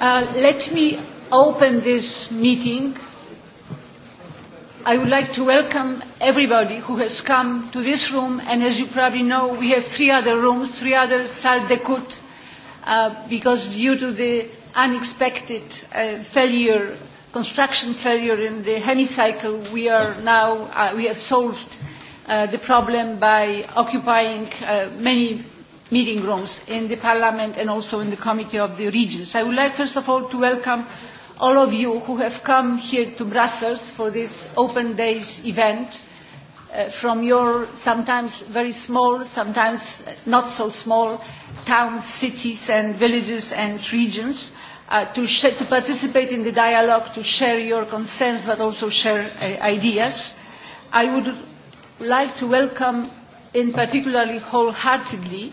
let me open this meeting. I would like to welcome everybody who has come to this room. And as you probably know, we have three other rooms, three other salles de coute, because due to the unexpected failure, construction failure in the hemicycle, we are now, we have solved the problem by occupying many meeting rooms in the Parliament and also in the Committee of the Regions. I would like first of all to welcome all of you who have come here to Brussels for this Open Days event from your sometimes very small, sometimes not so small towns, cities and villages and regions to participate in the dialogue, to share your concerns but also share ideas. I would like to welcome in particularly wholeheartedly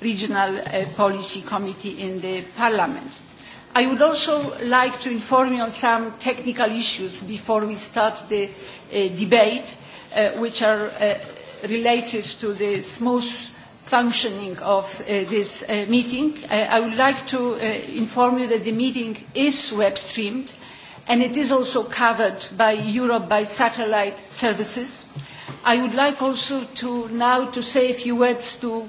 Regional Policy Committee in the Parliament. I would also like to inform you on some technical issues before we start the debate, which are related to the smooth functioning of this meeting. I would like to inform you that the meeting is web-streamed, and it is also covered by Europe by satellite services. I would like also to now to say a few words to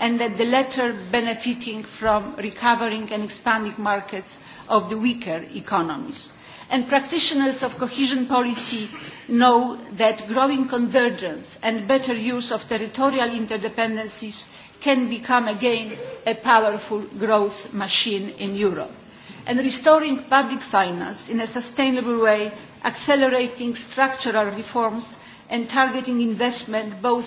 and that the latter benefiting from recovering and expanding markets of the weaker economies. And practitioners of cohesion policy know that growing convergence and better use of territorial interdependencies can become again a powerful growth machine in Europe. And restoring public finance in a sustainable way, accelerating structural reforms and targeting investment both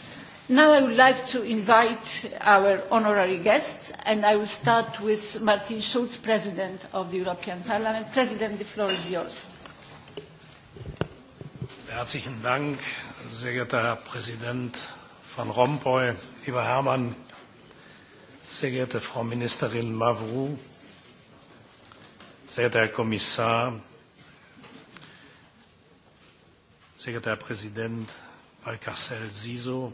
Now I would like to invite our honorary guests, and I will start with Martin Schulz, President of the European Parliament. President, the floor is yours. Herzlichen Dank, sehr geehrter Herr Präsident von Rompuy, lieber Hermann, sehr geehrte Frau Ministerin Mavrou, sehr geehrter Herr Kommissar, sehr geehrter Herr Präsident Valcarcel Siso,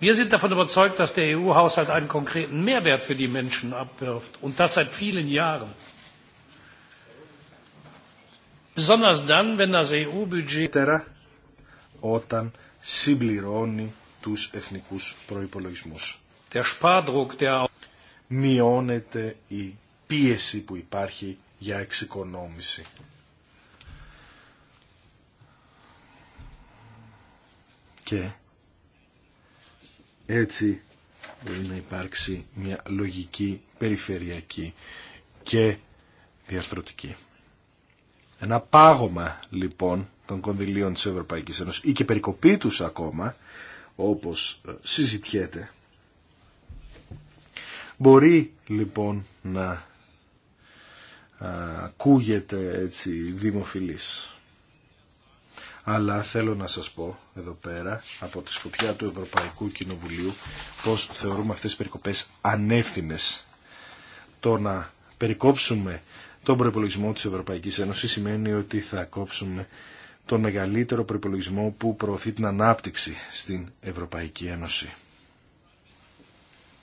wir sind davon überzeugt dass der eu haushalt einen konkreten mehrwert für die menschen abwirft und das seit vielen jahren besonders dann wenn das eu budget τους εθνικούς προϋπολογισμούς. Der Spardruck, der... Μειώνεται η πίεση που υπάρχει για εξοικονόμηση. Και έτσι μπορεί να υπάρξει μια λογική περιφερειακή και διαρθρωτική. Ένα πάγωμα λοιπόν των κονδυλίων της Ευρωπαϊκής Ένωσης ή και περικοπή τους ακόμα, όπως ε, συζητιέται, μπορεί λοιπόν να ακούγεται έτσι δημοφιλής αλλά θέλω να σας πω εδώ πέρα από τη σκοπιά του Ευρωπαϊκού Κοινοβουλίου πως θεωρούμε αυτές τις περικοπές ανεύθυνες. Το να περικόψουμε τον προπολογισμό της Ευρωπαϊκής Ένωσης σημαίνει ότι θα κόψουμε τον μεγαλύτερο προπολογισμό που προωθεί την ανάπτυξη στην Ευρωπαϊκή Ένωση.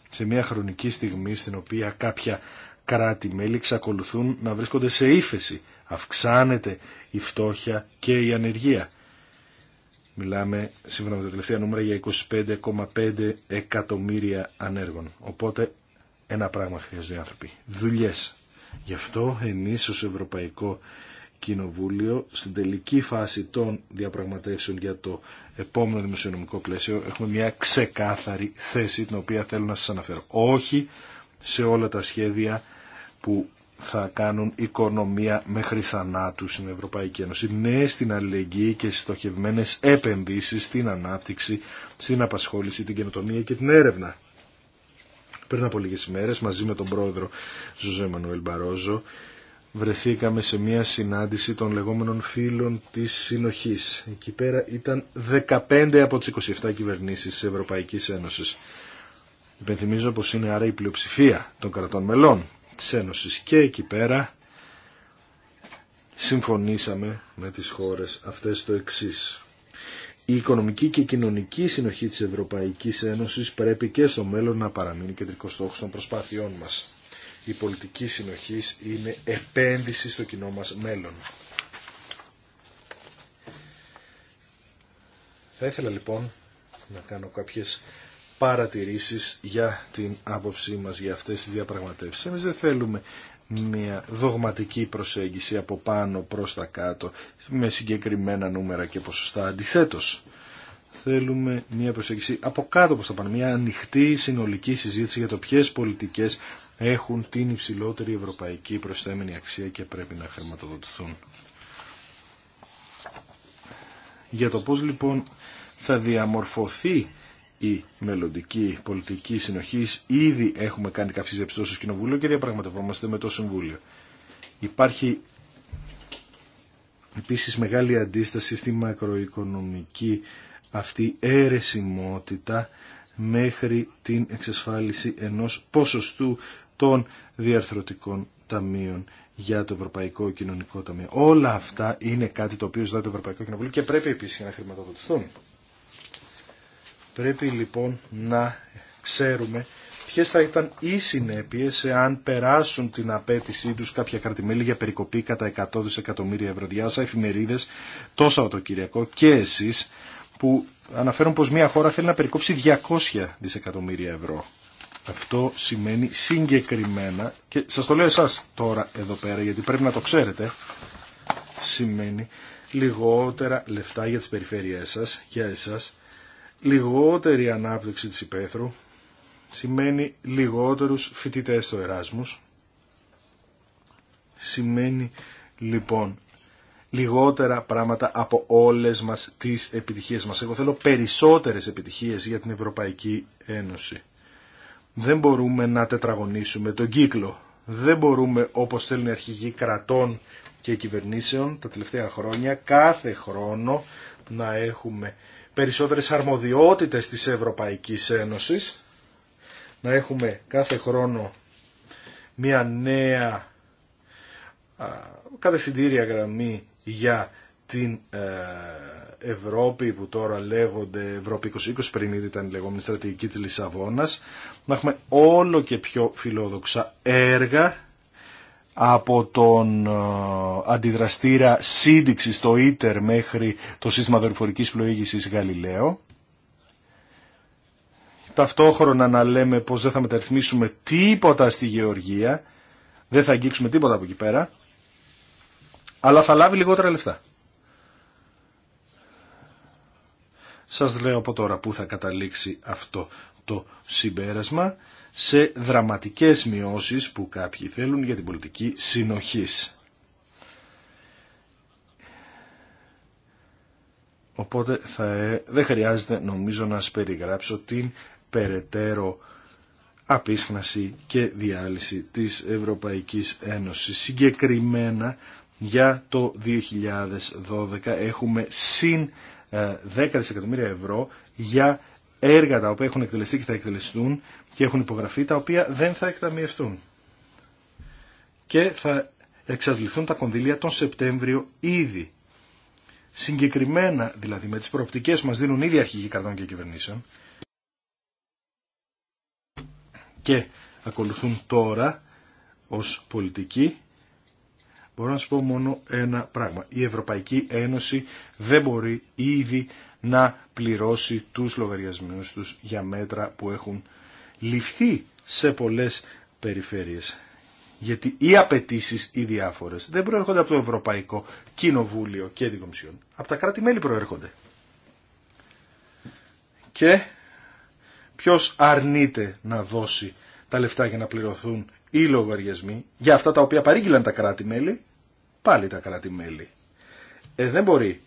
Σε μια χρονική στιγμή στην οποία κάποια κράτη-μέλη εξακολουθούν να βρίσκονται σε ύφεση, αυξάνεται η φτώχεια και η ανεργία. Μιλάμε σύμφωνα με τα τελευταία νούμερα για 25,5 εκατομμύρια ανέργων. Οπότε ένα πράγμα χρειάζονται οι άνθρωποι. Δουλειές. Γι' αυτό εμείς ως Ευρωπαϊκό Κοινοβούλιο στην τελική φάση των διαπραγματεύσεων για το επόμενο δημοσιονομικό πλαίσιο έχουμε μια ξεκάθαρη θέση την οποία θέλω να σας αναφέρω. Όχι σε όλα τα σχέδια που θα κάνουν οικονομία μέχρι θανάτου στην Ευρωπαϊκή Ένωση. Ναι στην αλληλεγγύη και στι στοχευμένες επενδύσεις στην ανάπτυξη, στην απασχόληση, την καινοτομία και την έρευνα. Πριν από λίγες μέρε, μαζί με τον πρόεδρο Ζωζέ Μανουέλ Μπαρόζο, βρεθήκαμε σε μια συνάντηση των λεγόμενων φίλων της συνοχής. Εκεί πέρα ήταν 15 από τις 27 κυβερνήσεις της Ευρωπαϊκής Ένωσης. Υπενθυμίζω πως είναι άρα η πλειοψηφία των κρατών μελών της Και εκεί πέρα συμφωνήσαμε με τις χώρες αυτές το εξής. Η οικονομική και κοινωνική συνοχή της Ευρωπαϊκής Ένωσης πρέπει και στο μέλλον να παραμείνει κεντρικό στόχος των προσπάθειών μας. Η πολιτική συνοχής είναι επένδυση στο κοινό μας μέλλον. Θα ήθελα λοιπόν να κάνω κάποιες παρατηρήσεις για την άποψή μας για αυτές τις διαπραγματεύσεις. Εμείς δεν θέλουμε μια δογματική προσέγγιση από πάνω προς τα κάτω με συγκεκριμένα νούμερα και ποσοστά. Αντιθέτως, θέλουμε μια προσέγγιση από κάτω προς τα πάνω, μια ανοιχτή συνολική συζήτηση για το ποιε πολιτικές έχουν την υψηλότερη ευρωπαϊκή προσθέμενη αξία και πρέπει να χρηματοδοτηθούν. Για το πώς λοιπόν θα διαμορφωθεί η μελλοντική πολιτική συνοχής. Ήδη έχουμε κάνει κάποιε διαπιστώσει στο Κοινοβούλιο και διαπραγματευόμαστε με το Συμβούλιο. Υπάρχει επίσης μεγάλη αντίσταση στη μακροοικονομική αυτή αίρεσιμότητα μέχρι την εξασφάλιση ενός ποσοστού των διαρθρωτικών ταμείων για το Ευρωπαϊκό Κοινωνικό Ταμείο. Όλα αυτά είναι κάτι το οποίο ζητάει το Ευρωπαϊκό Κοινοβούλιο και πρέπει επίσης να χρηματοδοτηθούν. Πρέπει λοιπόν να ξέρουμε ποιες θα ήταν οι συνέπειες εάν περάσουν την απέτησή τους κάποια κρατημέλη για περικοπή κατά 100 δισεκατομμύρια ευρώ. Διάσα εφημερίδες το Σαββατοκυριακό και εσείς που αναφέρουν πως μια χώρα θέλει να περικόψει 200 δισεκατομμύρια ευρώ. Αυτό σημαίνει συγκεκριμένα, και σας το λέω εσάς τώρα εδώ πέρα γιατί πρέπει να το ξέρετε, σημαίνει λιγότερα λεφτά για τις περιφέρειές σας, για εσάς, λιγότερη ανάπτυξη της υπαίθρου σημαίνει λιγότερους φοιτητές στο Εράσμους. Σημαίνει λοιπόν λιγότερα πράγματα από όλες μας τις επιτυχίες μας. Εγώ θέλω περισσότερες επιτυχίες για την Ευρωπαϊκή Ένωση. Δεν μπορούμε να τετραγωνίσουμε τον κύκλο. Δεν μπορούμε όπως θέλουν οι αρχηγοί κρατών και κυβερνήσεων τα τελευταία χρόνια κάθε χρόνο να έχουμε περισσότερες αρμοδιότητες της Ευρωπαϊκής Ένωσης, να έχουμε κάθε χρόνο μια νέα κατευθυντήρια γραμμή για την ε, Ευρώπη που τώρα λέγονται Ευρώπη 2020 πριν ήδη ήταν η λεγόμενη στρατηγική της Λισαβόνας να έχουμε όλο και πιο φιλόδοξα έργα από τον ε, αντιδραστήρα σύνδεξη στο ίτερ μέχρι το σύστημα δορυφορικής πλοήγησης Γαλιλαίο. Ταυτόχρονα να λέμε πως δεν θα μεταρρυθμίσουμε τίποτα στη γεωργία, δεν θα αγγίξουμε τίποτα από εκεί πέρα, αλλά θα λάβει λιγότερα λεφτά. Σας λέω από τώρα που θα καταλήξει αυτό το συμπέρασμα σε δραματικές μειώσεις που κάποιοι θέλουν για την πολιτική συνοχής. Οπότε θα, ε, δεν χρειάζεται νομίζω να σας περιγράψω την περαιτέρω απίσχναση και διάλυση της Ευρωπαϊκής Ένωσης. Συγκεκριμένα για το 2012 έχουμε συν 10 ε, δισεκατομμύρια ευρώ για έργα τα οποία έχουν εκτελεστεί και θα εκτελεστούν και έχουν υπογραφεί, τα οποία δεν θα εκταμιευτούν. Και θα εξασληθούν τα κονδύλια τον Σεπτέμβριο ήδη. Συγκεκριμένα, δηλαδή με τις προοπτικές που μας δίνουν ήδη αρχηγοί Καρδών και κυβερνήσεων και ακολουθούν τώρα ως πολιτικοί, μπορώ να σας πω μόνο ένα πράγμα. Η Ευρωπαϊκή Ένωση δεν μπορεί ήδη να πληρώσει τους λογαριασμούς τους για μέτρα που έχουν ληφθεί σε πολλές περιφέρειες. Γιατί οι απαιτήσει οι διάφορες δεν προέρχονται από το Ευρωπαϊκό Κοινοβούλιο και την Κομισιόν. Από τα κράτη-μέλη προέρχονται. Και ποιος αρνείται να δώσει τα λεφτά για να πληρωθούν οι λογαριασμοί για αυτά τα οποία παρήγγειλαν τα κράτη-μέλη, πάλι τα κράτη-μέλη. Ε, δεν μπορεί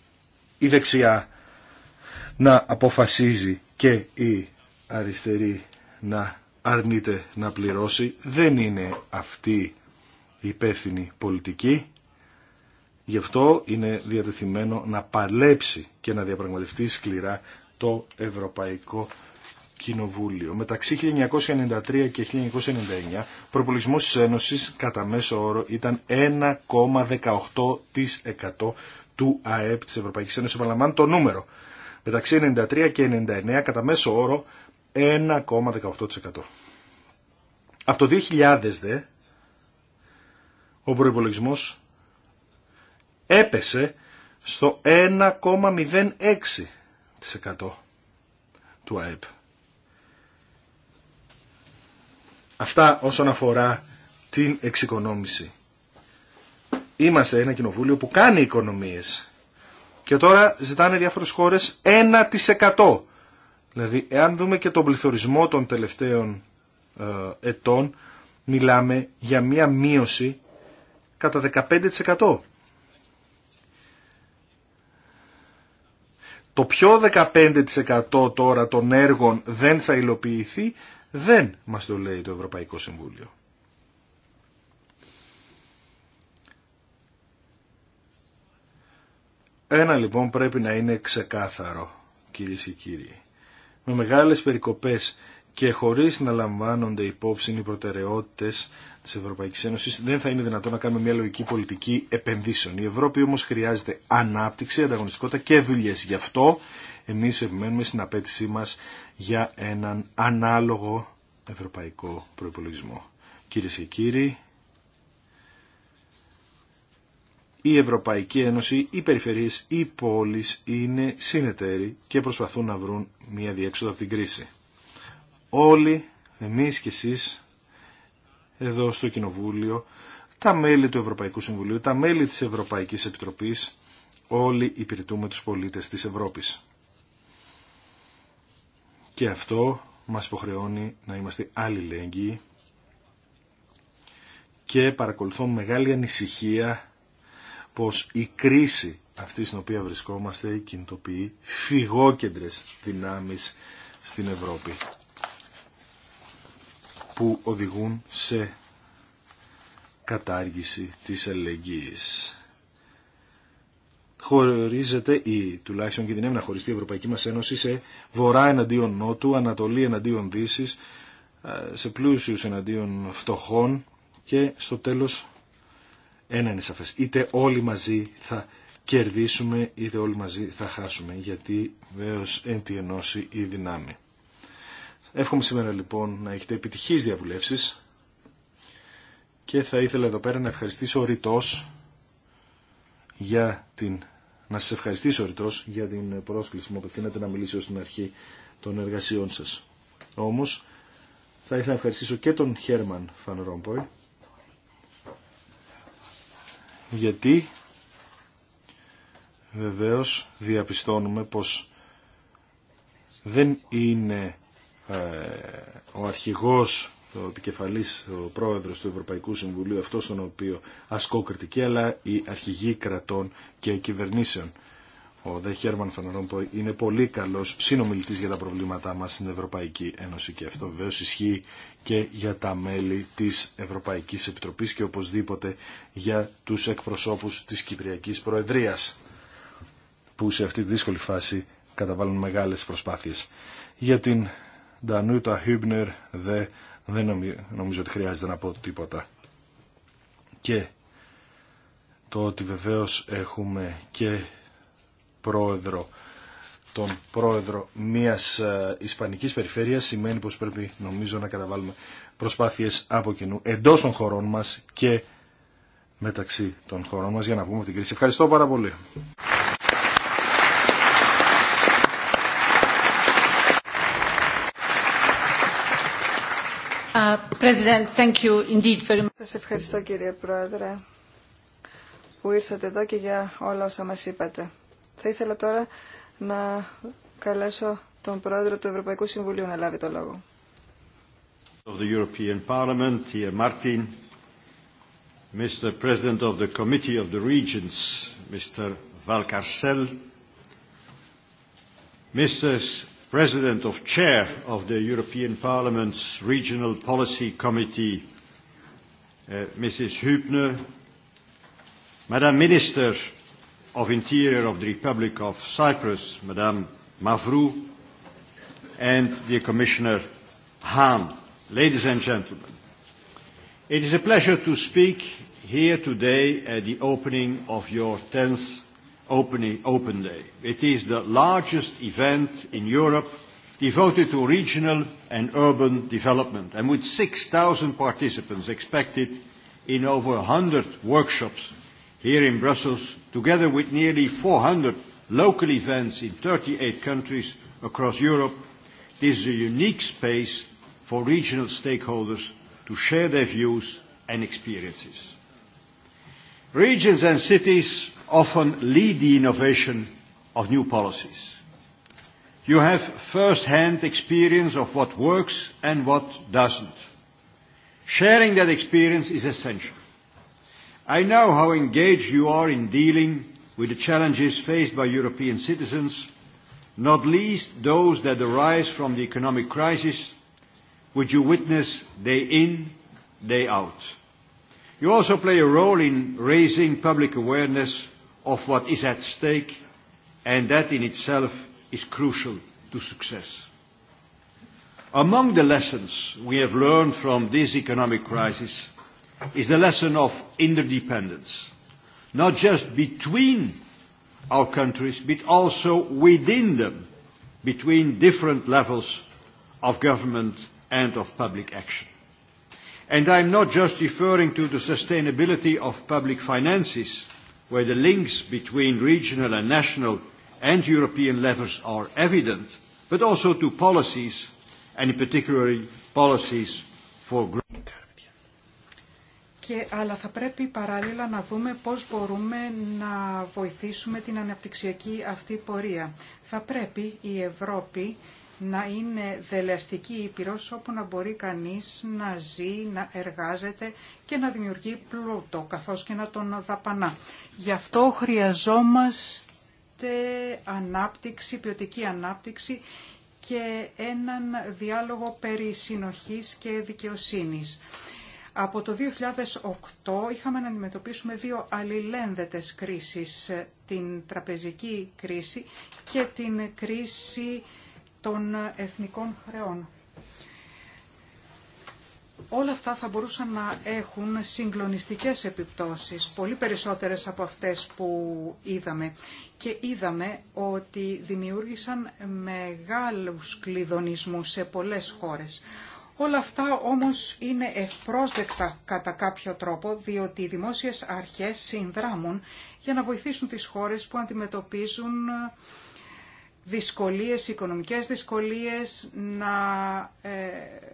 η δεξιά να αποφασίζει και η αριστερή να αρνείται να πληρώσει. Δεν είναι αυτή η υπεύθυνη πολιτική. Γι' αυτό είναι διατεθειμένο να παλέψει και να διαπραγματευτεί σκληρά το Ευρωπαϊκό Κοινοβούλιο. Μεταξύ 1993 και 1999, προπολογισμός της Ένωσης κατά μέσο όρο ήταν 1,18% του ΑΕΠ της Ευρωπαϊκής Ένωσης. Επαναλαμβάνω το νούμερο. Μεταξύ 1993 και 1999 κατά μέσο όρο, 1,18%. Από το 2000 δε, ο προπολογισμό έπεσε στο 1,06% του ΑΕΠ. Αυτά όσον αφορά την εξοικονόμηση. Είμαστε ένα κοινοβούλιο που κάνει οικονομίες. Και τώρα ζητάνε διάφορες χώρες 1%. Δηλαδή, εάν δούμε και τον πληθωρισμό των τελευταίων ε, ετών, μιλάμε για μία μείωση κατά 15%. Το πιο 15% τώρα των έργων δεν θα υλοποιηθεί, δεν μας το λέει το Ευρωπαϊκό Συμβούλιο. Ένα λοιπόν πρέπει να είναι ξεκάθαρο, κυρίε και κύριοι με μεγάλες περικοπές και χωρίς να λαμβάνονται υπόψη οι προτεραιότητες της Ευρωπαϊκής Ένωσης δεν θα είναι δυνατόν να κάνουμε μια λογική πολιτική επενδύσεων. Η Ευρώπη όμως χρειάζεται ανάπτυξη, ανταγωνιστικότητα και δουλειές. Γι' αυτό εμείς επιμένουμε στην απέτησή μας για έναν ανάλογο ευρωπαϊκό προϋπολογισμό. Κυρίε και κύριοι, η Ευρωπαϊκή Ένωση, οι περιφερειές, οι πόλεις είναι συνεταίροι και προσπαθούν να βρουν μια διέξοδο από την κρίση. Όλοι, εμείς και εσείς, εδώ στο Κοινοβούλιο, τα μέλη του Ευρωπαϊκού Συμβουλίου, τα μέλη της Ευρωπαϊκής Επιτροπής, όλοι υπηρετούμε τους πολίτες της Ευρώπης. Και αυτό μας υποχρεώνει να είμαστε αλληλέγγυοι και παρακολουθώ μεγάλη ανησυχία πως η κρίση αυτή στην οποία βρισκόμαστε κινητοποιεί φυγόκεντρες δυνάμεις στην Ευρώπη που οδηγούν σε κατάργηση της ελεγγύης. Χωρίζεται ή τουλάχιστον κινδυνεύει να χωριστεί η Ευρωπαϊκή μας Ένωση σε βορρά εναντίον νότου, ανατολή εναντίον δύσης, ε, σε πλούσιους εναντίον φτωχών και στο τέλος ένα είναι σαφές. Είτε όλοι μαζί θα κερδίσουμε, είτε όλοι μαζί θα χάσουμε. Γιατί βεβαίω εν τη ενώση η δυνάμει. Εύχομαι σήμερα λοιπόν να έχετε επιτυχείς διαβουλεύσεις και θα ήθελα εδώ πέρα να ευχαριστήσω ρητός για την να σας ευχαριστήσω ρητός για την πρόσκληση που μου απευθύνατε να μιλήσω στην αρχή των εργασιών σας. Όμως θα ήθελα να ευχαριστήσω και τον Χέρμαν Φαν γιατί βεβαίως διαπιστώνουμε πως δεν είναι ε, ο αρχηγός, ο επικεφαλής, ο πρόεδρος του Ευρωπαϊκού Συμβουλίου αυτός τον οποίο ασκώ κριτική, αλλά οι αρχηγοί κρατών και κυβερνήσεων ο Δε Χέρμαν ότι είναι πολύ καλός συνομιλητής για τα προβλήματά μας στην Ευρωπαϊκή Ένωση και αυτό βεβαίως ισχύει και για τα μέλη της Ευρωπαϊκής Επιτροπής και οπωσδήποτε για τους εκπροσώπους της Κυπριακής Προεδρίας που σε αυτή τη δύσκολη φάση καταβάλουν μεγάλες προσπάθειες. Για την Ντανούτα Χίμπνερ δε, δεν νομίζω ότι χρειάζεται να πω τίποτα. Και το ότι βεβαίως έχουμε και πρόεδρο τον πρόεδρο μιας ε, ισπανικής περιφέρειας σημαίνει πως πρέπει νομίζω να καταβάλουμε προσπάθειες από κοινού εντός των χωρών μας και μεταξύ των χωρών μας για να βγούμε από την κρίση. Ευχαριστώ πάρα πολύ. Σα uh, Σας ευχαριστώ κύριε Πρόεδρε που ήρθατε εδώ και για όλα όσα μας είπατε. Θα ήθελα τώρα να καλέσω τον πρόεδρο του Ευρωπαϊκού Συμβουλίου να λάβει το λόγο. Of the European Parliament, Tia Martin, Mr. President of the Committee of the Regions, Mr. Valcarcel, Mr. President of Chair of the European Parliament's Regional Policy Committee, Mrs. Hübner, Madam Minister, of Interior of the Republic of Cyprus, Madame Mavrou, and the Commissioner Hahn. Ladies and gentlemen, it is a pleasure to speak here today at the opening of your 10th opening, Open Day. It is the largest event in Europe devoted to regional and urban development and with 6,000 participants expected in over 100 workshops here in Brussels together with nearly 400 local events in 38 countries across Europe, this is a unique space for regional stakeholders to share their views and experiences. Regions and cities often lead the innovation of new policies. You have first-hand experience of what works and what doesn't. Sharing that experience is essential. I know how engaged you are in dealing with the challenges faced by European citizens, not least those that arise from the economic crisis, which you witness day in, day out. You also play a role in raising public awareness of what is at stake, and that in itself is crucial to success. Among the lessons we have learned from this economic crisis is the lesson of interdependence, not just between our countries, but also within them, between different levels of government and of public action. And I am not just referring to the sustainability of public finances, where the links between regional and national and European levels are evident, but also to policies, and in particular policies for growth και, αλλά θα πρέπει παράλληλα να δούμε πώς μπορούμε να βοηθήσουμε την αναπτυξιακή αυτή πορεία. Θα πρέπει η Ευρώπη να είναι δελεαστική ήπειρος όπου να μπορεί κανείς να ζει, να εργάζεται και να δημιουργεί πλούτο καθώς και να τον δαπανά. Γι' αυτό χρειαζόμαστε ανάπτυξη, ποιοτική ανάπτυξη και έναν διάλογο περί συνοχής και δικαιοσύνης. Από το 2008 είχαμε να αντιμετωπίσουμε δύο αλληλένδετες κρίσεις, ε, την τραπεζική κρίση και την κρίση των ε, εθνικών χρεών. Όλα αυτά θα μπορούσαν να έχουν συγκλονιστικές επιπτώσεις, πολύ περισσότερες από αυτές που είδαμε. Και είδαμε ότι δημιούργησαν μεγάλους κλειδονισμούς σε πολλές χώρες. Όλα αυτά όμως είναι ευπρόσδεκτα κατά κάποιο τρόπο, διότι οι δημόσιες αρχές συνδράμουν για να βοηθήσουν τις χώρες που αντιμετωπίζουν ε, δυσκολίες, οικονομικές δυσκολίες, να ε,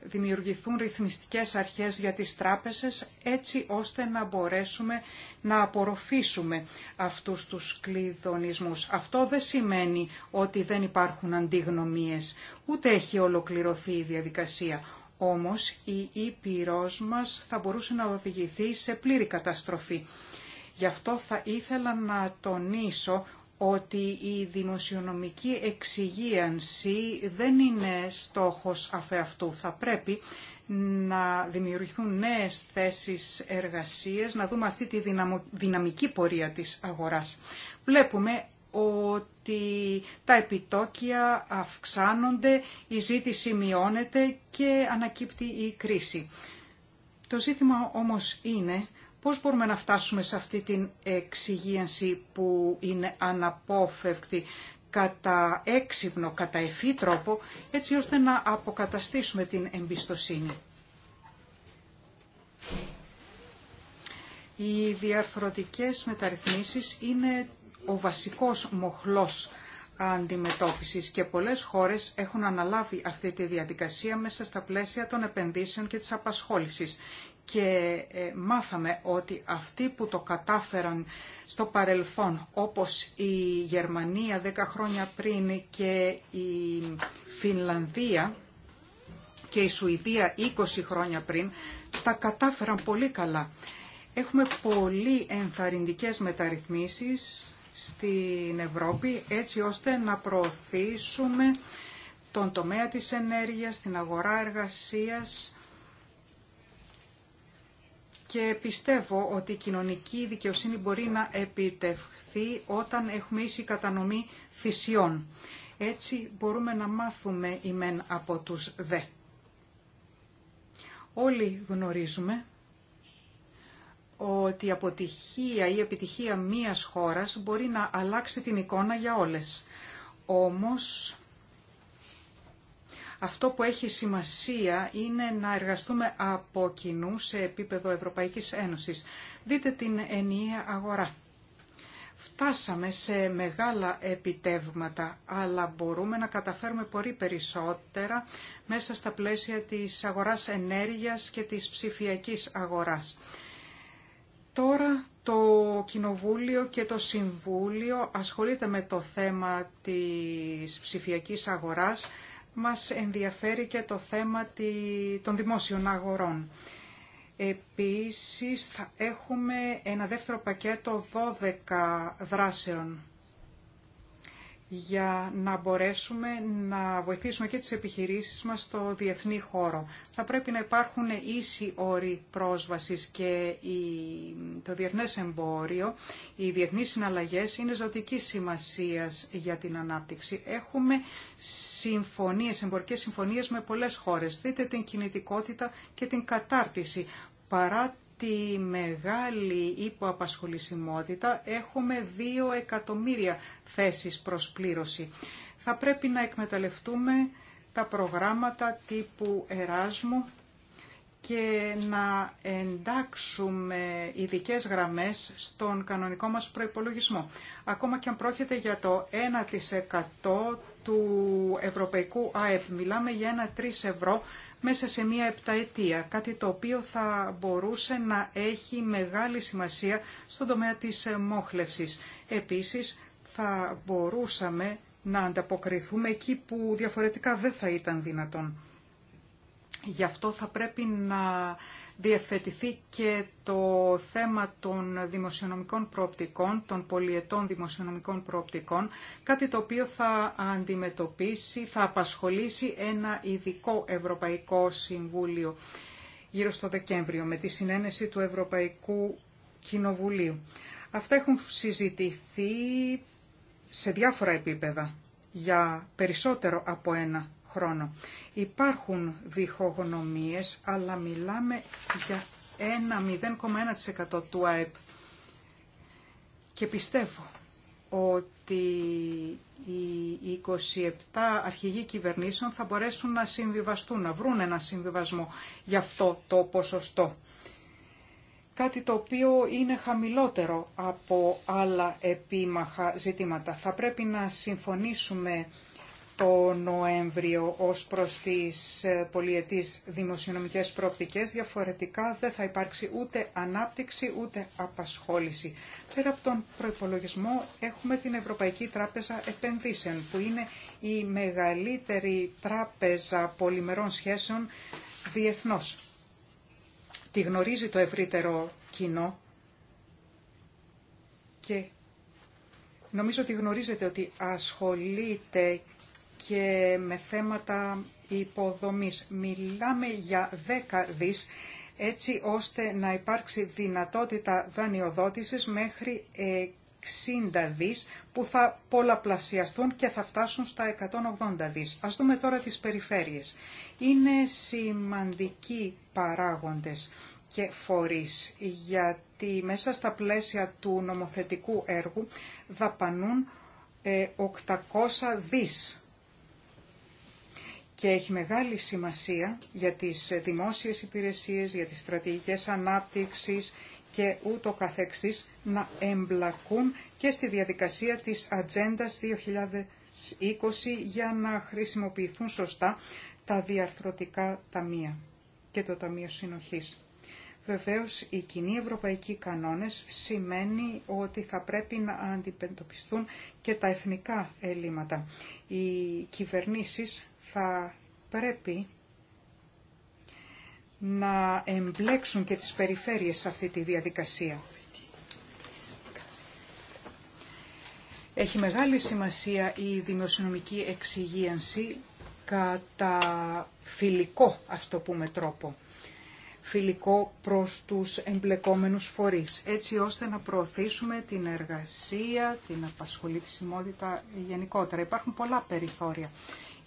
δημιουργηθούν ρυθμιστικές αρχές για τις τράπεζες, έτσι ώστε να μπορέσουμε να απορροφήσουμε αυτούς τους κλειδονισμούς. Αυτό δεν σημαίνει ότι δεν υπάρχουν αντιγνωμίες, ούτε έχει ολοκληρωθεί η διαδικασία. Όμως η Ήπειρός μας θα μπορούσε να οδηγηθεί σε πλήρη καταστροφή. Γι' αυτό θα ήθελα να τονίσω ότι η δημοσιονομική εξυγίανση δεν είναι στόχος αφεαυτού. Θα πρέπει να δημιουργηθούν νέες θέσεις εργασίας, να δούμε αυτή τη δυναμική πορεία της αγοράς. Βλέπουμε ότι τα επιτόκια αυξάνονται, η ζήτηση μειώνεται και ανακύπτει η κρίση. Το ζήτημα όμως είναι πώς μπορούμε να φτάσουμε σε αυτή την εξυγίανση που είναι αναπόφευκτη κατά έξυπνο, κατά ευφύ τρόπο, έτσι ώστε να αποκαταστήσουμε την εμπιστοσύνη. Οι διαρθρωτικές μεταρρυθμίσεις είναι ο βασικός μοχλός αντιμετώπισης και πολλές χώρες έχουν αναλάβει αυτή τη διαδικασία μέσα στα πλαίσια των επενδύσεων και της απασχόλησης. Και ε, μάθαμε ότι αυτοί που το κατάφεραν στο παρελθόν, όπως η Γερμανία 10 χρόνια πριν και η Φινλανδία και η Σουηδία 20 χρόνια πριν, τα κατάφεραν πολύ καλά. Έχουμε πολύ ενθαρρυντικές μεταρρυθμίσεις στην Ευρώπη έτσι ώστε να προωθήσουμε τον τομέα της ενέργειας, την αγορά εργασίας και πιστεύω ότι η κοινωνική δικαιοσύνη μπορεί να επιτευχθεί όταν έχουμε ίση κατανομή θυσιών. Έτσι μπορούμε να μάθουμε ημέν από τους δε. Όλοι γνωρίζουμε ότι η αποτυχία ή η επιτυχια μίας χώρας μπορεί να αλλάξει την εικόνα για όλες. Όμως, αυτό που έχει σημασία είναι να εργαστούμε από κοινού σε επίπεδο Ευρωπαϊκής Ένωσης. Δείτε την ενιαία αγορά. Φτάσαμε σε μεγάλα επιτεύγματα, αλλά μπορούμε να καταφέρουμε πολύ περισσότερα μέσα στα πλαίσια της αγοράς ενέργειας και της ψηφιακής αγοράς. Τώρα το Κοινοβούλιο και το Συμβούλιο ασχολείται με το θέμα της ψηφιακής αγοράς. Μας ενδιαφέρει και το θέμα των δημόσιων αγορών. Επίσης θα έχουμε ένα δεύτερο πακέτο 12 δράσεων για να μπορέσουμε να βοηθήσουμε και τις επιχειρήσεις μας στο διεθνή χώρο. Θα πρέπει να υπάρχουν ίσοι όροι πρόσβασης και το διεθνές εμπόριο, οι διεθνείς συναλλαγές είναι ζωτικής σημασίας για την ανάπτυξη. Έχουμε συμφωνίες, εμπορικές συμφωνίες με πολλές χώρες. Δείτε την κινητικότητα και την κατάρτιση. Παρά τη μεγάλη υποαπασχολησιμότητα έχουμε 2 εκατομμύρια θέσεις προς πλήρωση. Θα πρέπει να εκμεταλλευτούμε τα προγράμματα τύπου Εράσμου και να εντάξουμε ειδικέ γραμμές στον κανονικό μας προϋπολογισμό. Ακόμα και αν πρόκειται για το 1% του ευρωπαϊκού ΑΕΠ, μιλάμε για ένα 3 ευρώ μέσα σε μία επταετία, κάτι το οποίο θα μπορούσε να έχει μεγάλη σημασία στον τομέα της μόχλευσης. Επίσης, θα μπορούσαμε να ανταποκριθούμε εκεί που διαφορετικά δεν θα ήταν δυνατόν. Γι' αυτό θα πρέπει να διευθετηθεί και το θέμα των δημοσιονομικών προοπτικών, των πολιετών δημοσιονομικών προοπτικών, κάτι το οποίο θα αντιμετωπίσει, θα απασχολήσει ένα ειδικό Ευρωπαϊκό Συμβούλιο γύρω στο Δεκέμβριο με τη συνένεση του Ευρωπαϊκού Κοινοβουλίου. Αυτά έχουν συζητηθεί σε διάφορα επίπεδα για περισσότερο από ένα Υπάρχουν διχογνωμίες, αλλά μιλάμε για ένα 0,1% του ΑΕΠ. Και πιστεύω ότι οι 27 αρχηγοί κυβερνήσεων θα μπορέσουν να συμβιβαστούν, να βρουν ένα συμβιβασμό για αυτό το ποσοστό. Κάτι το οποίο είναι χαμηλότερο από άλλα επίμαχα ζητήματα. Θα πρέπει να συμφωνήσουμε το Νοέμβριο ως προς τις ε, πολιετής δημοσιονομικές προοπτικές, διαφορετικά δεν θα υπάρξει ούτε ανάπτυξη ούτε απασχόληση. Πέρα από τον προϋπολογισμό έχουμε την Ευρωπαϊκή Τράπεζα Επενδύσεων, που είναι η μεγαλύτερη τράπεζα πολυμερών σχέσεων διεθνώς. Τη γνωρίζει το ευρύτερο κοινό και Νομίζω ότι γνωρίζετε ότι ασχολείται και με θέματα υποδομής. Μιλάμε για 10 δις έτσι ώστε να υπάρξει δυνατότητα δανειοδότησης μέχρι 60 δις που θα πολλαπλασιαστούν και θα φτάσουν στα 180 δις. Ας δούμε τώρα τις περιφέρειες. Είναι σημαντικοί παράγοντες και φορείς γιατί μέσα στα πλαίσια του νομοθετικού έργου δαπανούν 800 ε, δις και έχει μεγάλη σημασία για τις δημόσιες υπηρεσίες, για τις στρατηγικές ανάπτυξης και ούτω καθεξής να εμπλακούν και στη διαδικασία της Ατζέντα 2020 για να χρησιμοποιηθούν σωστά τα διαρθρωτικά ταμεία και το Ταμείο Συνοχής. Βεβαίως, οι κοινοί ευρωπαϊκοί κανόνες σημαίνει ότι θα πρέπει να αντιμετωπιστούν και τα εθνικά ελλείμματα. Οι κυβερνήσεις θα πρέπει να εμπλέξουν και τις περιφέρειες σε αυτή τη διαδικασία. Έχει μεγάλη σημασία η δημοσιονομική εξυγίανση κατά φιλικό, ας το πούμε, τρόπο. Φιλικό προς τους εμπλεκόμενους φορείς, έτσι ώστε να προωθήσουμε την εργασία, την απασχολητισμότητα γενικότερα. Υπάρχουν πολλά περιθώρια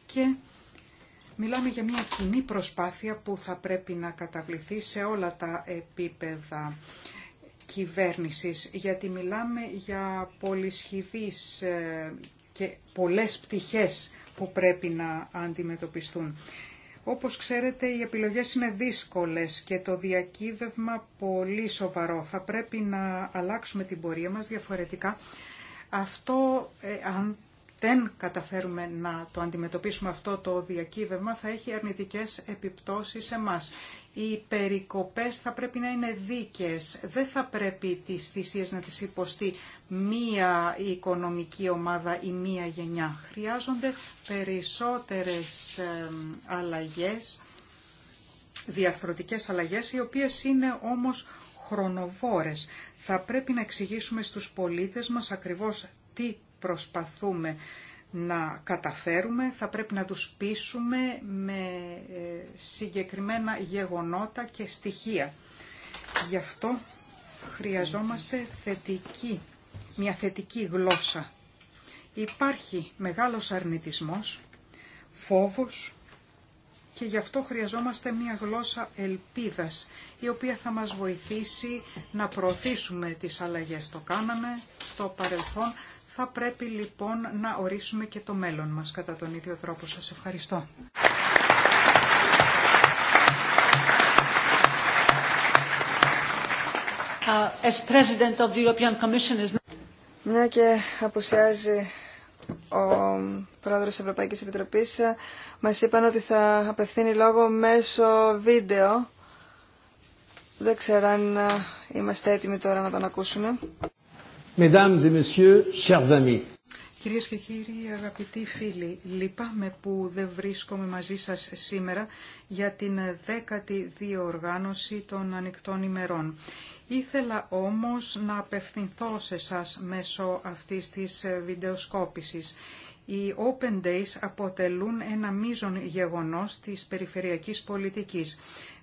και Μιλάμε για μια κοινή προσπάθεια που θα πρέπει να καταβληθεί σε όλα τα επίπεδα κυβέρνησης, γιατί μιλάμε για πολυσχηδείς ε, και πολλές πτυχές που πρέπει να αντιμετωπιστούν. Όπως ξέρετε, οι επιλογές είναι δύσκολες και το διακύβευμα πολύ σοβαρό. Θα πρέπει να αλλάξουμε την πορεία μας διαφορετικά. Αυτό, ε, αν δεν καταφέρουμε να το αντιμετωπίσουμε αυτό το διακύβευμα, θα έχει αρνητικές επιπτώσεις σε μας. Οι περικοπές θα πρέπει να είναι δίκαιες. Δεν θα πρέπει τις θυσίες να τις υποστεί μία οικονομική ομάδα ή μία γενιά. Χρειάζονται περισσότερες αλλαγές, διαρθρωτικές αλλαγές, οι οποίες είναι όμως χρονοβόρες. Θα πρέπει να εξηγήσουμε στους πολίτες μας ακριβώς τι προσπαθούμε να καταφέρουμε, θα πρέπει να τους πείσουμε με ε, συγκεκριμένα γεγονότα και στοιχεία. Γι' αυτό χρειαζόμαστε θετική, μια θετική γλώσσα. Υπάρχει μεγάλος αρνητισμός, φόβος και γι' αυτό χρειαζόμαστε μια γλώσσα ελπίδας, η οποία θα μας βοηθήσει να προωθήσουμε τις αλλαγές. Το κάναμε στο παρελθόν, θα πρέπει λοιπόν να ορίσουμε και το μέλλον μας κατά τον ίδιο τρόπο. Σας ευχαριστώ. Uh, Μια και αποσιάζει ο πρόεδρος της Ευρωπαϊκής Επιτροπής, ε, μας είπαν ότι θα απευθύνει λόγο μέσω βίντεο. Δεν ξέρω αν ε, είμαστε έτοιμοι τώρα να τον ακούσουμε. Mesdames et messieurs, chers amis. Κυρίες και κύριοι, αγαπητοί φίλοι, λυπάμαι που δεν βρίσκομαι μαζί σας σήμερα για την δέκατη διοργάνωση των ανοιχτών ημερών. Ήθελα όμως να απευθυνθώ σε σας μέσω αυτής της βιντεοσκόπησης. Οι Open Days αποτελούν ένα μείζον γεγονός της περιφερειακής πολιτικής.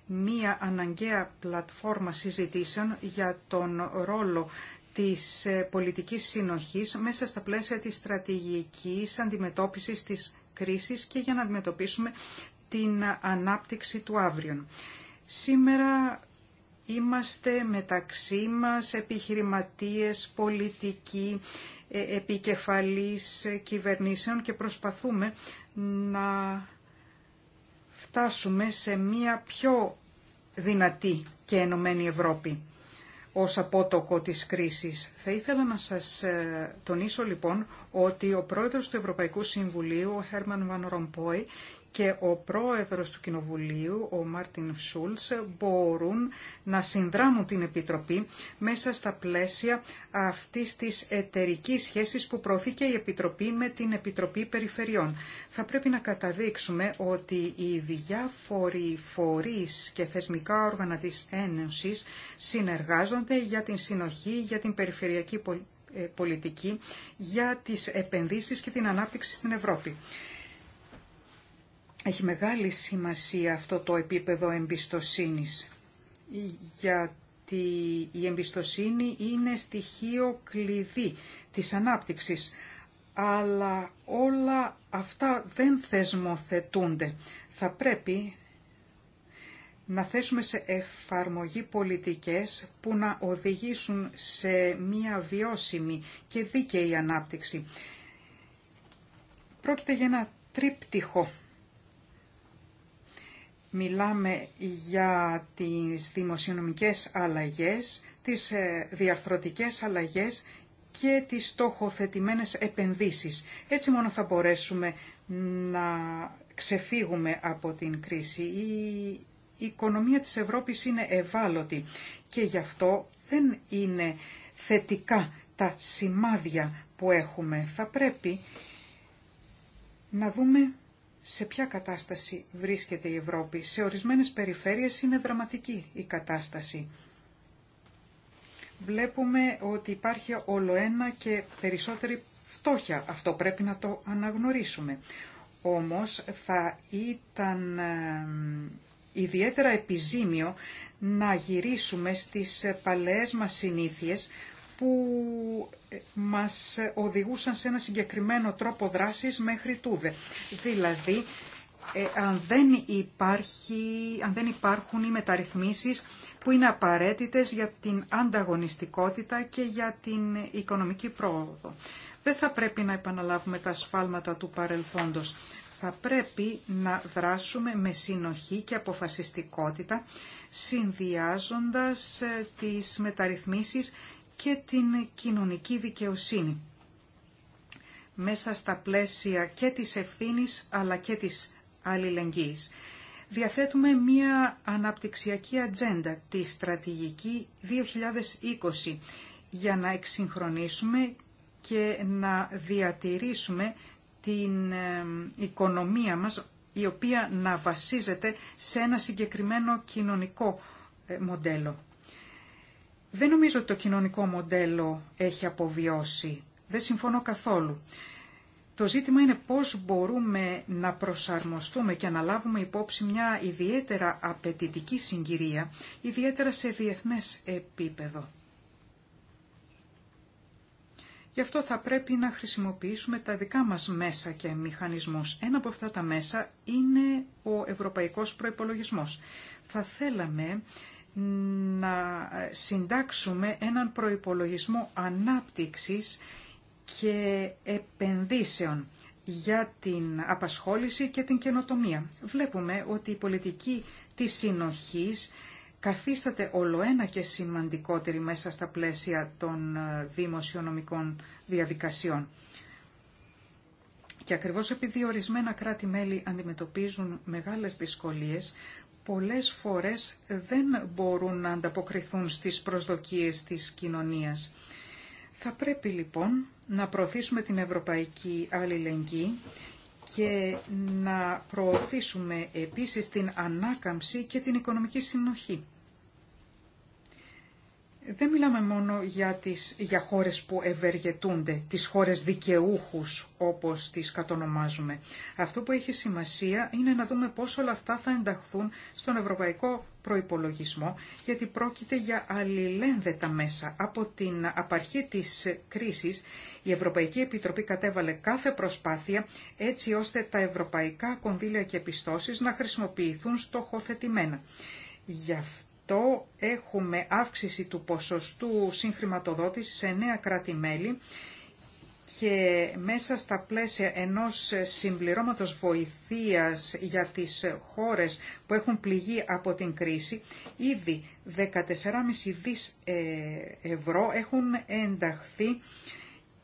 Μία αναγκαία πλατφόρμα συζητήσεων για τον ρόλο της ε, πολιτικής συνοχής μέσα στα πλαίσια της στρατηγικής αντιμετώπισης της κρίσης και για να αντιμετωπίσουμε την ανάπτυξη του αύριο. Σήμερα είμαστε μεταξύ μας επιχειρηματίες, πολιτικοί, ε, επικεφαλής ε, κυβερνήσεων και προσπαθούμε να φτάσουμε σε μια πιο δυνατή και ενωμένη Ευρώπη ως απότοκο της κρίσης. Θα ήθελα να σας ε, τονίσω λοιπόν ότι ο πρόεδρος του Ευρωπαϊκού Συμβουλίου, ο Χέρμαν Βαν Ρομπόι, και ο πρόεδρος του Κοινοβουλίου, ο Μάρτιν Σούλτς, μπορούν να συνδράμουν την Επιτροπή μέσα στα πλαίσια αυτής της εταιρική σχέσης που προωθήκε η Επιτροπή με την Επιτροπή Περιφερειών. Θα πρέπει να καταδείξουμε ότι οι διάφοροι φορείς και θεσμικά όργανα της Ένωσης συνεργάζονται για την συνοχή, για την περιφερειακή ε, πολιτική, για τις επενδύσεις και την ανάπτυξη στην Ευρώπη. Έχει μεγάλη σημασία αυτό το επίπεδο εμπιστοσύνης, γιατί η εμπιστοσύνη είναι στοιχείο κλειδί της ανάπτυξης, αλλά όλα αυτά δεν θεσμοθετούνται. Θα πρέπει να θέσουμε σε εφαρμογή πολιτικές που να οδηγήσουν σε μία βιώσιμη και δίκαιη ανάπτυξη. Πρόκειται για ένα τρίπτυχο Μιλάμε για τις δημοσιονομικές αλλαγές, τις ε, διαρθρωτικές αλλαγές και τις στόχοθετημένες επενδύσεις. Έτσι μόνο θα μπορέσουμε να ξεφύγουμε από την κρίση. Η οικονομία της Ευρώπης είναι ευάλωτη και γι' αυτό δεν είναι θετικά τα σημάδια που έχουμε. Θα πρέπει να δούμε σε ποια κατάσταση βρίσκεται η Ευρώπη. Σε ορισμένες περιφέρειες είναι δραματική η κατάσταση. Βλέπουμε ότι υπάρχει όλο ένα και περισσότερη φτώχεια. Αυτό πρέπει να το αναγνωρίσουμε. Όμως θα ήταν ε, ιδιαίτερα επιζήμιο να γυρίσουμε στις παλαιές μας συνήθειες που ε, μας οδηγούσαν σε ένα συγκεκριμένο τρόπο δράσης μέχρι τούδε. Δηλαδή, ε, αν, δεν υπάρχει, αν δεν υπάρχουν οι μεταρρυθμίσεις που είναι απαραίτητες για την ανταγωνιστικότητα και για την οικονομική πρόοδο. Δεν θα πρέπει να επαναλάβουμε τα σφάλματα του παρελθόντος. Θα πρέπει να δράσουμε με συνοχή και αποφασιστικότητα, συνδυάζοντας ε, τις μεταρρυθμίσεις και την κοινωνική δικαιοσύνη μέσα στα πλαίσια και της ευθύνης αλλά και της αλληλεγγύης. Διαθέτουμε μία αναπτυξιακή ατζέντα, τη στρατηγική 2020, για να εξυγχρονίσουμε και να διατηρήσουμε την οικονομία μας, η οποία να βασίζεται σε ένα συγκεκριμένο κοινωνικό ε, μοντέλο. Δεν νομίζω ότι το κοινωνικό μοντέλο έχει αποβιώσει. Δεν συμφωνώ καθόλου. Το ζήτημα είναι πώς μπορούμε να προσαρμοστούμε και να λάβουμε υπόψη μια ιδιαίτερα απαιτητική συγκυρία, ιδιαίτερα σε διεθνές επίπεδο. Γι' αυτό θα πρέπει να χρησιμοποιήσουμε τα δικά μας μέσα και μηχανισμούς. Ένα από αυτά τα μέσα είναι ο ευρωπαϊκός προϋπολογισμός. Θα θέλαμε να συντάξουμε έναν προϋπολογισμό ανάπτυξης και επενδύσεων για την απασχόληση και την καινοτομία. Βλέπουμε ότι η πολιτική της συνοχής καθίσταται ολοένα και σημαντικότερη μέσα στα πλαίσια των ε, δημοσιονομικών διαδικασιών. Και ακριβώς επειδή ορισμένα κράτη-μέλη αντιμετωπίζουν μεγάλες δυσκολίες, πολλές φορές δεν μπορούν να ανταποκριθούν στις προσδοκίες της κοινωνίας. Θα πρέπει λοιπόν να προωθήσουμε την ευρωπαϊκή αλληλεγγύη και να προωθήσουμε επίσης την ανάκαμψη και την οικονομική συνοχή δεν μιλάμε μόνο για, τις, για χώρες που ευεργετούνται, τις χώρες δικαιούχους όπως τις κατονομάζουμε. Αυτό που έχει σημασία είναι να δούμε πώς όλα αυτά θα ενταχθούν στον ευρωπαϊκό προϋπολογισμό, γιατί πρόκειται για αλληλένδετα μέσα. Από την απαρχή της κρίσης, η Ευρωπαϊκή Επιτροπή κατέβαλε κάθε προσπάθεια έτσι ώστε τα ευρωπαϊκά κονδύλια και επιστώσεις να χρησιμοποιηθούν στοχοθετημένα. Γι' αυτό έχουμε αύξηση του ποσοστού συγχρηματοδότησης σε νέα κράτη-μέλη και μέσα στα πλαίσια ενός συμπληρώματος βοηθείας για τις χώρες που έχουν πληγεί από την κρίση, ήδη 14,5 δις ε, ευρώ έχουν ενταχθεί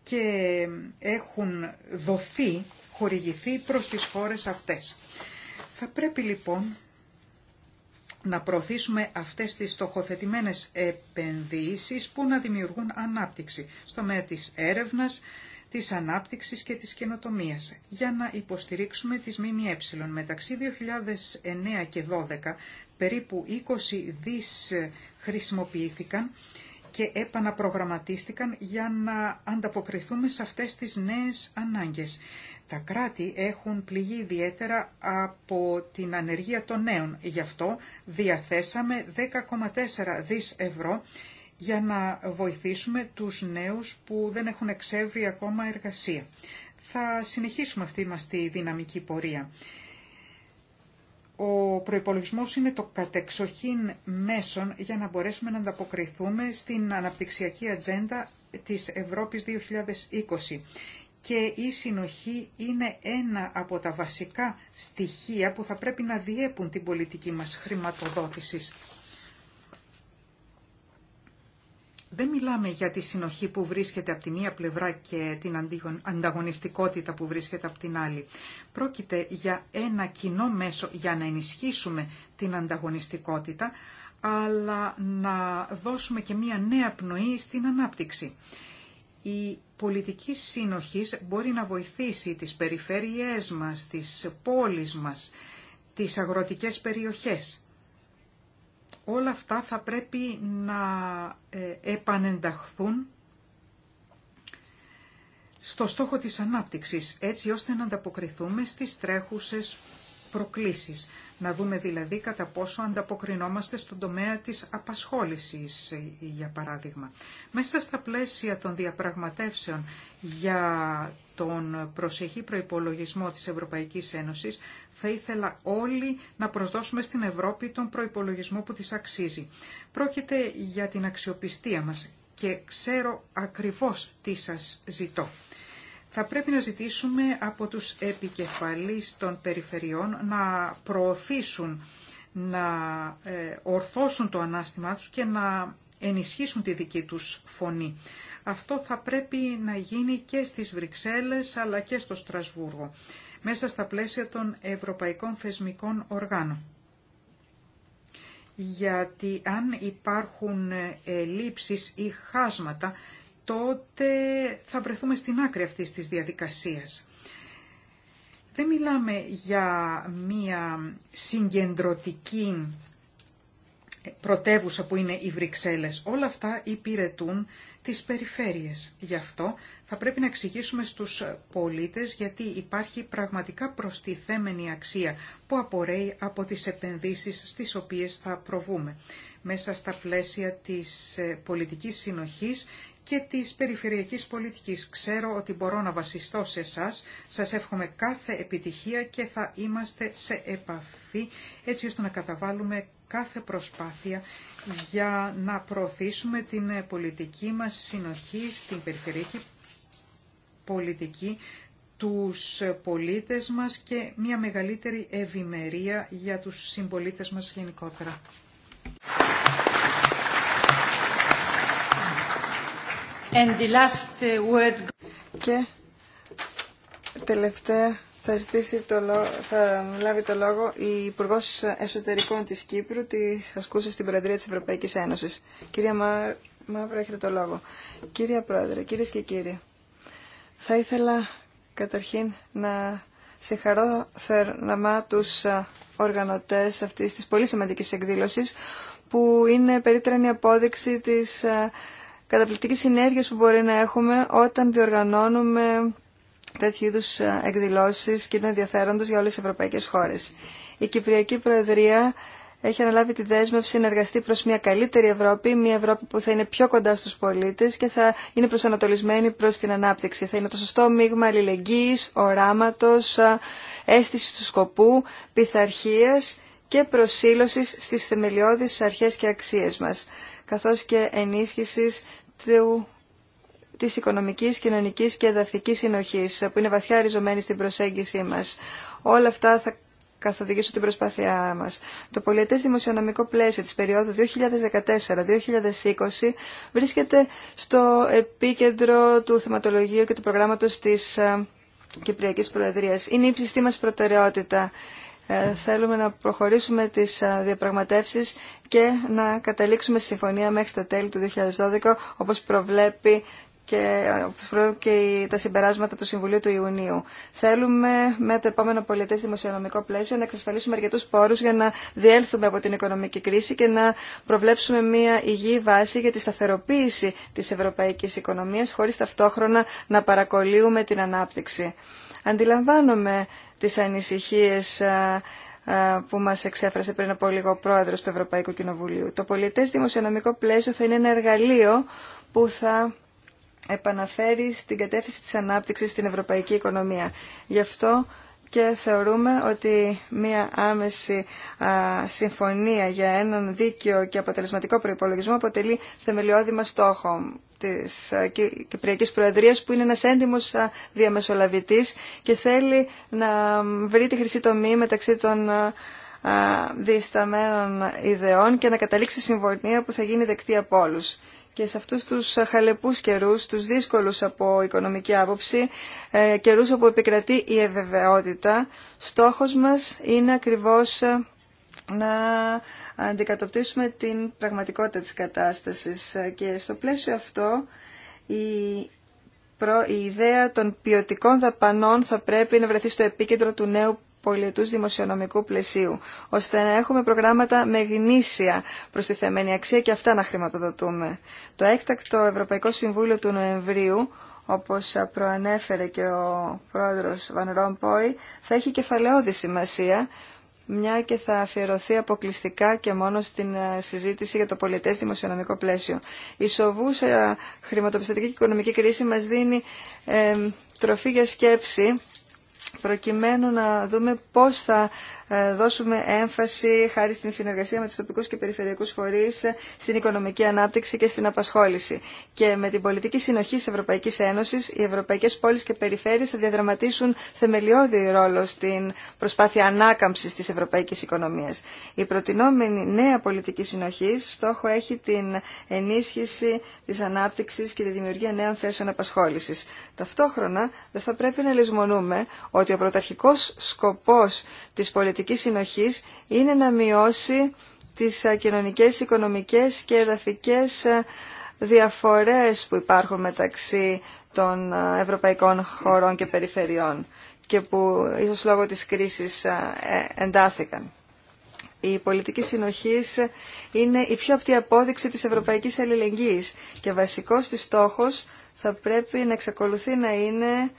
και έχουν δοθεί, χορηγηθεί προς τις χώρες αυτές. Θα πρέπει λοιπόν να προωθήσουμε αυτές τις στοχοθετημένες επενδύσεις που να δημιουργούν ανάπτυξη στο μέρο της έρευνας, της ανάπτυξης και της καινοτομίας για να υποστηρίξουμε τις ΜΜΕ. Μεταξύ 2009 και 2012 περίπου 20 δις χρησιμοποιήθηκαν και επαναπρογραμματίστηκαν για να ανταποκριθούμε σε αυτές τις νέες ανάγκες. Τα κράτη έχουν πληγεί ιδιαίτερα από την ανεργία των νέων. Γι' αυτό διαθέσαμε 10,4 δις ευρώ για να βοηθήσουμε τους νέους που δεν έχουν εξεύρει ακόμα εργασία. Θα συνεχίσουμε αυτή μας τη δυναμική πορεία. Ο προϋπολογισμός είναι το κατεξοχήν μέσον για να μπορέσουμε να ανταποκριθούμε στην αναπτυξιακή ατζέντα της Ευρώπης 2020 και η συνοχή είναι ένα από τα βασικά στοιχεία που θα πρέπει να διέπουν την πολιτική μας χρηματοδότησης. Δεν μιλάμε για τη συνοχή που βρίσκεται από τη μία πλευρά και την ανταγωνιστικότητα που βρίσκεται από την άλλη. Πρόκειται για ένα κοινό μέσο για να ενισχύσουμε την ανταγωνιστικότητα, αλλά να δώσουμε και μία νέα πνοή στην ανάπτυξη. Η πολιτική σύνοχης μπορεί να βοηθήσει τις περιφέρειές μας, τις πόλεις μας, τις αγροτικές περιοχές. Όλα αυτά θα πρέπει να ε, επανενταχθούν στο στόχο της ανάπτυξης, έτσι ώστε να ανταποκριθούμε στις τρέχουσες προκλήσεις. Να δούμε δηλαδή κατά πόσο ανταποκρινόμαστε στον τομέα της απασχόλησης, για παράδειγμα. Μέσα στα πλαίσια των διαπραγματεύσεων για τον προσεχή προϋπολογισμό της Ευρωπαϊκής Ένωσης, θα ήθελα όλοι να προσδώσουμε στην Ευρώπη τον προϋπολογισμό που της αξίζει. Πρόκειται για την αξιοπιστία μας και ξέρω ακριβώς τι σας ζητώ θα πρέπει να ζητήσουμε από τους επικεφαλείς των περιφερειών να προωθήσουν, να ε, ορθώσουν το ανάστημά τους και να ενισχύσουν τη δική τους φωνή. Αυτό θα πρέπει να γίνει και στις Βρυξέλλες αλλά και στο Στρασβούργο, μέσα στα πλαίσια των ευρωπαϊκών θεσμικών οργάνων. Γιατί αν υπάρχουν ε, λήψεις ή χάσματα τότε θα βρεθούμε στην άκρη αυτής της διαδικασίας. Δεν μιλάμε για μία συγκεντρωτική πρωτεύουσα που είναι οι Βρυξέλλες. Όλα αυτά υπηρετούν τις περιφέρειες. Γι' αυτό θα πρέπει να εξηγήσουμε στους πολίτες γιατί υπάρχει πραγματικά προστιθέμενη αξία που απορρέει από τις επενδύσεις στις οποίες θα προβούμε μέσα στα πλαίσια της ε, πολιτικής συνοχής και της περιφερειακής πολιτικής. Ξέρω ότι μπορώ να βασιστώ σε εσά. Σας εύχομαι κάθε επιτυχία και θα είμαστε σε επαφή έτσι ώστε να καταβάλουμε κάθε προσπάθεια για να προωθήσουμε την πολιτική μας συνοχή στην περιφερειακή πολιτική τους πολίτες μας και μια μεγαλύτερη ευημερία για τους συμπολίτες μας γενικότερα. Uh, και τελευταία θα, ζητήσει το θα λάβει το λόγο η Υπουργό Εσωτερικών της Κύπρου, τη ασκούσε στην Προεδρία της Ευρωπαϊκής Ένωσης. Κυρία Μα... έχετε το λόγο. Κυρία Πρόεδρε, κυρίες και κύριοι, θα ήθελα καταρχήν να συγχαρώ θερμά τους ε, οργανωτές αυτής της πολύ σημαντικής εκδήλωσης που είναι περίτρανη απόδειξη της ε, καταπληκτική συνέργειες που μπορεί να έχουμε όταν διοργανώνουμε τέτοιου είδου ε, εκδηλώσει και είναι ενδιαφέροντος για όλες τις ευρωπαϊκές χώρες. Η Κυπριακή Προεδρία έχει αναλάβει τη δέσμευση να εργαστεί προ μια καλύτερη Ευρώπη, μια Ευρώπη που θα είναι πιο κοντά στους πολίτες και θα είναι προσανατολισμένη προς την ανάπτυξη. Θα είναι το σωστό μείγμα αλληλεγγύης, οράματο, ε, αίσθηση του σκοπού, πειθαρχία και προσήλωση στι θεμελιώδει αρχέ και αξίες μα καθώς και ενίσχυσης του της οικονομικής, κοινωνικής και εδαφική συνοχής, που είναι βαθιά ριζωμένη στην προσέγγιση μας. Όλα αυτά θα καθοδηγήσουν την προσπάθειά μας. Το πολιτεύσιο δημοσιονομικό πλαίσιο της περίοδου 2014-2020 βρίσκεται στο επίκεντρο του θεματολογίου και του προγράμματος της ε, Κυπριακής Προεδρία. Είναι η ψηστή μα προτεραιότητα ε, θέλουμε να προχωρήσουμε τις διαπραγματεύσεις και να καταλήξουμε συμφωνία μέχρι τα τέλη του 2012 όπως προβλέπει και, και τα συμπεράσματα του Συμβουλίου του Ιουνίου. Θέλουμε με το επόμενο πολιτές δημοσιονομικό πλαίσιο να εξασφαλίσουμε αρκετού πόρους για να διέλθουμε από την οικονομική κρίση και να προβλέψουμε μια υγιή βάση για τη σταθεροποίηση της ευρωπαϊκής οικονομίας χωρίς ταυτόχρονα να παρακολύουμε την ανάπτυξη. Αντιλαμβάνομαι τις ανησυχίες που μας εξέφρασε πριν από λίγο ο πρόεδρος του Ευρωπαϊκού Κοινοβουλίου. Το πολιτές δημοσιονομικό πλαίσιο θα είναι ένα εργαλείο που θα επαναφέρει στην κατεύθυνση της ανάπτυξης στην ευρωπαϊκή οικονομία. Γι' αυτό και θεωρούμε ότι μία άμεση συμφωνία για έναν δίκαιο και αποτελεσματικό προϋπολογισμό αποτελεί θεμελιώδη μας στόχο της ε, Κυπριακής Προεδρίας που είναι ένας έντιμος ε, διαμεσολαβητής και θέλει να βρει τη χρυσή τομή μεταξύ των ε, διεσταμένων ιδεών και να καταλήξει συμφωνία που θα γίνει δεκτή από όλους. Και σε αυτούς τους χαλεπούς καιρούς, τους δύσκολους από οικονομική άποψη, καιρούς όπου επικρατεί η ευεβαιότητα, στόχος μας είναι ακριβώς να αντικατοπτήσουμε την πραγματικότητα της κατάστασης. Ε, και στο πλαίσιο αυτό η, η ιδέα των ποιοτικών δαπανών θα πρέπει να βρεθεί στο επίκεντρο του νέου πολιετούς δημοσιονομικού πλαισίου, ώστε να έχουμε προγράμματα με γνήσια θεμενή αξία και αυτά να χρηματοδοτούμε. Το έκτακτο Ευρωπαϊκό Συμβούλιο του Νοεμβρίου όπως προανέφερε και ο πρόεδρος Βαν Ρομπόι, θα έχει κεφαλαιώδη σημασία μια και θα αφιερωθεί αποκλειστικά και μόνο στην ε, συζήτηση για το πολιτές δημοσιονομικό πλαίσιο. Η σοβούσα ε, χρηματοπιστωτική και οικονομική κρίση μας δίνει ε, τροφή για σκέψη προκειμένου να δούμε πώς θα ε, δώσουμε έμφαση χάρη στην συνεργασία με τους τοπικούς και περιφερειακούς φορείς στην οικονομική ανάπτυξη και στην απασχόληση. Και με την πολιτική συνοχή της Ευρωπαϊκής Ένωσης, οι ευρωπαϊκές πόλεις και περιφέρειες θα διαδραματίσουν θεμελιώδη ρόλο στην προσπάθεια ανάκαμψης της ευρωπαϊκής οικονομίας. Η προτινόμενη νέα πολιτική συνοχή στόχο έχει την ενίσχυση της ανάπτυξης και τη δημιουργία νέων θέσεων απασχόλησης. Ταυτόχρονα δεν θα πρέπει να λησμονούμε ότι ο πρωταρχικός σκοπός της πολιτικής πολιτική συνοχής είναι να μειώσει τις κοινωνικές, οικονομικές και εδαφικές διαφορές που υπάρχουν μεταξύ των ευρωπαϊκών χωρών και περιφερειών και που ίσως λόγω της κρίσης ε, εντάθηκαν. Η πολιτική συνοχής είναι η πιο απτή απόδειξη της ευρωπαϊκής αλληλεγγύης και βασικός της στόχος θα πρέπει να εξακολουθεί να είναι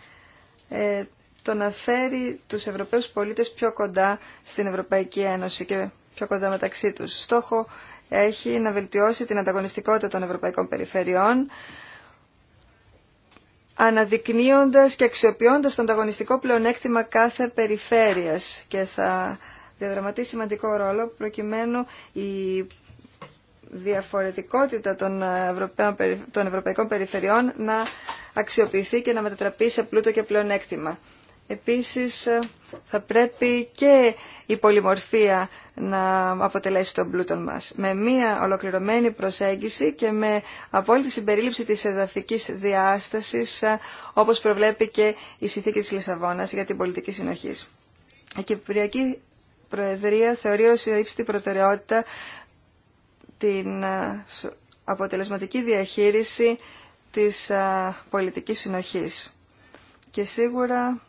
ε, το να φέρει τους Ευρωπαίους πολίτες πιο κοντά στην Ευρωπαϊκή Ένωση και πιο κοντά μεταξύ τους. Στόχο έχει να βελτιώσει την ανταγωνιστικότητα των ευρωπαϊκών περιφερειών, αναδεικνύοντας και αξιοποιώντας το ανταγωνιστικό πλεονέκτημα κάθε περιφέρειας και θα διαδραματίσει σημαντικό ρόλο προκειμένου η διαφορετικότητα των ευρωπαϊκών περιφερειών να αξιοποιηθεί και να μετατραπεί σε πλούτο και πλεονέκτημα. Επίσης ε, θα πρέπει και η πολυμορφία να αποτελέσει τον πλούτον μας. Με μία ολοκληρωμένη προσέγγιση και με απόλυτη συμπερίληψη της εδαφικής διάστασης ε, όπως προβλέπει και η συνθήκη της Λισαβόνας για την πολιτική συνοχή. Η Κυπριακή Προεδρία θεωρεί ως ύψητη προτεραιότητα την ε, αποτελεσματική διαχείριση της πολιτικής συνοχής. Και σίγουρα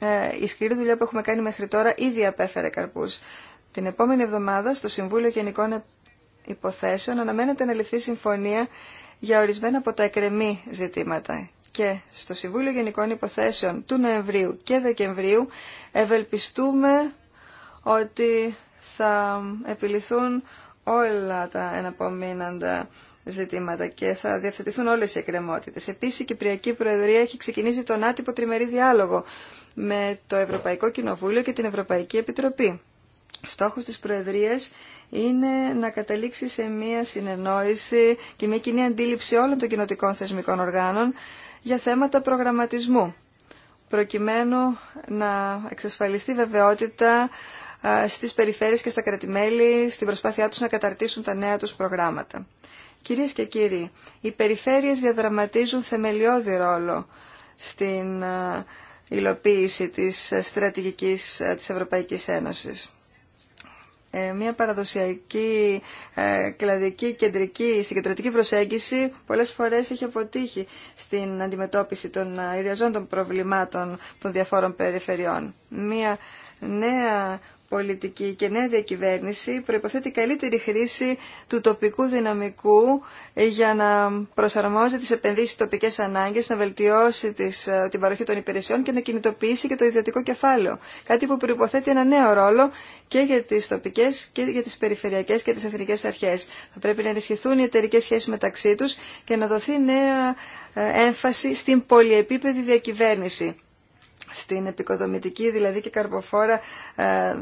ε, η σκληρή δουλειά που έχουμε κάνει μέχρι τώρα ήδη απέφερε καρπούς. Την επόμενη εβδομάδα στο Συμβούλιο Γενικών Υποθέσεων αναμένεται να ληφθεί συμφωνία για ορισμένα από τα εκρεμή ζητήματα. Και στο Συμβούλιο Γενικών Υποθέσεων του Νοεμβρίου και Δεκεμβρίου ευελπιστούμε ότι θα επιληθούν όλα τα εναπομείναντα ζητήματα και θα διευθετηθούν όλες οι εκκρεμότητες. Επίσης η Κυπριακή Προεδρία έχει ξεκινήσει τον άτυπο τριμερή διάλογο με το Ευρωπαϊκό Κοινοβούλιο και την Ευρωπαϊκή Επιτροπή. Στόχος της Προεδρίας είναι να καταλήξει σε μία συνεννόηση και μία κοινή αντίληψη όλων των κοινοτικών θεσμικών οργάνων για θέματα προγραμματισμού, προκειμένου να εξασφαλιστεί βεβαιότητα στις περιφέρειες και στα κρατημέλη στην προσπάθειά τους να καταρτήσουν τα νέα τους προγράμματα. Κυρίες και κύριοι, οι περιφέρειες διαδραματίζουν θεμελιώδη ρόλο στην υλοποίηση της στρατηγικής ε, της Ευρωπαϊκής Ένωσης. Ε, μια παραδοσιακή, ε, κλαδική, κεντρική, συγκεντρωτική προσέγγιση πολλές φορές έχει αποτύχει στην αντιμετώπιση των ιδιαζών των προβλημάτων των διαφόρων περιφερειών. Μια νέα πολιτική και νέα διακυβέρνηση προϋποθέτει καλύτερη χρήση του τοπικού δυναμικού ε, για να προσαρμόζει τις επενδύσεις στις τοπικές ανάγκες, να βελτιώσει τις, ε, την παροχή των υπηρεσιών και να κινητοποιήσει και το ιδιωτικό κεφάλαιο. Κάτι που προϋποθέτει ένα νέο ρόλο και για τις τοπικές και για τις περιφερειακές και τις εθνικές αρχές. Θα πρέπει να ενισχυθούν οι εταιρικές σχέσεις μεταξύ τους και να δοθεί νέα ε, έμφαση στην πολυεπίπεδη διακυβέρνηση στην επικοδομητική δηλαδή και καρποφόρα ε,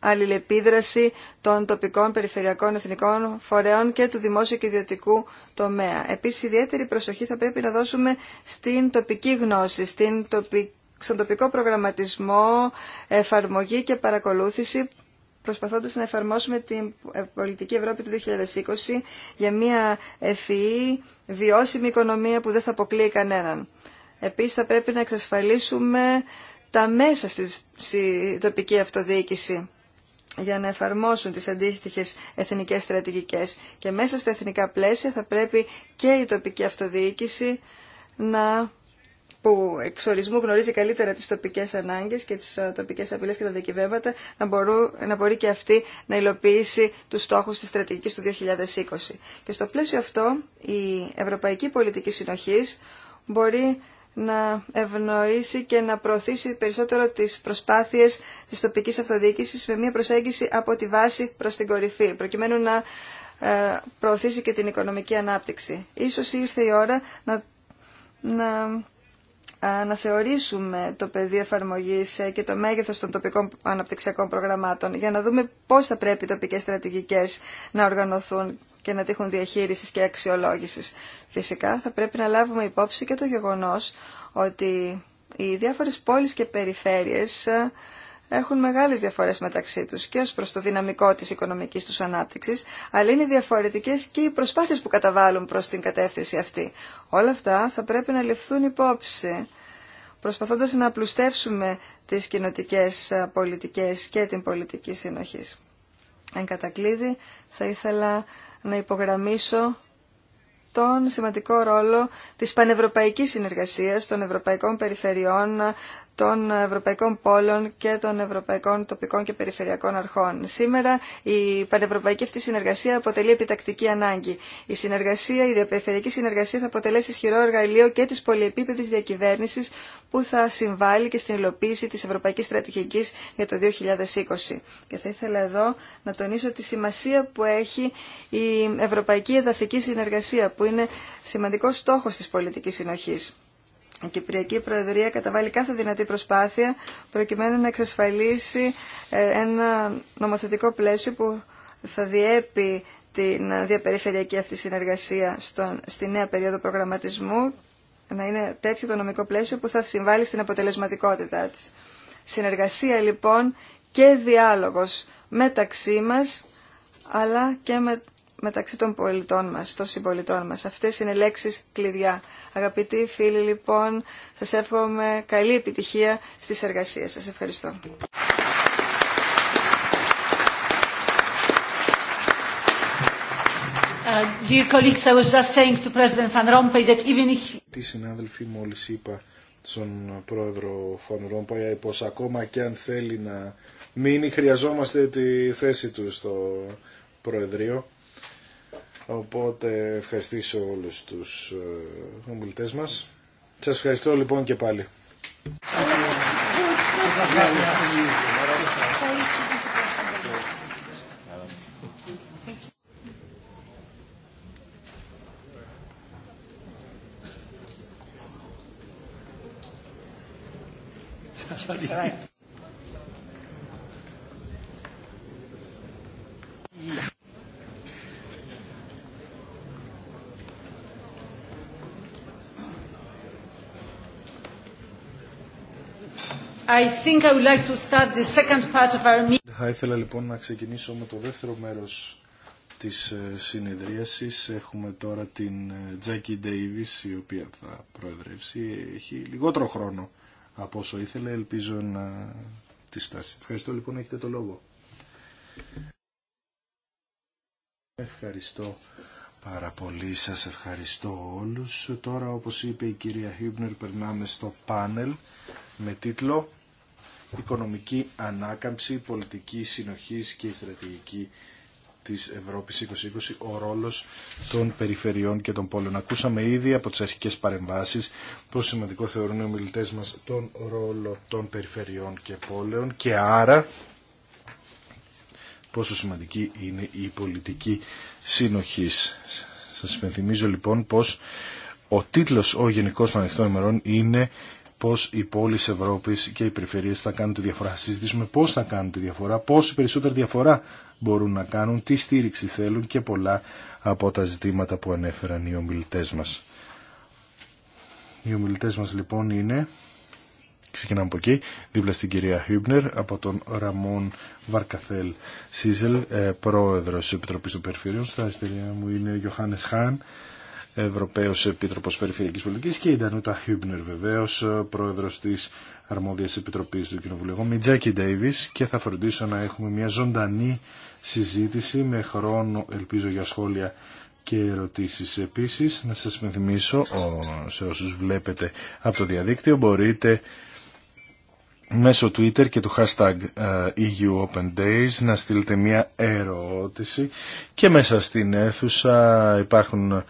αλληλεπίδραση των τοπικών, περιφερειακών, εθνικών φορέων και του δημόσιου και ιδιωτικού τομέα. Επίσης, ιδιαίτερη προσοχή θα πρέπει να δώσουμε στην τοπική γνώση, στον τοπικό προγραμματισμό, εφαρμογή και παρακολούθηση προσπαθώντας να εφαρμόσουμε την πολιτική Ευρώπη του 2020 για μια ευφυή, βιώσιμη οικονομία που δεν θα αποκλείει κανέναν. Επίσης θα πρέπει να εξασφαλίσουμε τα μέσα στη, τοπική αυτοδιοίκηση για να εφαρμόσουν τις αντίστοιχες εθνικές στρατηγικές. Και μέσα στα εθνικά πλαίσια θα πρέπει και η τοπική αυτοδιοίκηση να, που ορισμού γνωρίζει καλύτερα τις τοπικές ανάγκες και τις ε, τοπικές απειλές και τα δικαιώματα, να, να μπορεί και αυτή να υλοποιήσει τους στόχους της στρατηγικής του 2020. Και στο πλαίσιο αυτό η Ευρωπαϊκή Πολιτική Συνοχής μπορεί να ευνοήσει και να προωθήσει περισσότερο τις προσπάθειες της τοπικής αυτοδιοίκησης με μια προσέγγιση από τη βάση προς την κορυφή, προκειμένου να ε, προωθήσει και την οικονομική ανάπτυξη. Ίσως ήρθε η ώρα να, να θεωρήσουμε το πεδίο εφαρμογής ε, και το μέγεθος των τοπικών αναπτυξιακών προγραμμάτων για να δούμε πώς θα πρέπει οι τοπικές στρατηγικές να οργανωθούν και να τύχουν διαχείρισης και αξιολόγησης. Φυσικά θα πρέπει να λάβουμε υπόψη και το γεγονός ότι οι διάφορες πόλεις και περιφέρειες ε, έχουν μεγάλες διαφορές μεταξύ τους και ως προς το δυναμικό της οικονομικής τους ανάπτυξης, αλλά είναι διαφορετικές και οι προσπάθειες που καταβάλουν προς την κατεύθυνση αυτή. Όλα αυτά θα πρέπει να ληφθούν υπόψη, προσπαθώντας να απλουστεύσουμε τις κοινοτικέ ε, πολιτικές και την πολιτική συνοχή. Εν κατακλείδη, θα ήθελα να υπογραμμίσω τον σημαντικό ρόλο της πανευρωπαϊκής συνεργασίας των ευρωπαϊκών περιφερειών των ευρωπαϊκών πόλων και των ευρωπαϊκών τοπικών και περιφερειακών αρχών. Σήμερα η πανευρωπαϊκή αυτή συνεργασία αποτελεί επιτακτική ανάγκη. Η συνεργασία, η διαπεριφερειακή συνεργασία θα αποτελέσει ισχυρό εργαλείο και τη πολυεπίπεδη διακυβέρνηση που θα συμβάλλει και στην υλοποίηση τη Ευρωπαϊκή Στρατηγική για το 2020. Και θα ήθελα εδώ να τονίσω τη σημασία που έχει η Ευρωπαϊκή Εδαφική Συνεργασία που είναι σημαντικό στόχο τη πολιτική συνοχή. Η Κυπριακή Προεδρία καταβάλει κάθε δυνατή προσπάθεια προκειμένου να εξασφαλίσει ε, ένα νομοθετικό πλαίσιο που θα διέπει την διαπεριφερειακή αυτή συνεργασία στον, στη νέα περίοδο προγραμματισμού να είναι τέτοιο το νομικό πλαίσιο που θα συμβάλλει στην αποτελεσματικότητά της. Συνεργασία λοιπόν και διάλογος μεταξύ μας αλλά και με μεταξύ των πολιτών μας, των συμπολιτών μας. Αυτές είναι λέξεις κλειδιά. Αγαπητοί φίλοι, λοιπόν, σας εύχομαι καλή επιτυχία στις εργασίες σας. Ευχαριστώ. Τι συνάδελφοι μόλις είπα στον πρόεδρο Φαν Ρόμπαϊ ε, πως ακόμα και αν θέλει να μείνει χρειαζόμαστε τη θέση του στο Προεδρείο. Οπότε ευχαριστήσω όλους τους ε, ομιλητές μας. Σας ευχαριστώ λοιπόν και πάλι. Θα ήθελα λοιπόν να ξεκινήσω με το δεύτερο μέρος της ε, συνεδρίασης. Έχουμε τώρα την ε, Τζάκι Ντέιβις η οποία θα προεδρεύσει. Έχει λιγότερο χρόνο από όσο ήθελε. Ελπίζω να τη στάσει. Ευχαριστώ λοιπόν, έχετε το λόγο. Ευχαριστώ πάρα πολύ. Σας ευχαριστώ όλους. Τώρα όπως είπε η κυρία Χίμπνερ περνάμε στο πάνελ με τίτλο «Οικονομική ανάκαμψη, πολιτική συνοχής και στρατηγική της Ευρώπης 2020, ο ρόλος των περιφερειών και των πόλεων». Ακούσαμε ήδη από τις αρχικές παρεμβάσεις πόσο σημαντικό θεωρούν οι ομιλητές μας τον ρόλο των περιφερειών και πόλεων και άρα πόσο σημαντική είναι η πολιτική συνοχής. Σας υπενθυμίζω λοιπόν πως ο τίτλος «Ο Γενικός των Ανοιχτών ημερών» είναι πώς οι πόλεις Ευρώπης και οι περιφερειές θα κάνουν τη διαφορά. Θα συζητήσουμε πώς θα κάνουν τη διαφορά, πόση περισσότερη διαφορά μπορούν να κάνουν, τι στήριξη θέλουν και πολλά από τα ζητήματα που ανέφεραν οι ομιλητές μας. Οι ομιλητές μας λοιπόν είναι, ξεκινάμε από εκεί, δίπλα στην κυρία Χιούμπνερ, από τον Ραμόν Βαρκαθέλ Σίζελ, ε, πρόεδρος της Επιτροπής των Περιφερειών. Στα αριστερά μου είναι ο Γιωχάνες Χάν, Ευρωπαϊο Επίτροπο Περιφερειακής Πολιτική και η Ντανούτα Χιούμπνερ βεβαίω, πρόεδρο τη Αρμόδια Επιτροπή του Κοινοβουλίου. Εγώ είμαι Τζάκι Ντέιβι και θα φροντίσω να έχουμε μια ζωντανή συζήτηση με χρόνο ελπίζω για σχόλια και ερωτήσεις επίσης. Να σας υπενθυμίσω σε όσους βλέπετε από το διαδίκτυο μπορείτε μέσω Twitter και του hashtag ε, EU Open Days να στείλετε μια ερώτηση και μέσα στην αίθουσα υπάρχουν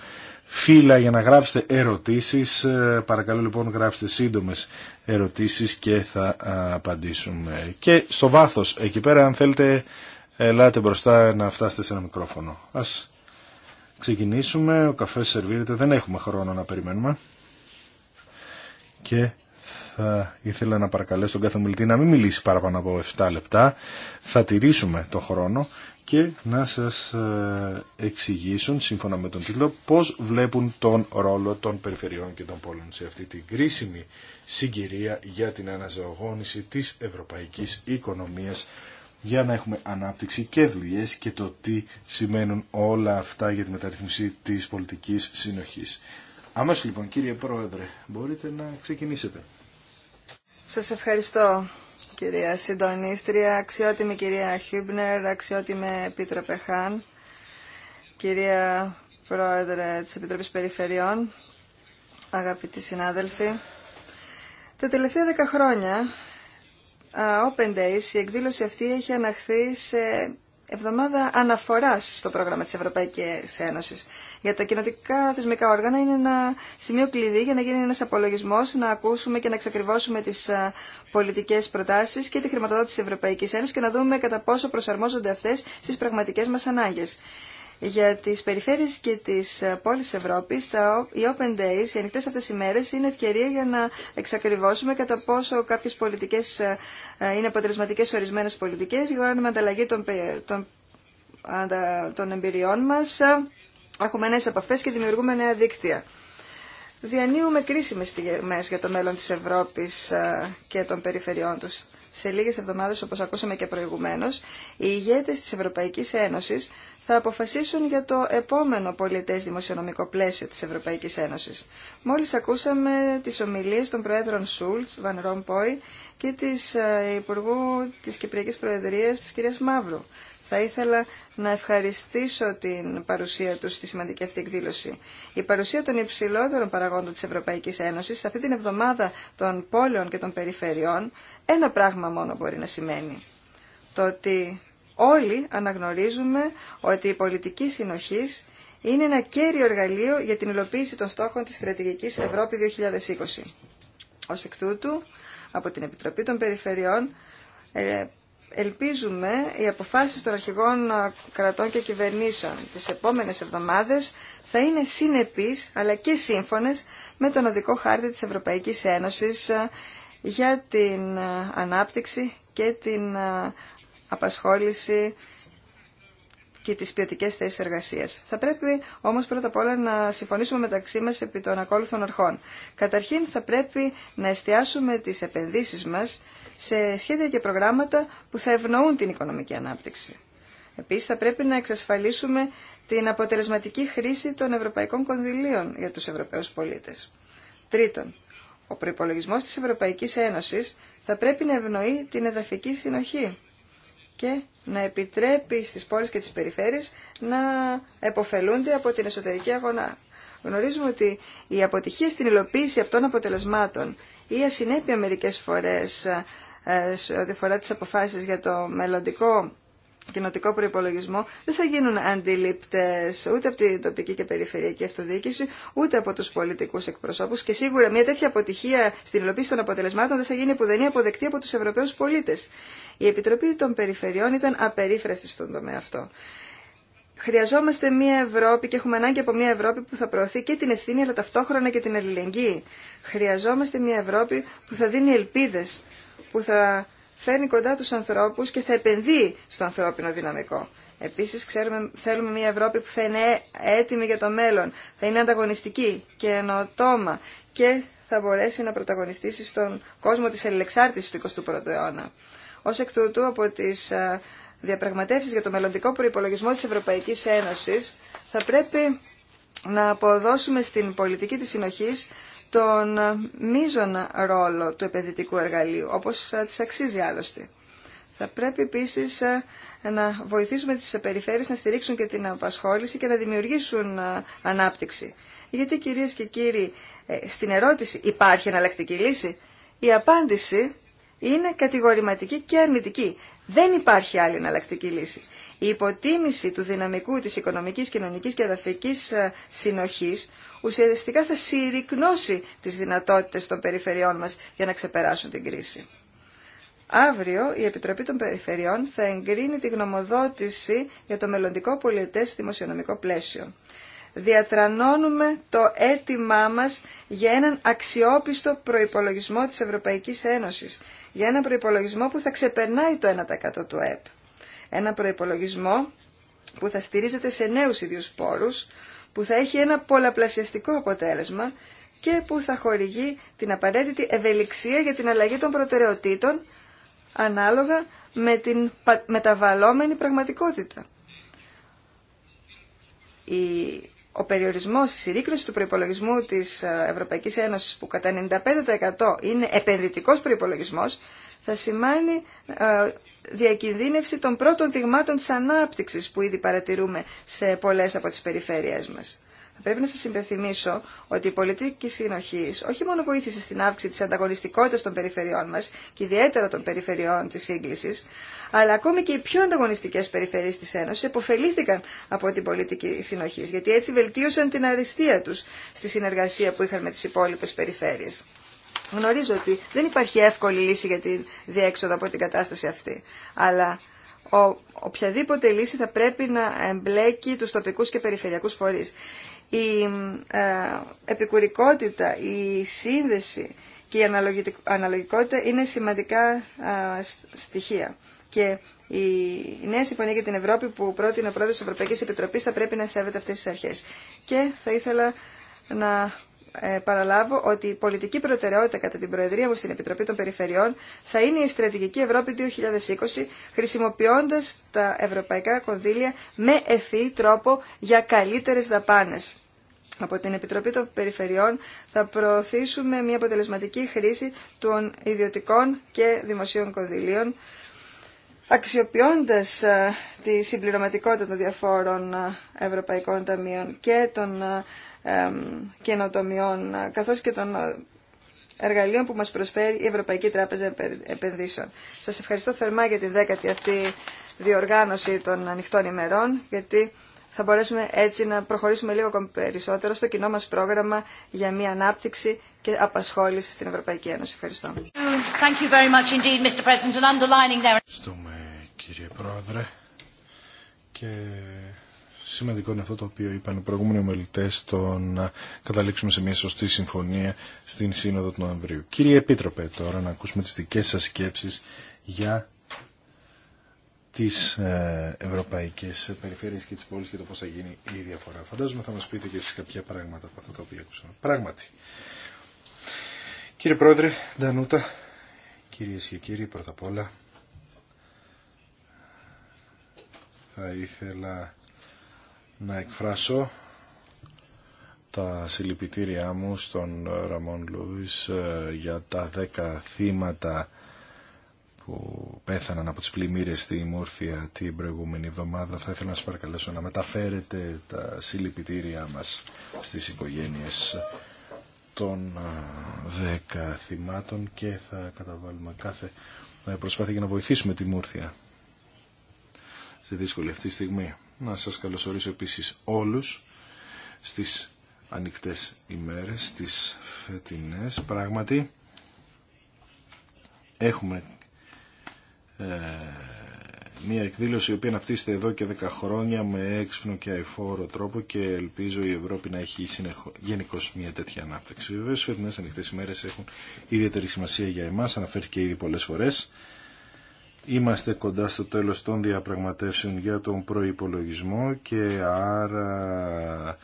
φύλλα για να γράψετε ερωτήσεις. Ε, παρακαλώ λοιπόν γράψτε σύντομες ερωτήσεις και θα απαντήσουμε. Και στο βάθος εκεί πέρα αν θέλετε ελάτε μπροστά να φτάσετε σε ένα μικρόφωνο. Ας ξεκινήσουμε. Ο καφές σερβίρεται. Δεν έχουμε χρόνο να περιμένουμε. Και θα ήθελα να παρακαλέσω τον κάθε μιλητή να μην μιλήσει παραπάνω από 7 λεπτά. Θα τηρήσουμε το χρόνο και να σας ε, εξηγήσουν σύμφωνα με τον τίτλο πώς βλέπουν τον ρόλο των περιφερειών και των πόλων σε αυτή την κρίσιμη συγκυρία για την αναζωογόνηση της ευρωπαϊκής οικονομίας για να έχουμε ανάπτυξη και δουλειέ και το τι σημαίνουν όλα αυτά για τη μεταρρύθμιση της πολιτικής συνοχής. Αμέσως λοιπόν κύριε Πρόεδρε μπορείτε να ξεκινήσετε. Σας ευχαριστώ κυρία Συντονίστρια, αξιότιμη κυρία Χίμπνερ, αξιότιμη Επίτροπε Χάν, κυρία Πρόεδρε της Επιτροπής Περιφερειών, αγαπητοί συνάδελφοι. Τα τελευταία δέκα χρόνια, Open Days, η εκδήλωση αυτή έχει αναχθεί σε εβδομάδα αναφοράς στο πρόγραμμα της Ευρωπαϊκής Ένωση. Για τα κοινοτικά θεσμικά όργανα είναι ένα σημείο κλειδί για να γίνει ένα απολογισμός, να ακούσουμε και να εξακριβώσουμε τις πολιτικές προτάσεις και τη χρηματοδότηση τη Ευρωπαϊκής Ένωσης και να δούμε κατά πόσο προσαρμόζονται αυτές στις πραγματικέ μα ανάγκε. Για τις περιφέρειες και τις ε, πόλεις Ευρώπης, τα, οι Open Days, οι ανοιχτές αυτές οι μέρες, είναι ευκαιρία για να εξακριβώσουμε κατά πόσο κάποιες πολιτικές ε, ε, είναι αποτελεσματικές σε ορισμένες πολιτικές, για να ανταλλαγή των, των, των εμπειριών μας, έχουμε νέες επαφές και δημιουργούμε νέα δίκτυα. Διανύουμε κρίσιμες στιγμές για το μέλλον της Ευρώπης και των περιφερειών τους. Σε λίγες εβδομάδες, όπως ακούσαμε και προηγουμένως, οι ηγέτες της Ευρωπαϊκής Ένωσης θα αποφασίσουν για το επόμενο πολιτές δημοσιονομικό πλαίσιο της Ευρωπαϊκής Ένωσης. Μόλις ακούσαμε τις ομιλίες των Προέδρων Σούλτς, Βαν Ρομπόι και της ε, Υπουργού της Κυπριακής Προεδρίας, της κυρίας Μαύρου. Θα ήθελα να ευχαριστήσω την παρουσία τους στη σημαντική αυτή εκδήλωση. Η παρουσία των υψηλότερων παραγόντων της Ευρωπαϊκής Ένωσης σε αυτή την εβδομάδα των πόλεων και των περιφερειών ένα πράγμα μόνο μπορεί να σημαίνει. Το ότι Όλοι αναγνωρίζουμε ότι η πολιτική συνοχής είναι ένα κέριο εργαλείο για την υλοποίηση των στόχων της Στρατηγικής Ευρώπη 2020. Ως εκ τούτου, από την Επιτροπή των Περιφερειών, ε, ελπίζουμε οι αποφάσεις των αρχηγών ε, κρατών και κυβερνήσεων τις επόμενες εβδομάδες θα είναι συνεπείς αλλά και σύμφωνες με τον οδικό χάρτη της Ευρωπαϊκής Ένωσης ε, για την ανάπτυξη και την απασχόληση και τις ποιοτικέ θέσεις εργασίας. Θα πρέπει όμως πρώτα απ' όλα να συμφωνήσουμε μεταξύ μας επί των ακόλουθων αρχών. Καταρχήν θα πρέπει να εστιάσουμε τις επενδύσεις μας σε σχέδια και προγράμματα που θα ευνοούν την οικονομική ανάπτυξη. Επίσης θα πρέπει να εξασφαλίσουμε την αποτελεσματική χρήση των ευρωπαϊκών κονδυλίων για τους Ευρωπαίους πολίτες. Τρίτον, ο προϋπολογισμός της Ευρωπαϊκής Ένωσης θα πρέπει να ευνοεί την εδαφική συνοχή και να επιτρέπει στις πόλεις και τις περιφέρειες να εποφελούνται από την εσωτερική αγωνά. Γνωρίζουμε ότι η αποτυχία στην υλοποίηση αυτών αποτελεσμάτων ή ασυνέπεια μερικές φορές ε, σε ό,τι αφορά τις αποφάσεις για το μελλοντικό κοινοτικό προπολογισμό δεν θα γίνουν αντιληπτέ ούτε από την τοπική και περιφερειακή αυτοδιοίκηση, ούτε από του πολιτικού εκπροσώπου. Και σίγουρα μια τέτοια αποτυχία στην υλοποίηση των αποτελεσμάτων δεν θα γίνει που δεν αποδεκτή από του Ευρωπαίου πολίτε. Η Επιτροπή των Περιφερειών ήταν απερίφραστη στον τομέα αυτό. Χρειαζόμαστε μια Ευρώπη και έχουμε ανάγκη από μια Ευρώπη που θα προωθεί και την ευθύνη αλλά ταυτόχρονα και την αλληλεγγύη. Χρειαζόμαστε μια Ευρώπη που θα δίνει ελπίδε, που θα φέρνει κοντά τους ανθρώπους και θα επενδύει στο ανθρώπινο δυναμικό. Επίσης ξέρουμε, θέλουμε μια Ευρώπη που θα είναι έτοιμη για το μέλλον, θα είναι ανταγωνιστική και ενωτόμα και θα μπορέσει να πρωταγωνιστήσει στον κόσμο της ελεξάρτησης του 21ου αιώνα. Ως εκ τούτου από τις ε, διαπραγματεύσεις για το μελλοντικό προϋπολογισμό της Ευρωπαϊκής Ένωσης θα πρέπει να αποδώσουμε στην πολιτική της συνοχής τον μείζον ρόλο του επενδυτικού εργαλείου, όπως ε, της αξίζει άλλωστε. Θα πρέπει επίσης ε, να βοηθήσουμε τις περιφέρειες να στηρίξουν και την απασχόληση και να δημιουργήσουν ε, ανάπτυξη. Γιατί κυρίες και κύριοι, στην ερώτηση υπάρχει εναλλακτική λύση, η απάντηση είναι κατηγορηματική και αρνητική. Δεν υπάρχει άλλη εναλλακτική λύση. Η υποτίμηση του δυναμικού της οικονομικής, κοινωνικής και αδαφικής ε, συνοχής ουσιαστικά θα συρρυκνώσει τις δυνατότητες των περιφερειών μας για να ξεπεράσουν την κρίση. Αύριο η Επιτροπή των Περιφερειών θα εγκρίνει τη γνωμοδότηση για το μελλοντικό πολιτές δημοσιονομικό πλαίσιο διατρανώνουμε το αίτημά μας για έναν αξιόπιστο προϋπολογισμό της Ευρωπαϊκής Ένωσης. Για έναν προϋπολογισμό που θα ξεπερνάει το 1% του ΕΠ. Ένα προϋπολογισμό που θα στηρίζεται σε νέους ίδιους πόρους, που θα έχει ένα πολλαπλασιαστικό αποτέλεσμα και που θα χορηγεί την απαραίτητη ευελιξία για την αλλαγή των προτεραιοτήτων ανάλογα με την μεταβαλλόμενη πραγματικότητα. Η ο περιορισμός, η συρρήκνωση του προπολογισμού της ε, Ευρωπαϊκής Ένωσης που κατά 95% είναι επενδυτικό προπολογισμό, θα σημαίνει ε, διακινδύνευση των πρώτων δειγμάτων της ανάπτυξη που ήδη παρατηρούμε σε πολλέ από τις περιφέρειές μας πρέπει να σα υπενθυμίσω ότι η πολιτική συνοχή όχι μόνο βοήθησε στην αύξηση τη ανταγωνιστικότητα των περιφερειών μα και ιδιαίτερα των περιφερειών τη σύγκληση, αλλά ακόμη και οι πιο ανταγωνιστικέ περιφερειέ τη Ένωση επωφελήθηκαν από την πολιτική συνοχή, γιατί έτσι βελτίωσαν την αριστεία του στη συνεργασία που είχαν με τι υπόλοιπε περιφέρειες. Γνωρίζω ότι δεν υπάρχει εύκολη λύση για τη διέξοδο από την κατάσταση αυτή, αλλά ο, οποιαδήποτε λύση θα πρέπει να εμπλέκει τους τοπικούς και περιφερειακούς φορείς η ε, επικουρικότητα, η σύνδεση και η αναλογικότητα είναι σημαντικά ε, στοιχεία. Και η νέα συμφωνία για την Ευρώπη που πρότεινε ο πρόεδρος της Ευρωπαϊκής Επιτροπής θα πρέπει να σέβεται αυτές τις αρχές. Και θα ήθελα να ε, παραλάβω ότι η πολιτική προτεραιότητα κατά την Προεδρία μου στην Επιτροπή των Περιφερειών θα είναι η Στρατηγική Ευρώπη 2020, χρησιμοποιώντας τα ευρωπαϊκά κονδύλια με ευφύ τρόπο για καλύτερες δαπάνες. Από την Επιτροπή των Περιφερειών θα προωθήσουμε μια αποτελεσματική χρήση των ιδιωτικών και δημοσίων κονδυλίων αξιοποιώντας ε, τη συμπληρωματικότητα των διαφόρων ε, ευρωπαϊκών ταμείων και των ε, καινοτομιών, καθώς και των εργαλείων που μας προσφέρει η Ευρωπαϊκή Τράπεζα Επενδύσεων. Σας ευχαριστώ θερμά για τη δέκατη αυτή διοργάνωση των ανοιχτών ημερών, γιατί θα μπορέσουμε έτσι να προχωρήσουμε λίγο ακόμη περισσότερο στο κοινό μας πρόγραμμα για μια ανάπτυξη και απασχόληση στην Ευρωπαϊκή Ένωση. Ευχαριστώ κύριε Πρόεδρε και σημαντικό είναι αυτό το οποίο είπαν οι προηγούμενοι ομιλητέ το να καταλήξουμε σε μια σωστή συμφωνία στην Σύνοδο του Νοεμβρίου. Κύριε Επίτροπε, τώρα να ακούσουμε τις δικές σας σκέψεις για τις ε, ευρωπαϊκές περιφέρειες και τις πόλεις και το πώς θα γίνει η διαφορά. Φαντάζομαι θα μας πείτε και εσείς κάποια πράγματα από αυτά τα οποία ακούσαμε. Πράγματι. Κύριε Πρόεδρε, Ντανούτα, κυρίες και κύριοι, πρώτα απ' όλα θα ήθελα να εκφράσω τα συλληπιτήριά μου στον Ραμόν Λούις ε, για τα δέκα θύματα που πέθαναν από τις πλημμύρες στη μούρφια την προηγούμενη εβδομάδα. Θα ήθελα να σας παρακαλέσω να μεταφέρετε τα συλληπιτήριά μας στις οικογένειες των ε, δέκα θυμάτων και θα καταβάλουμε κάθε ε, προσπάθεια για να βοηθήσουμε τη Μούρθια. Σε δύσκολη αυτή στιγμή. Να σας καλωσορίσω επίσης όλους στις ανοιχτές ημέρες, στις φετινές. Πράγματι, έχουμε ε, μια εκδήλωση η οποία αναπτύσσεται εδώ και 10 χρόνια με έξυπνο και αηφόρο τρόπο και ελπίζω η Ευρώπη να έχει γενικώ μια τέτοια ανάπτυξη. Βεβαίω, οι φετινέ ανοιχτέ ημέρε έχουν ιδιαίτερη σημασία για εμά, αναφέρθηκε ήδη πολλές φορές, Είμαστε κοντά στο τέλος των διαπραγματεύσεων για τον προϋπολογισμό και άρα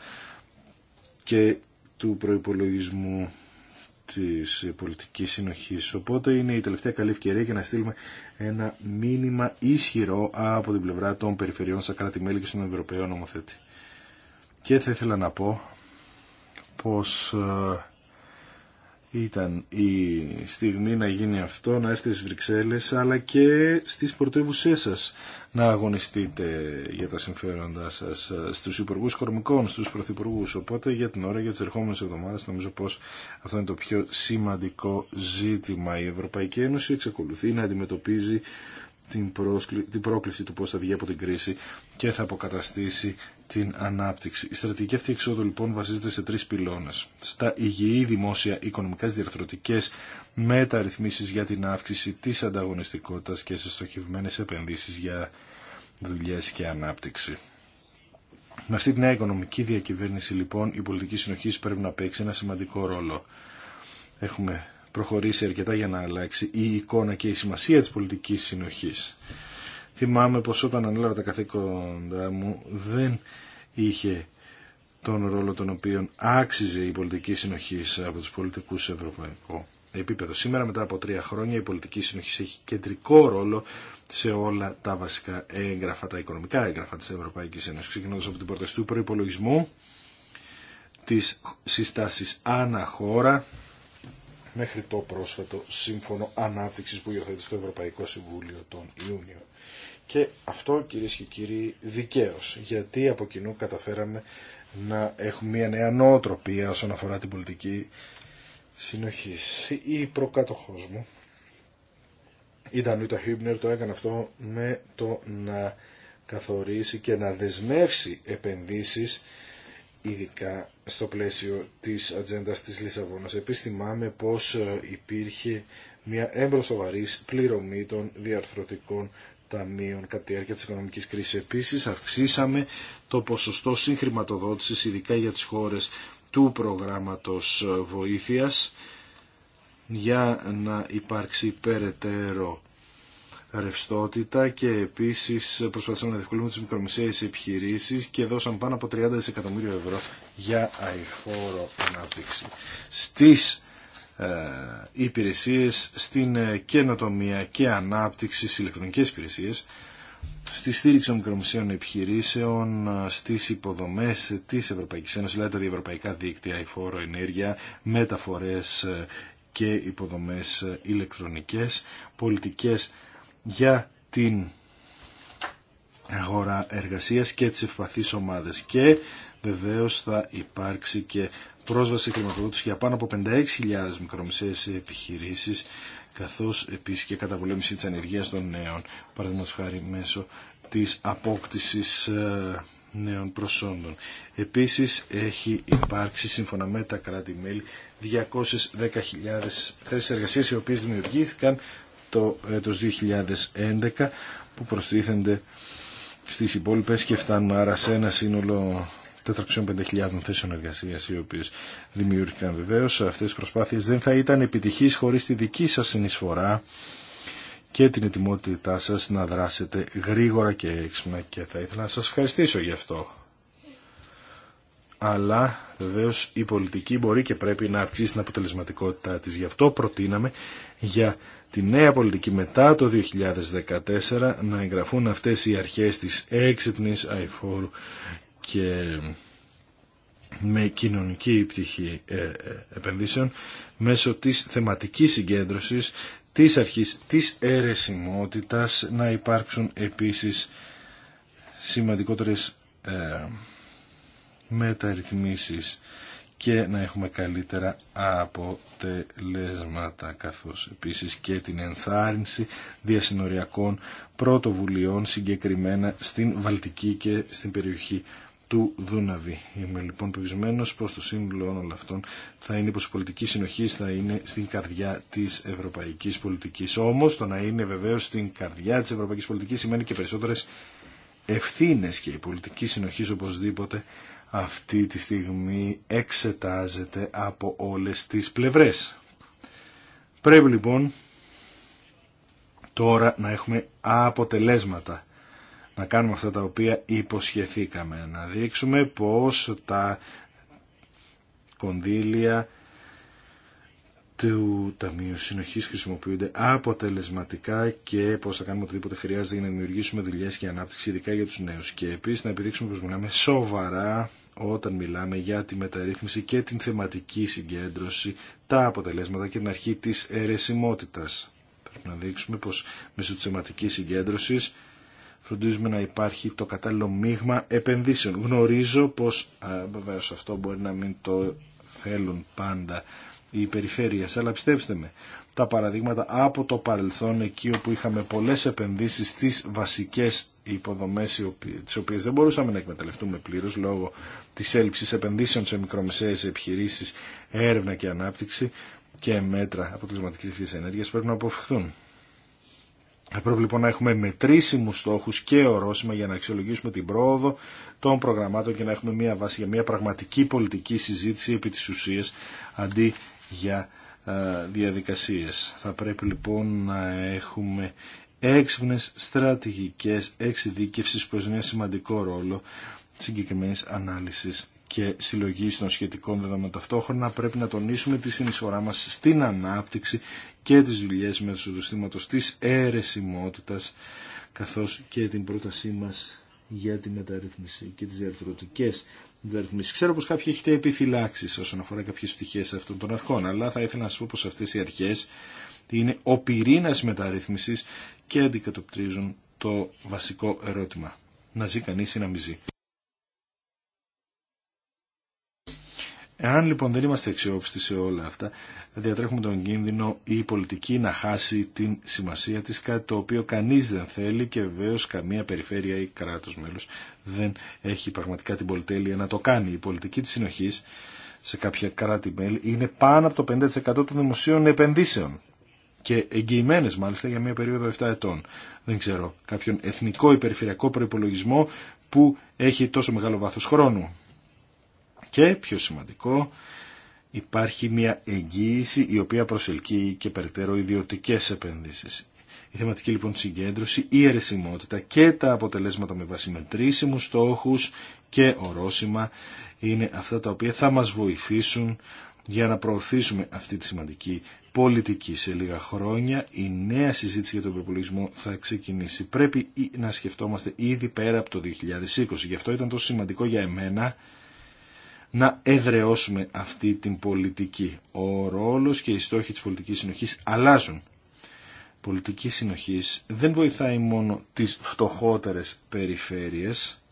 και του προϋπολογισμού της πολιτικής συνοχής. Οπότε είναι η τελευταία καλή ευκαιρία για να στείλουμε ένα μήνυμα ισχυρό από την πλευρά των περιφερειών στα κράτη-μέλη και στον Ευρωπαίο νομοθέτη. Και θα ήθελα να πω πως ε, ήταν η στιγμή να γίνει αυτό, να έρθει στις Βρυξέλλες, αλλά και στις πρωτεύουσές σας να αγωνιστείτε για τα συμφέροντά σας στους υπουργού κορμικών, στους πρωθυπουργού. Οπότε για την ώρα, για τις ερχόμενες εβδομάδες, νομίζω πως αυτό είναι το πιο σημαντικό ζήτημα. Η Ευρωπαϊκή Ένωση εξακολουθεί να αντιμετωπίζει την, την πρόκληση του πώς θα βγει από την κρίση και θα αποκαταστήσει την ανάπτυξη. Η στρατηγική αυτή εξόδου λοιπόν βασίζεται σε τρεις πυλώνες. Στα υγιή δημόσια οικονομικά διαρθρωτικές μεταρρυθμίσεις για την αύξηση της ανταγωνιστικότητας και σε στοχευμένες επενδύσεις για δουλειές και ανάπτυξη. Με αυτή τη νέα οικονομική διακυβέρνηση λοιπόν η πολιτική συνοχή πρέπει να παίξει ένα σημαντικό ρόλο. Έχουμε προχωρήσει αρκετά για να αλλάξει η εικόνα και η σημασία της πολιτικής συνοχής. Θυμάμαι πως όταν ανέλαβα τα καθήκοντά μου δεν είχε τον ρόλο τον οποίο άξιζε η πολιτική συνοχή από τους πολιτικούς σε ευρωπαϊκό επίπεδο. Σήμερα μετά από τρία χρόνια η πολιτική συνοχή έχει κεντρικό ρόλο σε όλα τα βασικά έγγραφα, τα οικονομικά έγγραφα της Ευρωπαϊκής Ένωσης, ξεκινώντας από την πρόταση του προϋπολογισμού, τις συστάσεις αναχώρα, μέχρι το πρόσφατο σύμφωνο ανάπτυξης που υιοθέτησε το Ευρωπαϊκό Συμβούλιο τον Ιούνιο. Και αυτό κυρίε και κύριοι δικαίω, γιατί από κοινού καταφέραμε να έχουμε μια νέα νοοτροπία όσον αφορά την πολιτική συνοχή. Η προκάτοχό μου, η Ντανούτα Χίμπνερ, το έκανε αυτό με το να καθορίσει και να δεσμεύσει επενδύσεις ειδικά στο πλαίσιο της ατζέντα της Λισαβόνας. Επίσης θυμάμαι πως ε, υπήρχε μια εμπροσοβαρής πληρωμή των διαρθρωτικών ταμείων κατά τη διάρκεια της οικονομικής κρίσης. Επίσης αυξήσαμε το ποσοστό συγχρηματοδότησης ειδικά για τις χώρες του προγράμματος βοήθειας για να υπάρξει περαιτέρω ρευστότητα και επίσης προσπαθήσαμε να διευκολύνουμε τις μικρομεσαίες επιχειρήσεις και δώσαμε πάνω από 30 δισεκατομμύρια ευρώ για αηφόρο ανάπτυξη. Στις ε, υπηρεσίες, στην ε, καινοτομία και ανάπτυξη στις ηλεκτρονικές υπηρεσίες, στη στήριξη των μικρομεσαίων επιχειρήσεων, ε, στις υποδομές της Ευρωπαϊκής Ένωσης, δηλαδή τα διευρωπαϊκά δίκτυα, η φόρο, ενέργεια, μεταφορές και υποδομές ηλεκτρονικές, πολιτικές για την αγορά εργασίας και τις ευπαθείς ομάδες και βεβαίως θα υπάρξει και πρόσβαση χρηματοδότηση για πάνω από 56.000 μικρομεσαίες επιχειρήσεις καθώς επίσης και καταπολέμηση της ανεργίας των νέων, παραδείγματο χάρη μέσω της απόκτησης ε, νέων προσόντων. Επίσης έχει υπάρξει σύμφωνα με τα κράτη-μέλη 210.000 θέσεις εργασίας οι οποίες δημιουργήθηκαν το έτος 2011 που προστίθενται στις υπόλοιπες και φτάνουμε άρα σε ένα σύνολο 405.000 θέσεων εργασία οι οποίε δημιούργηκαν βεβαίω. Αυτέ οι προσπάθειε δεν θα ήταν επιτυχεί χωρί τη δική σα συνεισφορά και την ετοιμότητά σα να δράσετε γρήγορα και έξυπνα και θα ήθελα να σα ευχαριστήσω γι' αυτό. Αλλά βεβαίω η πολιτική μπορεί και πρέπει να αυξήσει την αποτελεσματικότητά τη. Γι' αυτό προτείναμε για τη νέα πολιτική μετά το 2014 να εγγραφούν αυτές οι αρχές της έξυπνης αηφόρου και με κοινωνική πτυχή ε, ε, επενδύσεων μέσω της θεματικής συγκέντρωσης της αρχής της αιρεσιμότητας να υπάρξουν επίσης σημαντικότερες ε, μεταρρυθμίσεις και να έχουμε καλύτερα αποτελέσματα καθώς επίσης και την ενθάρρυνση διασυνοριακών πρωτοβουλειών συγκεκριμένα στην Βαλτική και στην περιοχή του Δούναβη. Είμαι λοιπόν πεπισμένος πως το σύνολο όλων αυτών θα είναι πως η πολιτική συνοχή θα είναι στην καρδιά της ευρωπαϊκής πολιτικής. Όμως το να είναι βεβαίως στην καρδιά της ευρωπαϊκής πολιτικής σημαίνει και περισσότερες ευθύνες και η πολιτική συνοχή οπωσδήποτε αυτή τη στιγμή εξετάζεται από όλες τις πλευρές. Πρέπει λοιπόν τώρα να έχουμε αποτελέσματα να κάνουμε αυτά τα οποία υποσχεθήκαμε. Να δείξουμε πως τα κονδύλια του Ταμείου Συνοχής χρησιμοποιούνται αποτελεσματικά και πως θα κάνουμε οτιδήποτε χρειάζεται για να δημιουργήσουμε δουλειές και ανάπτυξη ειδικά για τους νέους. Και επίσης να επιδείξουμε πως μιλάμε σοβαρά όταν μιλάμε για τη μεταρρύθμιση και την θεματική συγκέντρωση, τα αποτελέσματα και την αρχή της αιρεσιμότητας. Πρέπει να δείξουμε πως μέσω της θεματικής συγκέντρωσης φροντίζουμε να υπάρχει το κατάλληλο μείγμα επενδύσεων. Γνωρίζω πως βεβαίω αυτό μπορεί να μην το θέλουν πάντα οι περιφέρειες, αλλά πιστέψτε με, τα παραδείγματα από το παρελθόν εκεί όπου είχαμε πολλές επενδύσεις στις βασικές υποδομές τις οποίες δεν μπορούσαμε να εκμεταλλευτούμε πλήρως λόγω της έλλειψης επενδύσεων σε μικρομεσαίες επιχειρήσεις, έρευνα και ανάπτυξη και μέτρα αποτελεσματικής χρήσης ενέργειας πρέπει να αποφευχθούν. Θα πρέπει λοιπόν να έχουμε μετρήσιμους στόχους και ορόσημα για να αξιολογήσουμε την πρόοδο των προγραμμάτων και να έχουμε μια βάση για μια πραγματική πολιτική συζήτηση επί της ουσίας αντί για ε, διαδικασίες. Θα πρέπει λοιπόν να έχουμε έξυπνες στρατηγικές εξειδίκευση που έχουν ένα σημαντικό ρόλο συγκεκριμένη ανάλυση και συλλογή των σχετικών δεδομένων. Ταυτόχρονα πρέπει να τονίσουμε τη συνεισφορά μας στην ανάπτυξη και τις δουλειές μέσω του συστήματος της αίρεσιμότητας καθώς και την πρότασή μας για τη μεταρρύθμιση και τις διαρθρωτικές μεταρρυθμίσεις. Ξέρω πως κάποιοι έχετε επιφυλάξει όσον αφορά κάποιες πτυχές αυτών των αρχών, αλλά θα ήθελα να σας πω πως αυτές οι αρχές είναι ο πυρήνα μεταρρύθμισης και αντικατοπτρίζουν το βασικό ερώτημα. Να ζει κανείς ή να μην ζει. Εάν λοιπόν δεν είμαστε αξιόπιστοι σε όλα αυτά, διατρέχουμε τον κίνδυνο η πολιτική να χάσει την σημασία της, κάτι το οποίο κανείς δεν θέλει και βεβαίω καμία περιφέρεια ή κράτος μέλος δεν έχει πραγματικά την πολυτέλεια να το κάνει. Η πολιτική της συνοχής σε κάποια κράτη-μέλη είναι πάνω από το 50% των δημοσίων επενδύσεων και εγγυημένε μάλιστα για μια περίοδο 7 ετών. Δεν ξέρω, κάποιον εθνικό ή περιφερειακό προπολογισμό που έχει τόσο μεγάλο βάθος χρόνου. Και πιο σημαντικό, υπάρχει μια εγγύηση η οποία προσελκύει και περαιτέρω ιδιωτικέ επενδύσεις. Η θεματική λοιπόν συγκέντρωση, η αιρεσιμότητα και τα αποτελέσματα με βάση μετρήσιμους στόχους και ορόσημα είναι αυτά τα οποία θα μας βοηθήσουν για να προωθήσουμε αυτή τη σημαντική πολιτική. Σε λίγα χρόνια η νέα συζήτηση για τον προπολογισμό θα ξεκινήσει. Πρέπει να σκεφτόμαστε ήδη πέρα από το 2020. Γι' αυτό ήταν τόσο σημαντικό για εμένα να εδρεώσουμε αυτή την πολιτική. Ο ρόλος και οι στόχοι της πολιτικής συνοχής αλλάζουν. Πολιτική συνοχής δεν βοηθάει μόνο τις φτωχότερες περιφέρειες,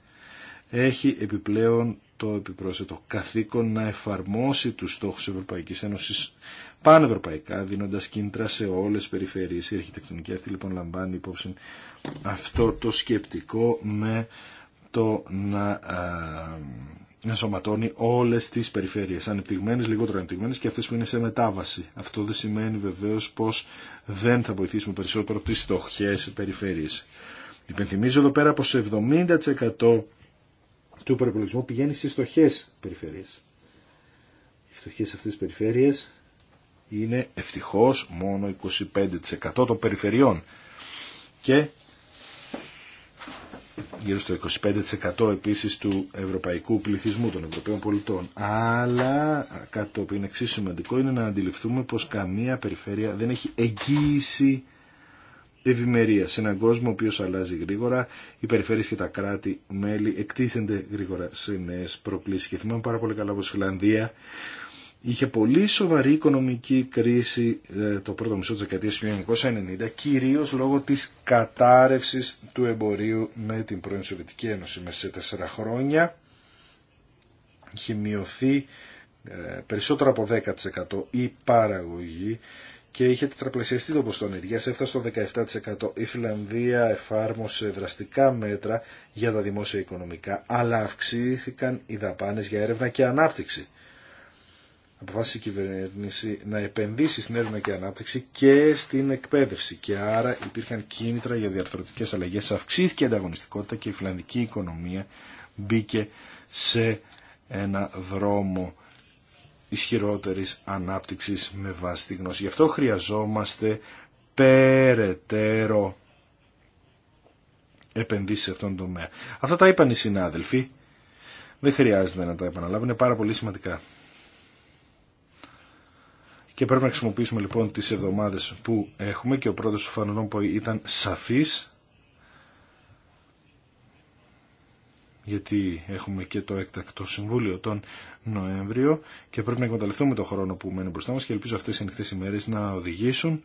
έχει επιπλέον το επιπρόσθετο καθήκον να εφαρμόσει τους στόχους Ευρωπαϊκής Ένωσης πανευρωπαϊκά, δίνοντας κίνητρα σε όλες τις περιφέρειες. Η αρχιτεκτονική αυτή λοιπόν λαμβάνει υπόψη αυτό το σκεπτικό με το να ενσωματώνει όλε τι περιφέρειες, ανεπτυγμένες, λιγότερο ανεπτυγμένε και αυτές που είναι σε μετάβαση. Αυτό δεν σημαίνει βεβαίως πως δεν θα βοηθήσουμε περισσότερο τις φτωχέ περιφέρειες. Υπενθυμίζω εδώ πέρα πω 70% του προπολογισμού πηγαίνει στις φτωχέ περιφέρειες. Οι φτωχέ αυτές τι περιφέρειες είναι ευτυχώ, μόνο 25% των περιφερειών και γύρω στο 25% επίσης του ευρωπαϊκού πληθυσμού των Ευρωπαίων πολιτών. Αλλά κάτι το οποίο είναι εξίσου σημαντικό είναι να αντιληφθούμε πως καμία περιφέρεια δεν έχει εγγύηση ευημερία. Σε έναν κόσμο ο οποίος αλλάζει γρήγορα, οι περιφέρειες και τα κράτη-μέλη εκτίθενται γρήγορα σε νέες προκλήσεις. Και θυμάμαι πάρα πολύ καλά πως η Φιλανδία είχε πολύ σοβαρή οικονομική κρίση ε, το πρώτο μισό της δεκαετίας του 1990, κυρίως λόγω της κατάρρευσης του εμπορίου με την πρώην Σοβιετική Ένωση. Μέσα σε τέσσερα χρόνια είχε μειωθεί ε, περισσότερο από 10% η παραγωγή και είχε τετραπλασιαστεί το ποστό ενεργείας, έφτασε στο 17%. Η Φιλανδία εφάρμοσε δραστικά μέτρα για τα δημόσια οικονομικά, αλλά αυξήθηκαν οι δαπάνε για έρευνα και ανάπτυξη αποφάσισε η κυβέρνηση να επενδύσει στην έρευνα και ανάπτυξη και στην εκπαίδευση. Και άρα υπήρχαν κίνητρα για διαρθρωτικές αλλαγέ, αυξήθηκε η ανταγωνιστικότητα και η φιλανδική οικονομία μπήκε σε ένα δρόμο ισχυρότερης ανάπτυξης με βάση τη γνώση. Γι' αυτό χρειαζόμαστε περαιτέρω επενδύσει σε αυτόν τον τομέα. Αυτά τα είπαν οι συνάδελφοι. Δεν χρειάζεται να τα επαναλάβουν, είναι πάρα πολύ σημαντικά. Και πρέπει να χρησιμοποιήσουμε λοιπόν τις εβδομάδες που έχουμε και ο πρόεδρος του που ήταν σαφής γιατί έχουμε και το έκτακτο συμβούλιο τον Νοέμβριο και πρέπει να εκμεταλλευτούμε το χρόνο που μένει μπροστά μας και ελπίζω αυτές οι ανοιχτές ημέρες να οδηγήσουν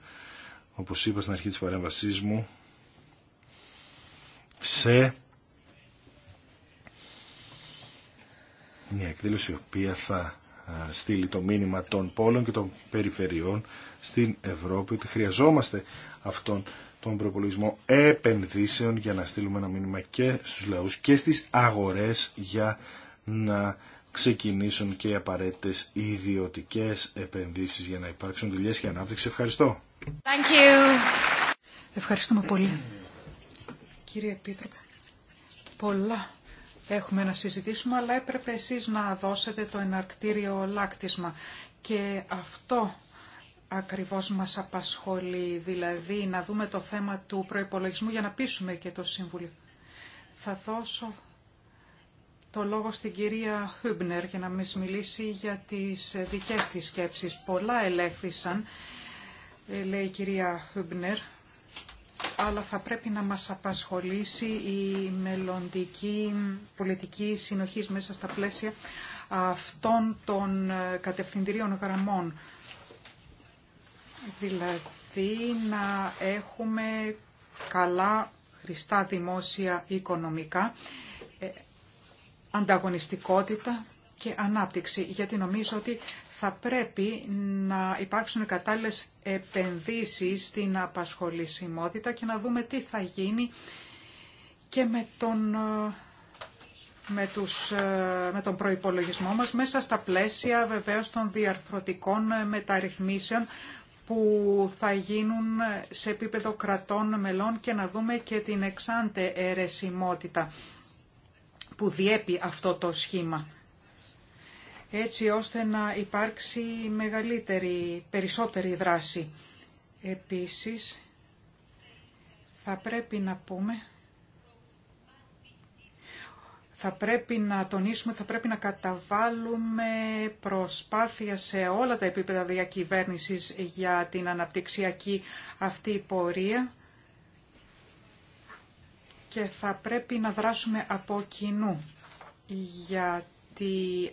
όπως είπα στην αρχή της παρέμβασής μου σε μια εκδήλωση η οποία θα στείλει το μήνυμα των πόλων και των περιφερειών στην Ευρώπη ότι χρειαζόμαστε αυτόν τον προπολογισμό επενδύσεων για να στείλουμε ένα μήνυμα και στους λαούς και στις αγορές για να ξεκινήσουν και οι απαραίτητες ιδιωτικές επενδύσεις για να υπάρξουν δουλειές και ανάπτυξη. Ευχαριστώ. Thank you. Ευχαριστούμε πολύ. Κύριε Επίτροπε, πολλά έχουμε να συζητήσουμε, αλλά έπρεπε εσείς να δώσετε το εναρκτήριο λάκτισμα. Και αυτό ακριβώς μας απασχολεί, δηλαδή να δούμε το θέμα του προϋπολογισμού για να πείσουμε και το σύμβουλο. Θα δώσω το λόγο στην κυρία Χούμπνερ για να μας μιλήσει για τις δικές της σκέψεις. Πολλά ελέγχθησαν, ε, λέει η κυρία Χούμπνερ, αλλά θα πρέπει να μας απασχολήσει η μελλοντική πολιτική συνοχή μέσα στα πλαίσια αυτών των ε, κατευθυντηρίων γραμμών. Δηλαδή να έχουμε καλά χρηστά δημόσια οικονομικά, ε, ανταγωνιστικότητα και ανάπτυξη, γιατί νομίζω ότι θα πρέπει να υπάρξουν κατάλληλες επενδύσεις στην απασχολησιμότητα και να δούμε τι θα γίνει και με τον, ε, με τους, ε, με τον προϋπολογισμό μας μέσα στα πλαίσια βεβαίως των διαρθρωτικών μεταρρυθμίσεων που θα γίνουν σε επίπεδο κρατών μελών και να δούμε και την εξάντε αιρεσιμότητα που διέπει αυτό το σχήμα έτσι ώστε να υπάρξει μεγαλύτερη, περισσότερη δράση. Επίσης, θα πρέπει να πούμε, θα πρέπει να τονίσουμε, θα πρέπει να καταβάλουμε προσπάθεια σε όλα τα επίπεδα διακυβέρνησης για την αναπτυξιακή αυτή πορεία και θα πρέπει να δράσουμε από κοινού γιατί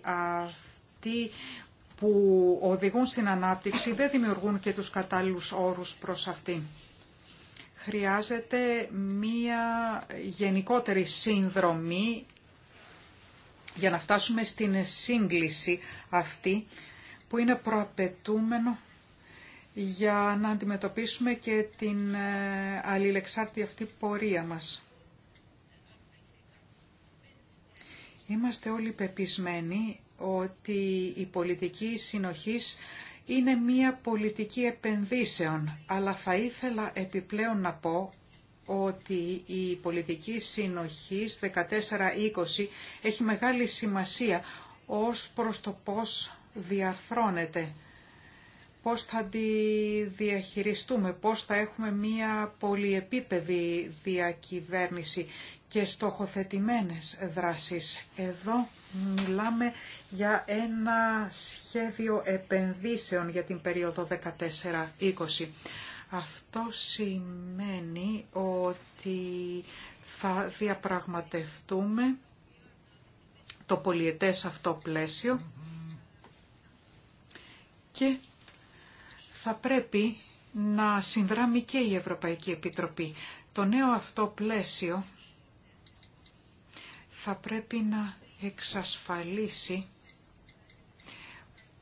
που οδηγούν στην ανάπτυξη δεν δημιουργούν και τους κατάλληλους όρους προς αυτήν. Χρειάζεται μία γενικότερη σύνδρομη για να φτάσουμε στην σύγκληση αυτή που είναι προαπαιτούμενο για να αντιμετωπίσουμε και την ε, αλληλεξάρτητη αυτή πορεία μας. Είμαστε όλοι πεπισμένοι ότι η πολιτική συνοχής είναι μία πολιτική επενδύσεων, αλλά θα ήθελα επιπλέον να πω ότι η πολιτική συνοχής 14-20 έχει μεγάλη σημασία ως προς το πώς διαρθρώνεται πώς θα τη διαχειριστούμε, πώς θα έχουμε μία πολυεπίπεδη διακυβέρνηση και στοχοθετημένες δράσεις. Εδώ μιλάμε για ένα σχέδιο επενδύσεων για την περίοδο 14-20. Αυτό σημαίνει ότι θα διαπραγματευτούμε το πολιετές αυτό πλαίσιο και θα πρέπει να συνδράμει και η Ευρωπαϊκή Επιτροπή. Το νέο αυτό πλαίσιο θα πρέπει να εξασφαλίσει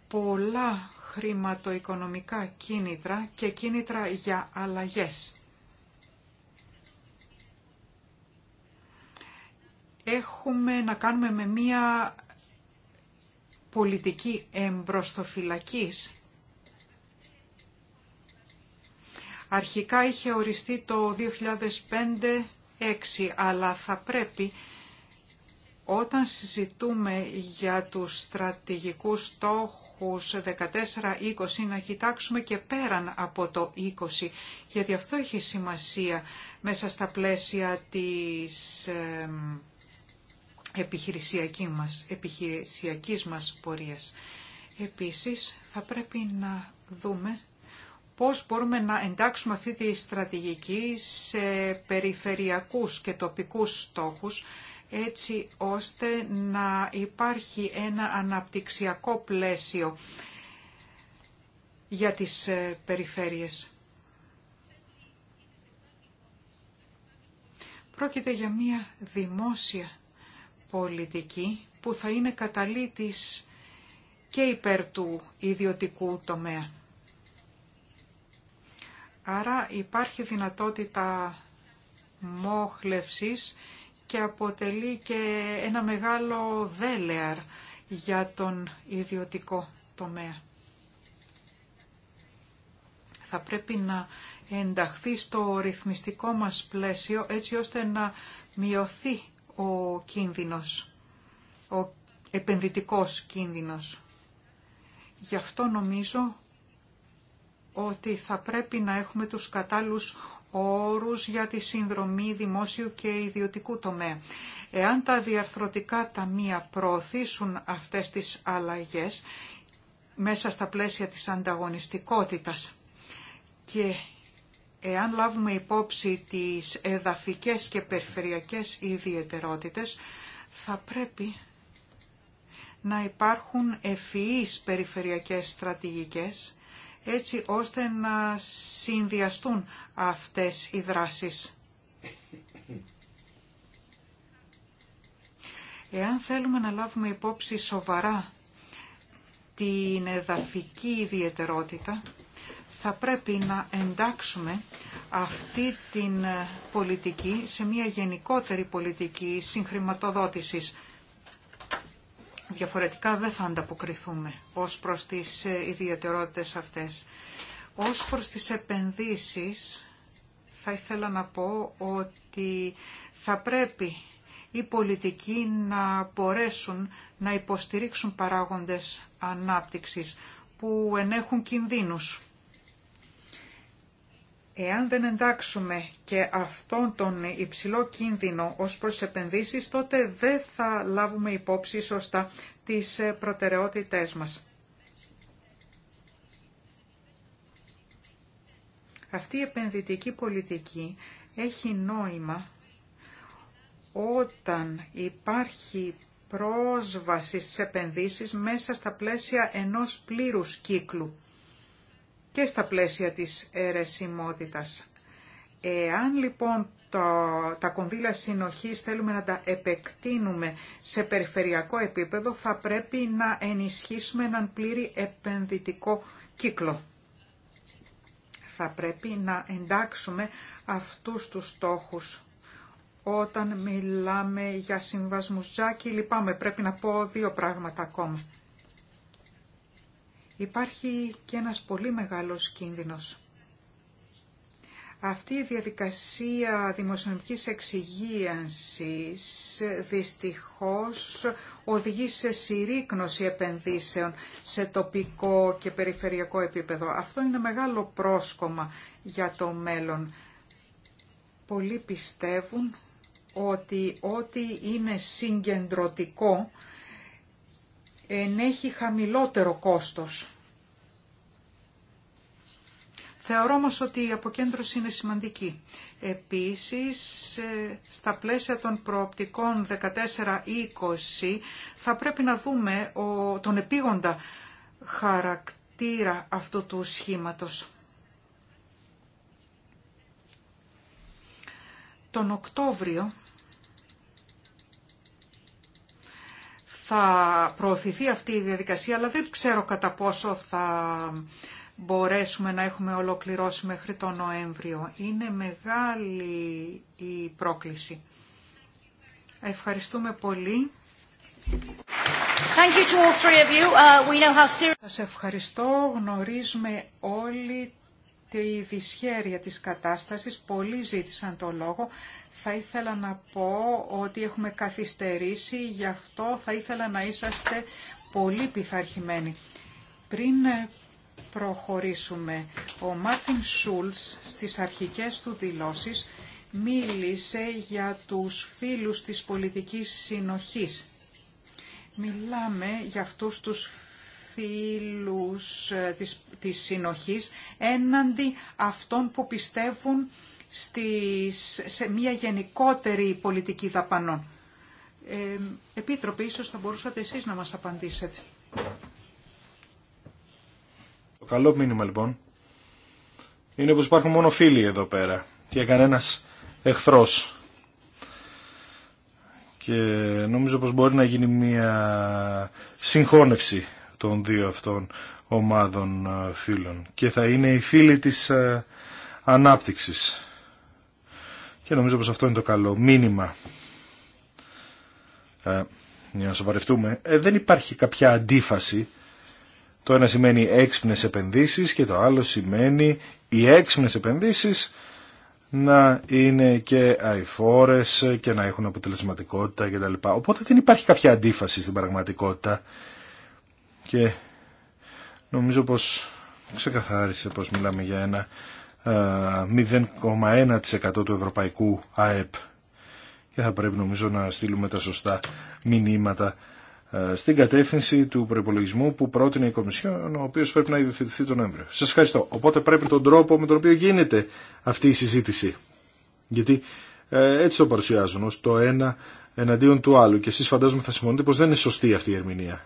πολλά χρηματοοικονομικά κίνητρα και κίνητρα για αλλαγές. Έχουμε να κάνουμε με μία πολιτική εμπροστοφυλακής Αρχικά είχε οριστεί το 2005-2006, αλλά θα πρέπει όταν συζητούμε για τους στρατηγικούς στόχους 14-20 να κοιτάξουμε και πέραν από το 20, γιατί αυτό έχει σημασία μέσα στα πλαίσια της επιχειρησιακή μας, επιχειρησιακής μας πορείας. Επίσης, θα πρέπει να δούμε πώς μπορούμε να εντάξουμε αυτή τη στρατηγική σε περιφερειακούς και τοπικούς στόχους, έτσι ώστε να υπάρχει ένα αναπτυξιακό πλαίσιο για τις ε, περιφέρειες. Πρόκειται για μια δημόσια πολιτική που θα είναι καταλήτης και υπέρ του ιδιωτικού τομέα. Άρα υπάρχει δυνατότητα μόχλευσης και αποτελεί και ένα μεγάλο δέλεαρ για τον ιδιωτικό τομέα. Θα πρέπει να ενταχθεί στο ρυθμιστικό μας πλαίσιο έτσι ώστε να μειωθεί ο κίνδυνος, ο επενδυτικός κίνδυνος. Γι' αυτό νομίζω ότι θα πρέπει να έχουμε τους κατάλληλους όρους για τη συνδρομή δημόσιου και ιδιωτικού τομέα. Εάν τα διαρθρωτικά ταμεία προωθήσουν αυτές τις αλλαγές μέσα στα πλαίσια της ανταγωνιστικότητας και εάν λάβουμε υπόψη τις εδαφικές και περιφερειακές ιδιαιτερότητες, θα πρέπει να υπάρχουν ευφυείς περιφερειακές στρατηγικές έτσι ώστε να συνδυαστούν αυτές οι δράσεις. Εάν θέλουμε να λάβουμε υπόψη σοβαρά την εδαφική ιδιαιτερότητα, θα πρέπει να εντάξουμε αυτή την πολιτική σε μια γενικότερη πολιτική συγχρηματοδότησης Διαφορετικά δεν θα ανταποκριθούμε ως προς τις ε, ιδιαιτερότητες αυτές. Ως προς τις επενδύσεις θα ήθελα να πω ότι θα πρέπει οι πολιτικοί να μπορέσουν να υποστηρίξουν παράγοντες ανάπτυξης που ενέχουν κινδύνους Εάν δεν εντάξουμε και αυτόν τον υψηλό κίνδυνο ως προς επενδύσεις, τότε δεν θα λάβουμε υπόψη σωστά τις ε, προτεραιότητές μας. Αυτή η επενδυτική πολιτική έχει νόημα όταν υπάρχει πρόσβαση στις επενδύσεις μέσα στα πλαίσια ενός πλήρους κύκλου και στα πλαίσια της αιρεσιμότητας. Εάν λοιπόν το, τα κονδύλια συνοχής θέλουμε να τα επεκτείνουμε σε περιφερειακό επίπεδο, θα πρέπει να ενισχύσουμε έναν πλήρη επενδυτικό κύκλο. Θα πρέπει να εντάξουμε αυτούς τους στόχους. Όταν μιλάμε για συμβασμούς, Τζάκι, λυπάμαι, πρέπει να πω δύο πράγματα ακόμα. Υπάρχει και ένας πολύ μεγάλος κίνδυνος. Αυτή η διαδικασία δημοσιονομικής εξυγίανσης δυστυχώς οδηγεί σε συρρήκνωση επενδύσεων σε τοπικό και περιφερειακό επίπεδο. Αυτό είναι μεγάλο πρόσκομα για το μέλλον. Πολλοί πιστεύουν ότι ό,τι είναι συγκεντρωτικό ενέχει χαμηλότερο κόστος. Θεωρώ όμως ότι η αποκέντρωση είναι σημαντική. Επίσης, ε, στα πλαίσια των προοπτικών 14-20 θα πρέπει να δούμε τον επίγοντα χαρακτήρα αυτού του σχήματος. Τον Οκτώβριο θα προωθηθεί αυτή η διαδικασία, αλλά δεν ξέρω κατά πόσο θα μπορέσουμε να έχουμε ολοκληρώσει μέχρι τον Νοέμβριο. Είναι μεγάλη η πρόκληση. Ευχαριστούμε πολύ. Σας ευχαριστώ. Γνωρίζουμε όλοι τη δυσχέρεια της κατάστασης. Πολλοί ζήτησαν το λόγο. Θα ήθελα να πω ότι έχουμε καθυστερήσει, γι' αυτό θα ήθελα να είσαστε πολύ πειθαρχημένοι. Πριν προχωρήσουμε, ο Μάρτιν Σούλς στις αρχικές του δηλώσεις μίλησε για τους φίλους της πολιτικής συνοχής. Μιλάμε για αυτούς τους φίλους ε, της, της συνοχής έναντι αυτών που πιστεύουν στις, σε μια γενικότερη πολιτική δαπανών. Επίτροποι Επίτροπε, ίσως θα μπορούσατε εσείς να μας απαντήσετε. Το καλό μήνυμα λοιπόν είναι πως υπάρχουν μόνο φίλοι εδώ πέρα και κανένας εχθρός. Και νομίζω πως μπορεί να γίνει μια συγχώνευση των δύο αυτών ομάδων ε, φίλων και θα είναι οι φίλοι της ε, ανάπτυξης. Και νομίζω πως αυτό είναι το καλό μήνυμα. Ε, για να σοβαρευτούμε, δεν υπάρχει κάποια αντίφαση. Το ένα σημαίνει έξυπνες επενδύσεις και το άλλο σημαίνει οι έξυπνες επενδύσεις να είναι και αηφόρες και να έχουν αποτελεσματικότητα κτλ. Οπότε δεν υπάρχει κάποια αντίφαση στην πραγματικότητα και νομίζω πως ξεκαθάρισε πως μιλάμε για ένα 0,1% του ευρωπαϊκού ΑΕΠ και θα πρέπει νομίζω να στείλουμε τα σωστά μηνύματα στην κατεύθυνση του προπολογισμού που πρότεινε η Κομισιόν, ο οποίος πρέπει να ιδιοθετηθεί τον Νοέμβριο. Σας ευχαριστώ. Οπότε πρέπει τον τρόπο με τον οποίο γίνεται αυτή η συζήτηση. Γιατί ε, έτσι το παρουσιάζουν ως το ένα εναντίον του άλλου και εσείς φαντάζομαι θα συμφωνείτε πως δεν είναι σωστή αυτή η ερμηνεία.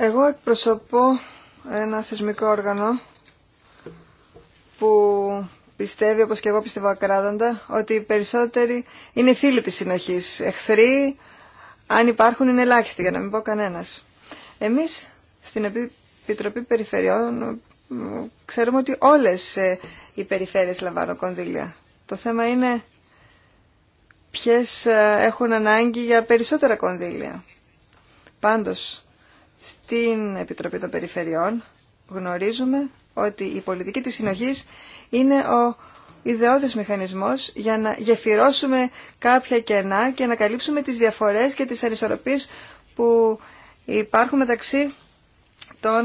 Εγώ εκπροσωπώ ένα θεσμικό όργανο που πιστεύει, όπως και εγώ πιστεύω ακράδαντα, ότι οι περισσότεροι είναι φίλοι της συνοχής. Εχθροί, αν υπάρχουν, είναι ελάχιστοι, για να μην πω κανένας. Εμείς στην Επιτροπή Περιφερειών ξέρουμε ότι όλες ε, οι περιφέρειες λαμβάνουν κονδύλια. Το θέμα είναι ποιες ε, έχουν ανάγκη για περισσότερα κονδύλια. Πάντως, στην Επιτροπή των Περιφερειών γνωρίζουμε ότι η πολιτική της συνοχής είναι ο ιδεώδης μηχανισμός για να γεφυρώσουμε κάποια κενά και να καλύψουμε τις διαφορές και τις ανισορροπίες που υπάρχουν μεταξύ των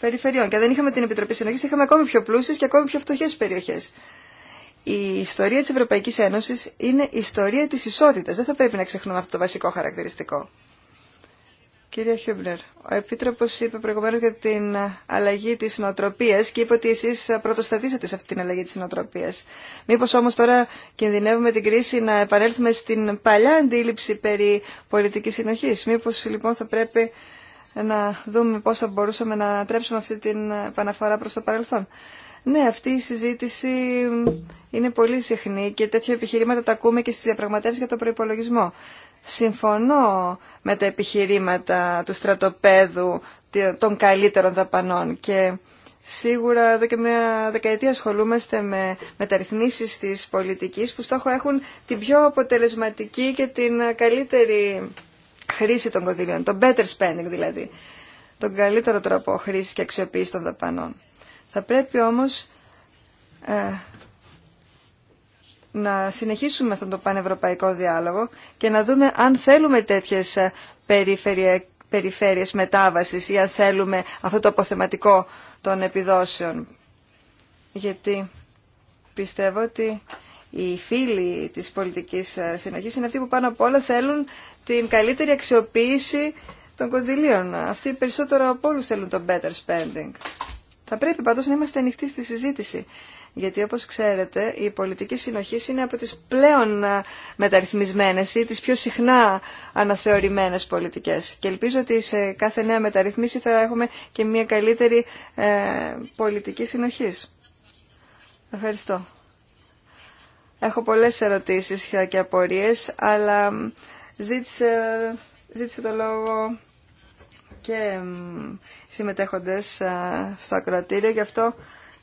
περιφερειών. Και δεν είχαμε την Επιτροπή Συνοχής, είχαμε ακόμη πιο πλούσιες και ακόμη πιο φτωχές περιοχές. Η ιστορία της Ευρωπαϊκής Ένωσης είναι ιστορία της ισότητας. Δεν θα πρέπει να ξεχνούμε αυτό το βασικό χαρακτηριστικό. Κύριε Χιούμπνερ, ο Επίτροπο είπε προηγουμένω για την αλλαγή τη νοοτροπία και είπε ότι εσεί πρωτοστατήσατε σε αυτή την αλλαγή τη νοοτροπία. Μήπω όμω τώρα κινδυνεύουμε την κρίση να επανέλθουμε στην παλιά αντίληψη περί πολιτική συνοχή. Μήπω λοιπόν θα πρέπει να δούμε πώ θα μπορούσαμε να τρέψουμε αυτή την επαναφορά προ το παρελθόν. Ναι, αυτή η συζήτηση είναι πολύ συχνή και τέτοια επιχειρήματα τα ακούμε και στι διαπραγματεύσει για τον προπολογισμό συμφωνώ με τα επιχειρήματα του στρατοπέδου των καλύτερων δαπανών και σίγουρα εδώ και μια δεκαετία ασχολούμαστε με μεταρρυθμίσεις της πολιτικής που στόχο έχουν την πιο αποτελεσματική και την καλύτερη χρήση των κονδυλίων, τον better spending δηλαδή, τον καλύτερο τρόπο χρήσης και αξιοποίηση των δαπανών. Θα πρέπει όμως ε, να συνεχίσουμε αυτόν τον πανευρωπαϊκό διάλογο και να δούμε αν θέλουμε τέτοιες ε, περιφέρειες μετάβασης ή αν θέλουμε αυτό το αποθεματικό των επιδόσεων. Γιατί πιστεύω ότι οι φίλοι της πολιτικής ε, συνοχής είναι αυτοί που πάνω απ' όλα θέλουν την καλύτερη αξιοποίηση των κονδυλίων. Αυτοί περισσότερο από όλους θέλουν το better spending. Θα πρέπει πάντως να είμαστε ανοιχτοί στη συζήτηση γιατί όπως ξέρετε η πολιτική συνοχή είναι από τις πλέον ε, μεταρρυθμισμένες ή τις πιο συχνά αναθεωρημένες πολιτικές. Και ελπίζω ότι σε κάθε νέα μεταρρυθμίση θα έχουμε και μια καλύτερη ε, πολιτική συνοχής. Ευχαριστώ. Έχω πολλές ερωτήσεις και απορίες, αλλά ζήτησε, το λόγο και συμμετέχοντες ε, στο ακροατήριο. Γι' αυτό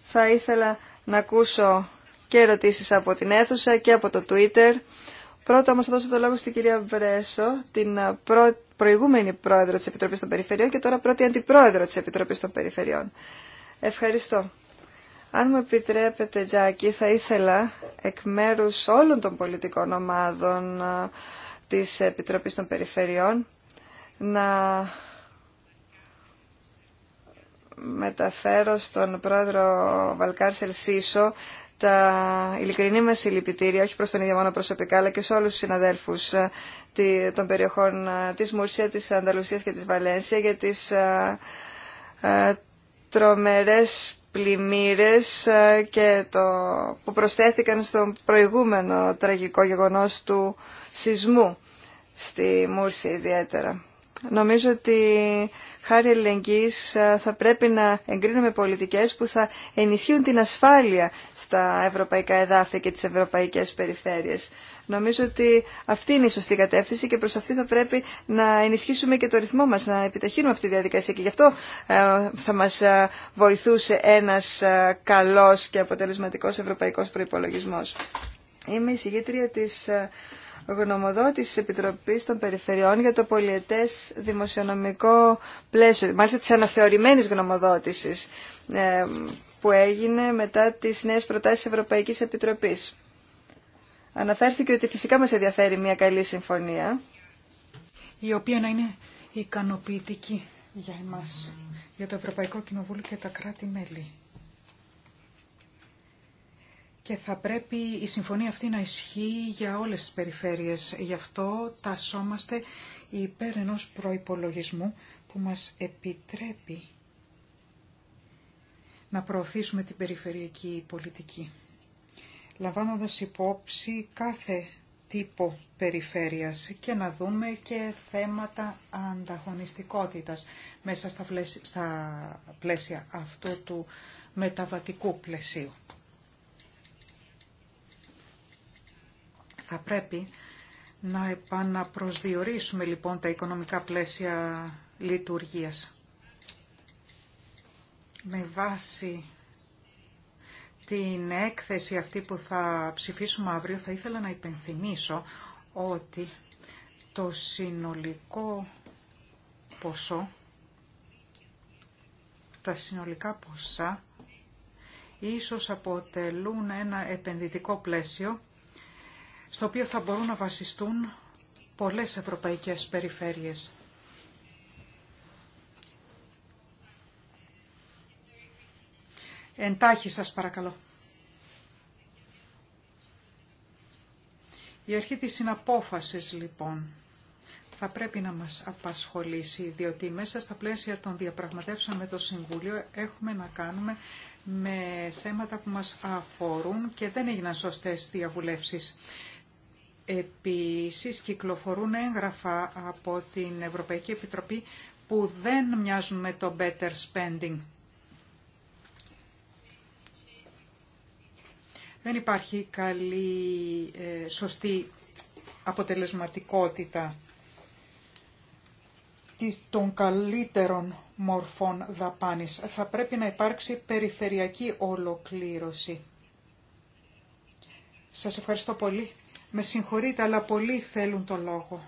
θα ήθελα να ακούσω και ερωτήσεις από την αίθουσα και από το Twitter. Πρώτα όμως θα δώσω το λόγο στην κυρία Βρέσο, την προηγούμενη πρόεδρο της Επιτροπής των Περιφερειών και τώρα πρώτη αντιπρόεδρο της Επιτροπής των Περιφερειών. Ευχαριστώ. Αν μου επιτρέπετε, Τζάκη, θα ήθελα εκ μέρους όλων των πολιτικών ομάδων της Επιτροπής των Περιφερειών να μεταφέρω στον πρόεδρο Βαλκάρσελ Σίσο τα ειλικρινή μας συλληπιτήρια, όχι προς τον ίδιο μόνο προσωπικά, αλλά και σε όλους τους συναδέλφους ε, των περιοχών ε, της Μουρσία, της Ανταλουσίας και της Βαλένσια για τις ε, τρομερές πλημμύρες και το, που προσθέθηκαν στον προηγούμενο τραγικό γεγονός του σεισμού στη Μούρση ιδιαίτερα. Νομίζω ότι χάρη ελεγγύης θα πρέπει να εγκρίνουμε πολιτικές που θα ενισχύουν την ασφάλεια στα ευρωπαϊκά εδάφη και τις ευρωπαϊκές περιφέρειες. Νομίζω ότι αυτή είναι η σωστή κατεύθυνση και προς αυτή θα πρέπει να ενισχύσουμε και το ρυθμό μας, να επιταχύνουμε αυτή τη διαδικασία και γι' αυτό ε, θα μας ε, βοηθούσε ένας ε, καλός και αποτελεσματικός ευρωπαϊκός προϋπολογισμός. Είμαι η συγγήτρια της γνωμοδότηση τη Επιτροπής των Περιφερειών για το πολιετές δημοσιονομικό πλαίσιο, μάλιστα της αναθεωρημένης γνωμοδότησης ε, που έγινε μετά τις νέες προτάσεις της Ευρωπαϊκής Επιτροπής. Αναφέρθηκε ότι φυσικά μας ενδιαφέρει μια καλή συμφωνία. Η οποία να είναι ικανοποιητική για εμάς, για το Ευρωπαϊκό Κοινοβούλιο και τα κράτη-μέλη. Και θα πρέπει η συμφωνία αυτή να ισχύει για όλες τις περιφέρειες. Γι' αυτό τασόμαστε υπέρ ενός προϋπολογισμού που μας επιτρέπει να προωθήσουμε την περιφερειακή πολιτική. Λαμβάνοντας υπόψη κάθε τύπο περιφέρειας και να δούμε και θέματα ανταγωνιστικότητας μέσα στα πλαίσια αυτού του μεταβατικού πλαισίου. Θα πρέπει να επαναπροσδιορίσουμε λοιπόν τα οικονομικά πλαίσια λειτουργίας. Με βάση την έκθεση αυτή που θα ψηφίσουμε αύριο θα ήθελα να υπενθυμίσω ότι το συνολικό ποσό, τα συνολικά ποσά ίσως αποτελούν ένα επενδυτικό πλαίσιο στο οποίο θα μπορούν να βασιστούν πολλές ευρωπαϊκές περιφέρειες. Εντάχει σας παρακαλώ. Η αρχή της συναπόφασης λοιπόν θα πρέπει να μας απασχολήσει, διότι μέσα στα πλαίσια των διαπραγματεύσεων με το Συμβούλιο έχουμε να κάνουμε με θέματα που μας αφορούν και δεν έγιναν σωστές διαβουλεύσεις. Επίσης κυκλοφορούν έγγραφα από την Ευρωπαϊκή Επιτροπή που δεν μοιάζουν με το better spending. Δεν υπάρχει καλή, ε, σωστή αποτελεσματικότητα των καλύτερων μορφών δαπάνης. Θα πρέπει να υπάρξει περιφερειακή ολοκλήρωση. Σας ευχαριστώ πολύ. Με συγχωρείτε, αλλά πολλοί θέλουν το λόγο.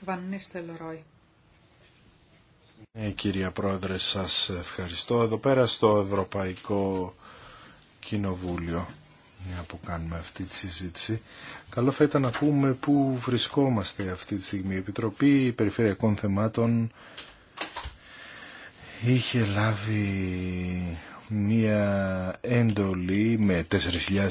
Βανίστε Ρόι. Ναι, κυρία Πρόεδρε, σας ευχαριστώ. Εδώ πέρα στο Ευρωπαϊκό Κοινοβούλιο, μια που κάνουμε αυτή τη συζήτηση, καλό θα ήταν να πούμε πού βρισκόμαστε αυτή τη στιγμή. Η Επιτροπή Περιφερειακών Θεμάτων είχε λάβει μία έντολη με 4.000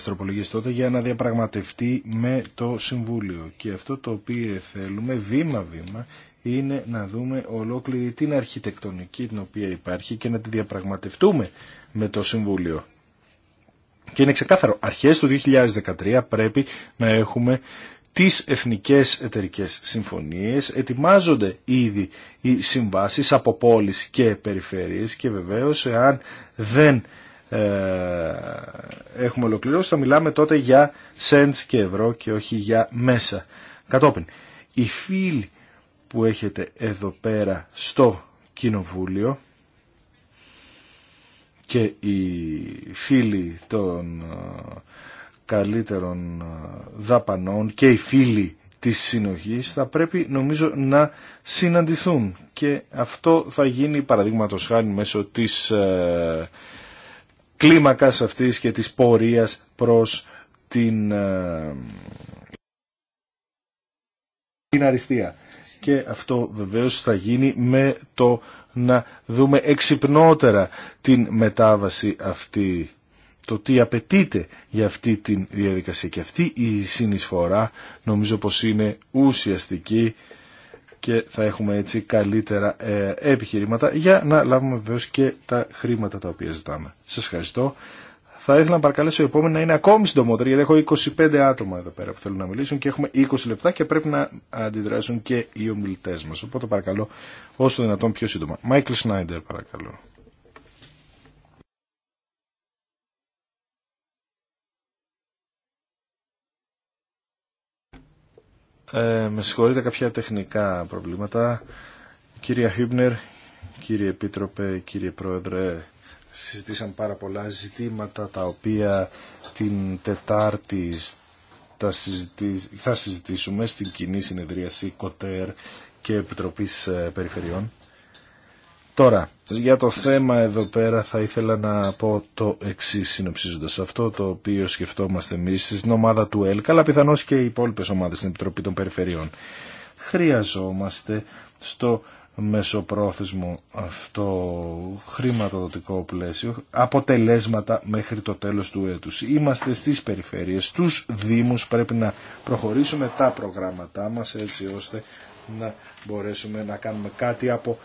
τροπολογίες τότε για να διαπραγματευτεί με το Συμβούλιο. Και αυτό το οποίο θέλουμε βήμα-βήμα είναι να δούμε ολόκληρη την αρχιτεκτονική την οποία υπάρχει και να τη διαπραγματευτούμε με το Συμβούλιο. Και είναι ξεκάθαρο, αρχές του 2013 πρέπει να έχουμε τις εθνικές εταιρικές συμφωνίες, ετοιμάζονται ήδη οι συμβάσεις από πόλεις και περιφέρειες και βεβαίως εάν δεν ε, έχουμε ολοκληρώσει θα μιλάμε τότε για σέντς και ευρώ και όχι για μέσα. Κατόπιν, οι φίλοι που έχετε εδώ πέρα στο κοινοβούλιο και οι φίλοι των καλύτερων ε, δαπανών και οι φίλοι της συνοχής θα πρέπει νομίζω να συναντηθούν και αυτό θα γίνει παραδείγματο χάρη μέσω της ε, κλίμακας αυτής και της πορείας προς την, ε, την αριστεία. Και αυτό βεβαίως θα γίνει με το να δούμε εξυπνότερα την μετάβαση αυτή το τι απαιτείται για αυτή τη διαδικασία. Και αυτή η συνεισφορά νομίζω πως είναι ουσιαστική και θα έχουμε έτσι καλύτερα ε, επιχειρήματα για να λάβουμε βεβαίω και τα χρήματα τα οποία ζητάμε. Σας ευχαριστώ. Θα ήθελα να παρακαλέσω η επόμενη να είναι ακόμη συντομότερη γιατί έχω 25 άτομα εδώ πέρα που θέλουν να μιλήσουν και έχουμε 20 λεπτά και πρέπει να αντιδράσουν και οι ομιλητές μας. Οπότε παρακαλώ όσο δυνατόν πιο σύντομα. Μάικλ Σνάιντερ παρακαλώ. Ε, με συγχωρείτε κάποια τεχνικά προβλήματα. Κύριε Χίμπνερ, κύριε Επίτροπε, κύριε Πρόεδρε, συζητήσαν πάρα πολλά ζητήματα τα οποία την Τετάρτη θα συζητήσουμε στην κοινή συνεδρίαση ΚΟΤΕΡ και Επιτροπής ε, Περιφερειών. Τώρα, για το θέμα εδώ πέρα θα ήθελα να πω το εξή συνοψίζοντας. Αυτό το οποίο σκεφτόμαστε εμείς στην ομάδα του ΕΛΚ, αλλά πιθανώς και οι υπόλοιπες ομάδες στην Επιτροπή των Περιφερειών. Χρειαζόμαστε στο μεσοπρόθεσμο αυτό χρηματοδοτικό πλαίσιο αποτελέσματα μέχρι το τέλος του έτους. Είμαστε στις περιφέρειες, στους δήμους πρέπει να προχωρήσουμε τα προγράμματά μας έτσι ώστε να μπορέσουμε να κάνουμε κάτι από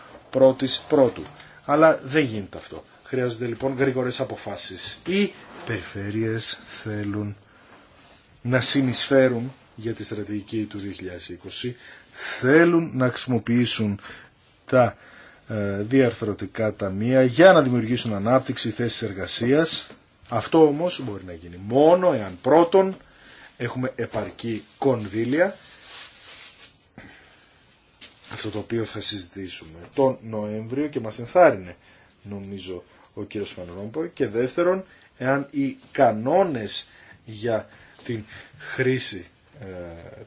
πρώτου. Αλλά δεν γίνεται αυτό. Χρειάζονται λοιπόν γρήγορε αποφάσεις. Οι περιφέρειες θέλουν να συνεισφέρουν για τη στρατηγική του 2020, θέλουν να χρησιμοποιήσουν τα ε, διαρθρωτικά ταμεία για να δημιουργήσουν ανάπτυξη θέση εργασίας. Αυτό όμως μπορεί να γίνει μόνο εάν πρώτον έχουμε επαρκή κονδύλια αυτό το οποίο θα συζητήσουμε τον Νοέμβριο και μας ενθάρρυνε νομίζω ο κύριος Φανρόμπο και δεύτερον εάν οι κανόνες για την χρήση ε,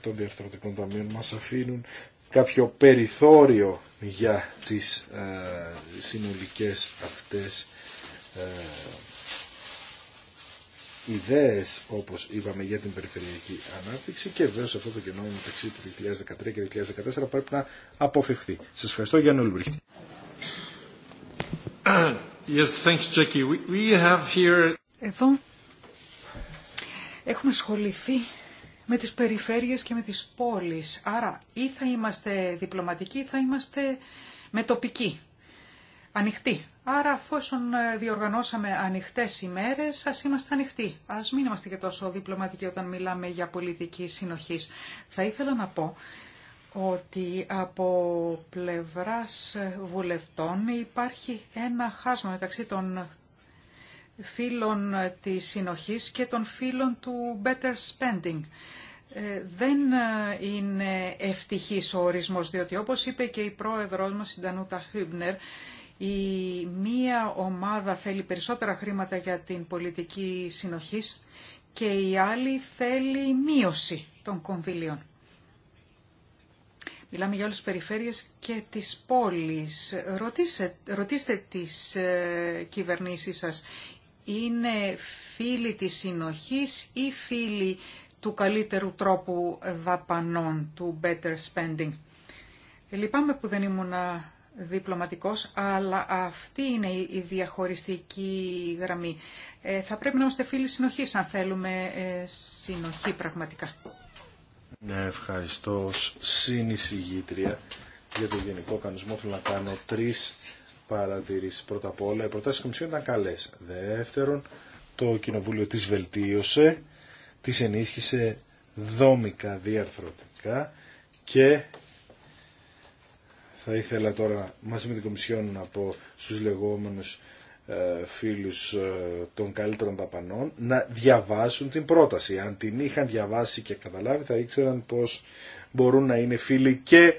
των διαρθρωτικών ταμείων μας αφήνουν κάποιο περιθώριο για τις ε, συνολικές αυτές ε, ιδέες όπως είπαμε για την περιφερειακή ανάπτυξη και βέβαια σε αυτό το κενό μεταξύ του 2013 και 2014 πρέπει να αποφευχθεί. Σας ευχαριστώ για Ολμπριχτή. Yes, thank We have here... Εδώ έχουμε ασχοληθεί με τις περιφέρειες και με τις πόλεις. Άρα ή θα είμαστε διπλωματικοί ή θα είμαστε τοπικοί ανοιχτή. Άρα, αφόσον ε, διοργανώσαμε ανοιχτές ημέρες, ας είμαστε ανοιχτοί. Α μην είμαστε και τόσο διπλωματικοί όταν μιλάμε για πολιτική συνοχή. Θα ήθελα να πω ότι από πλευράς βουλευτών υπάρχει ένα χάσμα μεταξύ των φίλων της συνοχής και των φίλων του better spending. Ε, δεν ε, είναι ευτυχής ο ορισμός, διότι όπως είπε και η πρόεδρος μας, η Ντανούτα Χούμπνερ, η μία ομάδα θέλει περισσότερα χρήματα για την πολιτική συνοχής και η άλλη θέλει μείωση των κονδυλίων. Μιλάμε για όλες τις περιφέρειες και τις πόλεις. Ρωτήστε, ρωτήστε τις ε, κυβερνήσεις σας. Είναι φίλοι της συνοχής ή φίλοι του καλύτερου τρόπου δαπανών, του better spending. Λυπάμαι που δεν ήμουν διπλωματικός, αλλά αυτή είναι η διαχωριστική γραμμή. Ε, θα πρέπει να είμαστε φίλοι συνοχής, αν θέλουμε ε, συνοχή πραγματικά. Ναι, ευχαριστώ ως συνεισηγήτρια για το Γενικό Κανονισμό. Θέλω να κάνω τρεις παρατηρήσεις. Πρώτα απ' όλα, οι προτάσεις της Κομισιόν ήταν καλές. Δεύτερον, το Κοινοβούλιο τις βελτίωσε, τις ενίσχυσε δόμικα διαρθρωτικά και θα ήθελα τώρα μαζί με την Κομισιόν να πω στους λεγόμενους ε, φίλους ε, των καλύτερων δαπανών να διαβάσουν την πρόταση. Αν την είχαν διαβάσει και καταλάβει θα ήξεραν πως μπορούν να είναι φίλοι και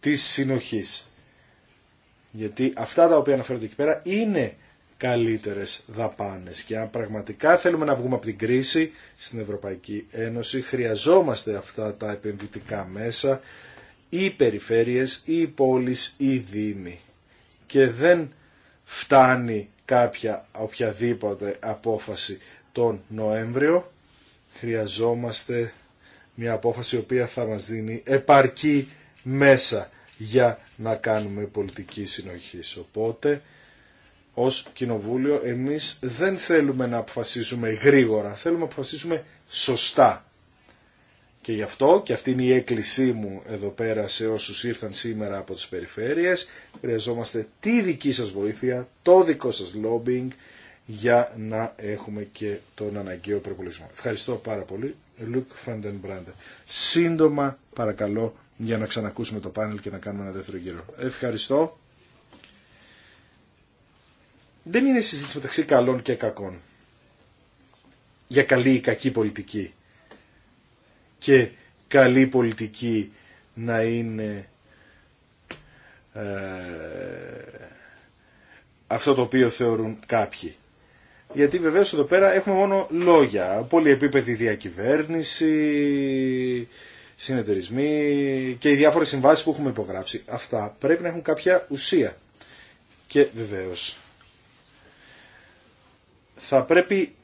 της συνοχής. Γιατί αυτά τα οποία αναφέρονται εκεί πέρα είναι καλύτερες δαπάνες και αν πραγματικά θέλουμε να βγούμε από την κρίση στην Ευρωπαϊκή Ένωση χρειαζόμαστε αυτά τα επενδυτικά μέσα οι περιφέρειες, ή πόλεις, ή δήμοι. Και δεν φτάνει κάποια οποιαδήποτε απόφαση τον Νοέμβριο. Χρειαζόμαστε μια απόφαση η οποία θα μας δίνει επαρκή μέσα για να κάνουμε πολιτική συνοχή. Οπότε, ως Κοινοβούλιο, εμείς δεν θέλουμε να αποφασίσουμε γρήγορα, θέλουμε να αποφασίσουμε σωστά. Και γι' αυτό, και αυτή είναι η έκκλησή μου εδώ πέρα σε όσους ήρθαν σήμερα από τις περιφέρειες, χρειαζόμαστε τη δική σας βοήθεια, το δικό σας lobbying για να έχουμε και τον αναγκαίο προπολογισμό. Ευχαριστώ πάρα πολύ. Λουκ Φαντενμπράντε. Σύντομα παρακαλώ για να ξανακούσουμε το πάνελ και να κάνουμε ένα δεύτερο γύρο. Ευχαριστώ. Δεν είναι συζήτηση μεταξύ καλών και κακών. Για καλή ή κακή πολιτική και καλή πολιτική να είναι ε, αυτό το οποίο θεωρούν κάποιοι. Γιατί βεβαίως εδώ πέρα έχουμε μόνο λόγια, πολυεπίπεδη διακυβέρνηση, συνεταιρισμοί και οι διάφορες συμβάσεις που έχουμε υπογράψει. Αυτά πρέπει να έχουν κάποια ουσία. Και βεβαίως θα πρέπει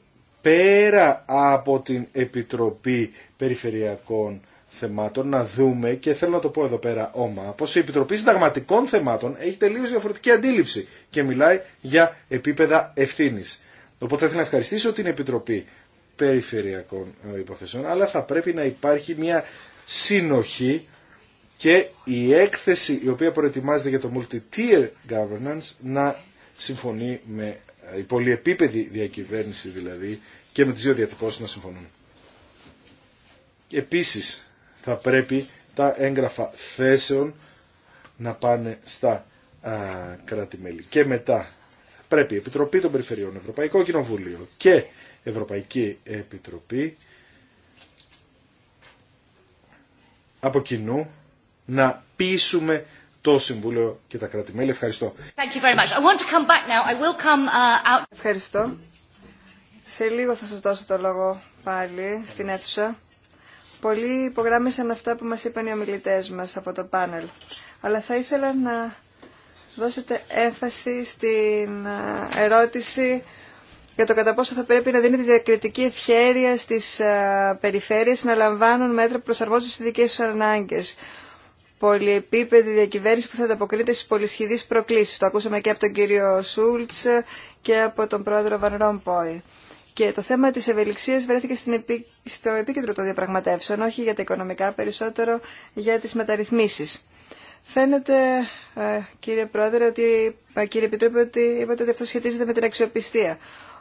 πέρα από την Επιτροπή Περιφερειακών Θεμάτων να δούμε και θέλω να το πω εδώ πέρα όμα πως η Επιτροπή Συνταγματικών Θεμάτων έχει τελείως διαφορετική αντίληψη και μιλάει για επίπεδα ευθύνη. Οπότε θέλω να ευχαριστήσω την Επιτροπή Περιφερειακών Υποθεσεών αλλά θα πρέπει να υπάρχει μια συνοχή και η έκθεση η οποία προετοιμάζεται για το multi-tier governance να συμφωνεί με η πολυεπίπεδη διακυβέρνηση δηλαδή και με τις δύο διατυπώσεις να συμφωνούν. Επίσης θα πρέπει τα έγγραφα θέσεων να πάνε στα κράτη-μέλη. Και μετά πρέπει η Επιτροπή των Περιφερειών, Ευρωπαϊκό Κοινοβούλιο και Ευρωπαϊκή Επιτροπή από κοινού να πείσουμε το Συμβούλιο και τα κράτη-μέλη. Ευχαριστώ. Ευχαριστώ. Σε λίγο θα σας δώσω το λόγο πάλι στην αίθουσα. Πολλοί υπογράμμισαν αυτά που μας είπαν οι ομιλητές μας από το πάνελ. Αλλά θα ήθελα να δώσετε έμφαση στην ε, ερώτηση για το κατά πόσο θα πρέπει να δίνετε διακριτική ευχέρεια στις ε, περιφέρειες να λαμβάνουν μέτρα που προσαρμόζονται στις δικές τους ανάγκες πολυεπίπεδη διακυβέρνηση που θα ανταποκρίνεται στι πολυσχηδεί προκλήσει. Το ακούσαμε και από τον κύριο Σούλτ και από τον πρόεδρο Βαν Ρόμποϊ. Και το θέμα τη ευελιξία βρέθηκε στην στο επίκεντρο των διαπραγματεύσεων, όχι για τα οικονομικά, περισσότερο για τι μεταρρυθμίσει. Φαίνεται, ε, κύριε Πρόεδρε, ότι, ε, κύριε Επιτρόπη, ότι είπατε ότι αυτό σχετίζεται με την αξιοπιστία.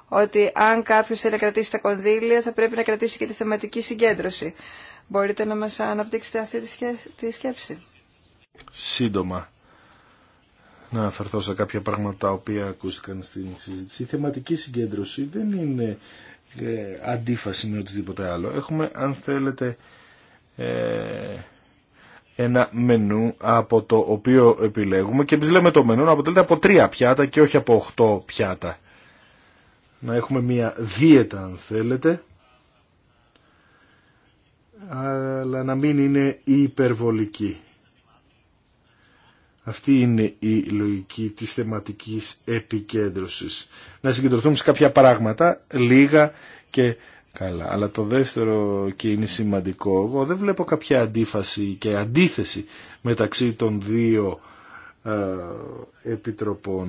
Ότι αν κάποιο θέλει να κρατήσει τα κονδύλια, θα πρέπει να κρατήσει και τη θεματική συγκέντρωση. Μπορείτε να μας αναπτύξετε αυτή τη σκέψη. Σύντομα, να αφαιρθώ σε κάποια πράγματα τα οποία ακούστηκαν στην συζήτηση. Η θεματική συγκέντρωση δεν είναι ε, αντίφαση με οτιδήποτε άλλο. Έχουμε, αν θέλετε, ε, ένα μενού από το οποίο επιλέγουμε και εμείς λέμε το μενού να αποτελείται από τρία πιάτα και όχι από οχτώ πιάτα. Να έχουμε μία δίαιτα, αν θέλετε, αλλά να μην είναι υπερβολική. Αυτή είναι η λογική της θεματικής επικέντρωσης. Να συγκεντρωθούμε σε κάποια πράγματα, λίγα και καλά. Αλλά το δεύτερο και είναι σημαντικό, εγώ δεν βλέπω κάποια αντίφαση και αντίθεση μεταξύ των δύο ε, επιτροπών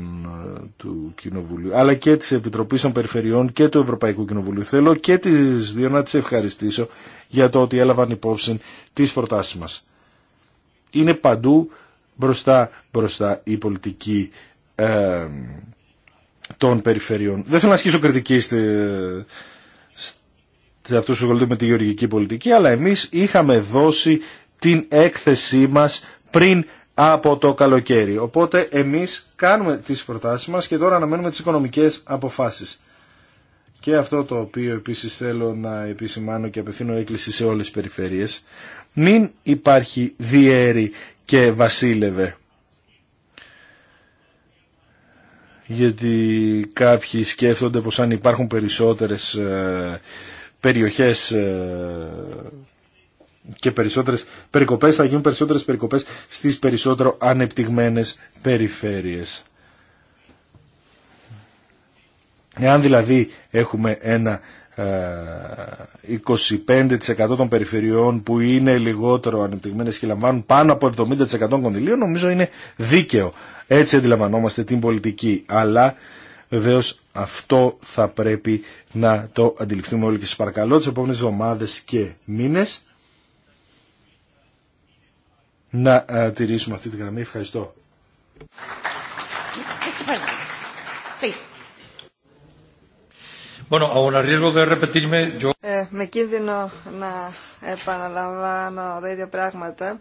ε, του Κοινοβουλίου αλλά και της Επιτροπής των Περιφερειών και του Ευρωπαϊκού Κοινοβουλίου. Θέλω και τις δύο να τις ευχαριστήσω για το ότι έλαβαν υπόψη τις προτάσεις μας. Είναι παντού μπροστά, μπροστά η πολιτική ε, των περιφερειών. Δεν θέλω να ασκήσω κριτική στη, σε αυτούς που ασχολούνται με τη γεωργική πολιτική αλλά εμείς είχαμε δώσει την έκθεσή μας πριν από το καλοκαίρι. Οπότε εμείς κάνουμε τις προτάσεις μας και τώρα αναμένουμε τις οικονομικές αποφάσεις. Και αυτό το οποίο επίσης θέλω να επισημάνω και απευθύνω έκκληση σε όλες τις περιφέρειες. Μην υπάρχει διέρη και βασίλευε. Γιατί κάποιοι σκέφτονται πως αν υπάρχουν περισσότερες ε, περιοχές ε, και περισσότερες περικοπές, θα γίνουν περισσότερες περικοπές στις περισσότερο ανεπτυγμένες περιφέρειες. Εάν δηλαδή έχουμε ένα 25% ε, των περιφερειών που είναι λιγότερο ανεπτυγμένες και λαμβάνουν πάνω από 70% κονδυλίων νομίζω είναι δίκαιο. Έτσι αντιλαμβανόμαστε την πολιτική. Αλλά βεβαίω αυτό θα πρέπει να το αντιληφθούμε όλοι και σας παρακαλώ τις επόμενες εβδομάδες και μήνες να ε, τηρήσουμε αυτή τη γραμμή. Ευχαριστώ. Ε, με κίνδυνο να επαναλαμβάνω τα ίδια πράγματα.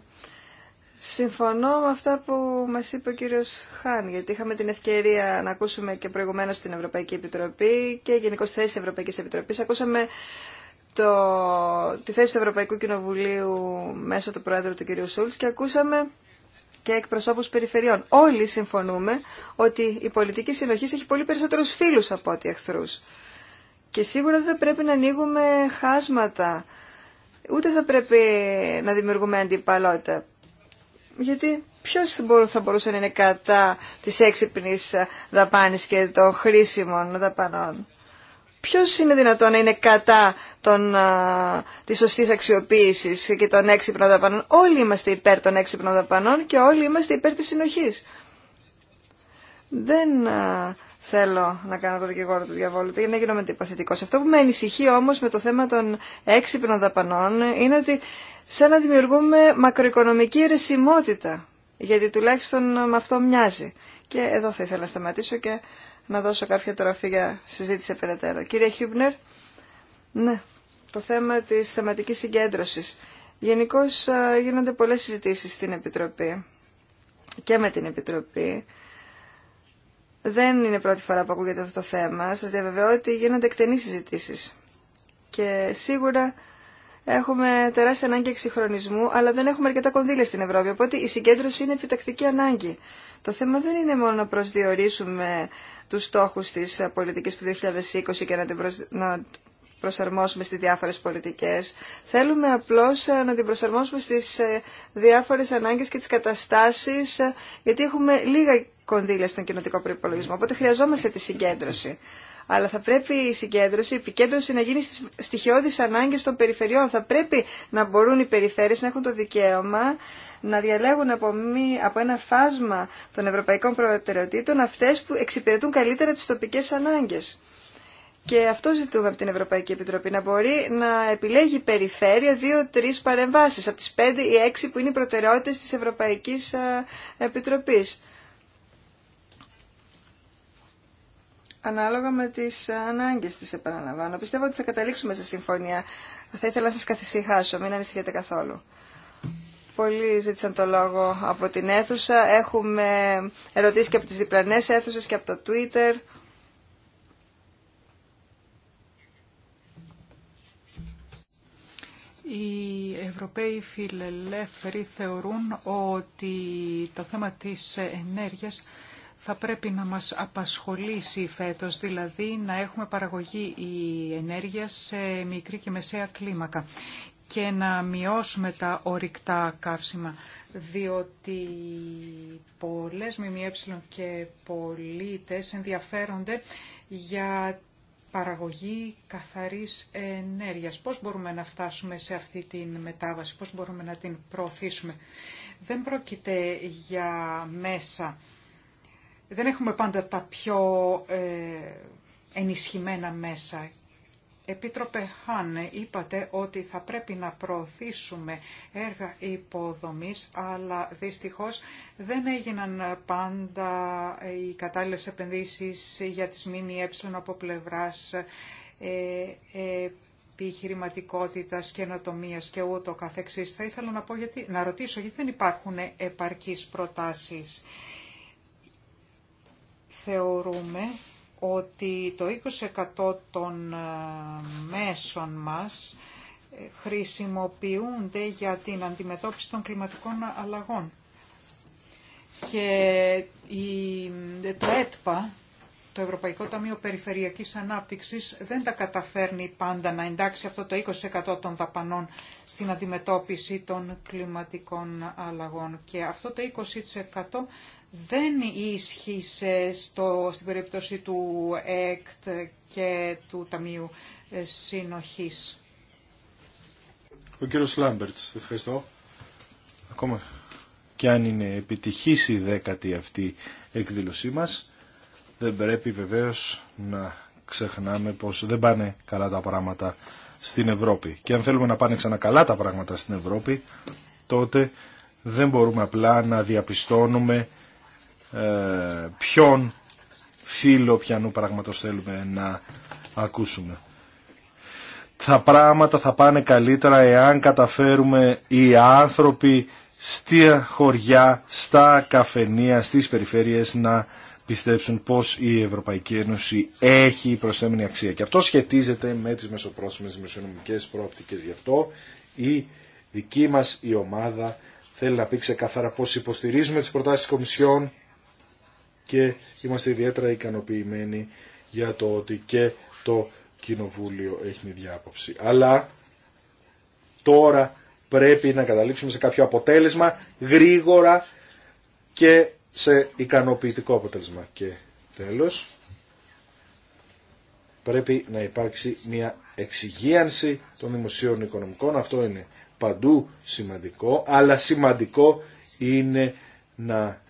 Συμφωνώ με αυτά που μας είπε ο κύριος Χάν, γιατί είχαμε την ευκαιρία να ακούσουμε και προηγουμένως την Ευρωπαϊκή Επιτροπή και γενικώ θέση Ευρωπαϊκής Επιτροπής. Ακούσαμε το, τη θέση του Ευρωπαϊκού Κοινοβουλίου μέσω του Πρόεδρου του κ. Σούλτς και ακούσαμε και εκπροσώπους περιφερειών. Όλοι συμφωνούμε ότι η πολιτική συνοχή έχει πολύ περισσότερους φίλους από ό,τι εχθρούς. Και σίγουρα δεν θα πρέπει να ανοίγουμε χάσματα, ούτε θα πρέπει να δημιουργούμε αντιπαλότητα. Γιατί ποιος θα μπορούσε να είναι κατά της έξυπνης δαπάνης και των χρήσιμων δαπανών. Ποιος είναι δυνατόν να είναι κατά τον, α, της σωστής αξιοποίησης και των έξυπνων δαπανών. Όλοι είμαστε υπέρ των έξυπνων δαπανών και όλοι είμαστε υπέρ της συνοχής. Δεν θέλω να κάνω το δικηγόρο του διαβόλου, γιατί να γίνομαι αντιπαθητικός. Αυτό που με ανησυχεί όμως με το θέμα των έξυπνων δαπανών είναι ότι σαν να δημιουργούμε μακροοικονομική ρεσιμότητα. γιατί τουλάχιστον με αυτό μοιάζει. Και εδώ θα ήθελα να σταματήσω και να δώσω κάποια τροφή για συζήτηση περαιτέρω. Κύριε Χιούμπνερ, ναι, το θέμα της θεματικής συγκέντρωσης. Γενικώ γίνονται πολλές συζητήσεις στην Επιτροπή και με την Επιτροπή. Δεν είναι πρώτη φορά που ακούγεται αυτό το θέμα. Σας διαβεβαιώ ότι γίνονται εκτενείς συζητήσεις. Και σίγουρα έχουμε τεράστια ανάγκη εξυγχρονισμού, αλλά δεν έχουμε αρκετά κονδύλια στην Ευρώπη. Οπότε η συγκέντρωση είναι επιτακτική ανάγκη. Το θέμα δεν είναι μόνο να προσδιορίσουμε τους στόχους της πολιτικής του 2020 και να την να προσαρμόσουμε στις διάφορες πολιτικές. Θέλουμε απλώς ε, να την προσαρμόσουμε στις ε, διάφορες ανάγκες και τις καταστάσεις, ε, γιατί έχουμε λίγα κονδύλια στον κοινοτικό προϋπολογισμό, οπότε χρειαζόμαστε τη συγκέντρωση. Αλλά θα πρέπει η συγκέντρωση, η επικέντρωση να γίνει στις στοιχειώδεις ανάγκες των περιφερειών. Θα πρέπει να μπορούν οι περιφέρειες να έχουν το δικαίωμα να διαλέγουν από, μη, από ένα φάσμα των ευρωπαϊκών προτεραιοτήτων αυτές που εξυπηρετούν καλύτερα τις τοπικές ανάγκες. Και αυτό ζητούμε από την Ευρωπαϊκή Επιτροπή, να μπορεί να επιλέγει περιφέρεια δύο-τρεις παρεμβάσεις, από τις πέντε ή έξι που είναι οι προτεραιότητες της Ευρωπαϊκής ε, Επιτροπής. Ανάλογα με τις ε, ανάγκες της, επαναλαμβάνω. Πιστεύω ότι θα καταλήξουμε σε συμφωνία. Θα ήθελα να σας καθησυχάσω, μην ανησυχείτε καθόλου. Πολλοί ζήτησαν το λόγο από την αίθουσα. Έχουμε ερωτήσει και από τις διπλανές αίθουσες και από το Twitter. Οι Ευρωπαίοι φιλελεύθεροι θεωρούν ότι το θέμα της ενέργειας θα πρέπει να μας απασχολήσει φέτος, δηλαδή να έχουμε παραγωγή η ενέργεια σε μικρή και μεσαία κλίμακα και να μειώσουμε τα ορυκτά καύσιμα, διότι πολλές ΜΜΕ και πολίτες ενδιαφέρονται για παραγωγή καθαρής ενέργειας. Πώς μπορούμε να φτάσουμε σε αυτή την μετάβαση, πώς μπορούμε να την προωθήσουμε. Δεν πρόκειται για μέσα. Δεν έχουμε πάντα τα πιο ε, ενισχυμένα μέσα Επίτροπε Χάνε, είπατε ότι θα πρέπει να προωθήσουμε έργα υποδομής, αλλά δυστυχώς δεν έγιναν πάντα οι κατάλληλες επενδύσεις για τις ΜΜΕ από πλευράς ε, και καινοτομία και ούτω καθεξή. Θα ήθελα να, πω γιατί, να ρωτήσω γιατί δεν υπάρχουν επαρκείς προτάσεις. Θεωρούμε ότι το 20% των ε, μέσων μας ε, χρησιμοποιούνται για την αντιμετώπιση των κλιματικών αλλαγών. Και ε, το ΕΤΠΑ το Ευρωπαϊκό Ταμείο Περιφερειακής Ανάπτυξης δεν τα καταφέρνει πάντα να εντάξει αυτό το 20% των δαπανών στην αντιμετώπιση των κλιματικών αλλαγών. Και αυτό το 20% δεν ίσχυσε στο, στην περίπτωση του ΕΚΤ και του Ταμείου ε, Συνοχής. Ο κύριος Λάμπερτς, ευχαριστώ. Ακόμα και αν είναι επιτυχής η δέκατη αυτή εκδήλωσή μας, δεν πρέπει βεβαίως να ξεχνάμε πως δεν πάνε καλά τα πράγματα στην Ευρώπη. Και αν θέλουμε να πάνε ξανά καλά τα πράγματα στην Ευρώπη, τότε δεν μπορούμε απλά να διαπιστώνουμε ε, ποιον φίλο πιανού πράγματος θέλουμε να ακούσουμε. Τα πράγματα θα πάνε καλύτερα εάν καταφέρουμε οι άνθρωποι στη χωριά, στα καφενεία, στις περιφέρειες να πιστέψουν πως η Ευρωπαϊκή Ένωση έχει προσθέμενη αξία. Και αυτό σχετίζεται με τις μεσοπρόθεσμες μεσονομικές προοπτικές. Γι' αυτό η δική μας η ομάδα θέλει να πει ξεκάθαρα πως υποστηρίζουμε τις προτάσεις της Κομισιόν και είμαστε ιδιαίτερα ικανοποιημένοι για το ότι και το Κοινοβούλιο έχει την ίδια Αλλά τώρα πρέπει να καταλήξουμε σε κάποιο αποτέλεσμα γρήγορα και σε ικανοποιητικό αποτέλεσμα. Και τέλος, πρέπει να υπάρξει μια εξυγίανση των δημοσίων οικονομικών. Αυτό είναι παντού σημαντικό, αλλά σημαντικό είναι να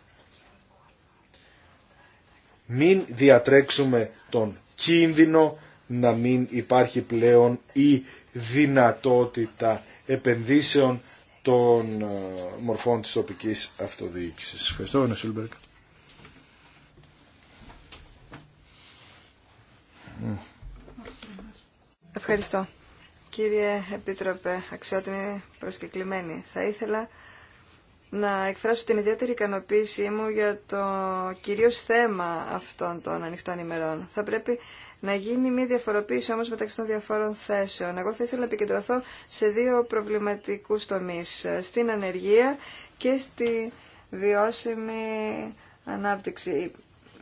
μην διατρέξουμε τον κίνδυνο να μην υπάρχει πλέον η δυνατότητα επενδύσεων των ε, μορφών της τοπικής αυτοδιοίκησης. Ευχαριστώ, Ευχαριστώ. Κύριε Επίτροπε, αξιότιμη προσκεκλημένη, θα ήθελα να εκφράσω την ιδιαίτερη ικανοποίησή μου για το κυρίως θέμα αυτών των ανοιχτών ημερών. Θα πρέπει να γίνει μια διαφοροποίηση όμως μεταξύ των διαφόρων θέσεων. Εγώ θα ήθελα να επικεντρωθώ σε δύο προβληματικούς τομείς, στην ανεργία και στη βιώσιμη ανάπτυξη.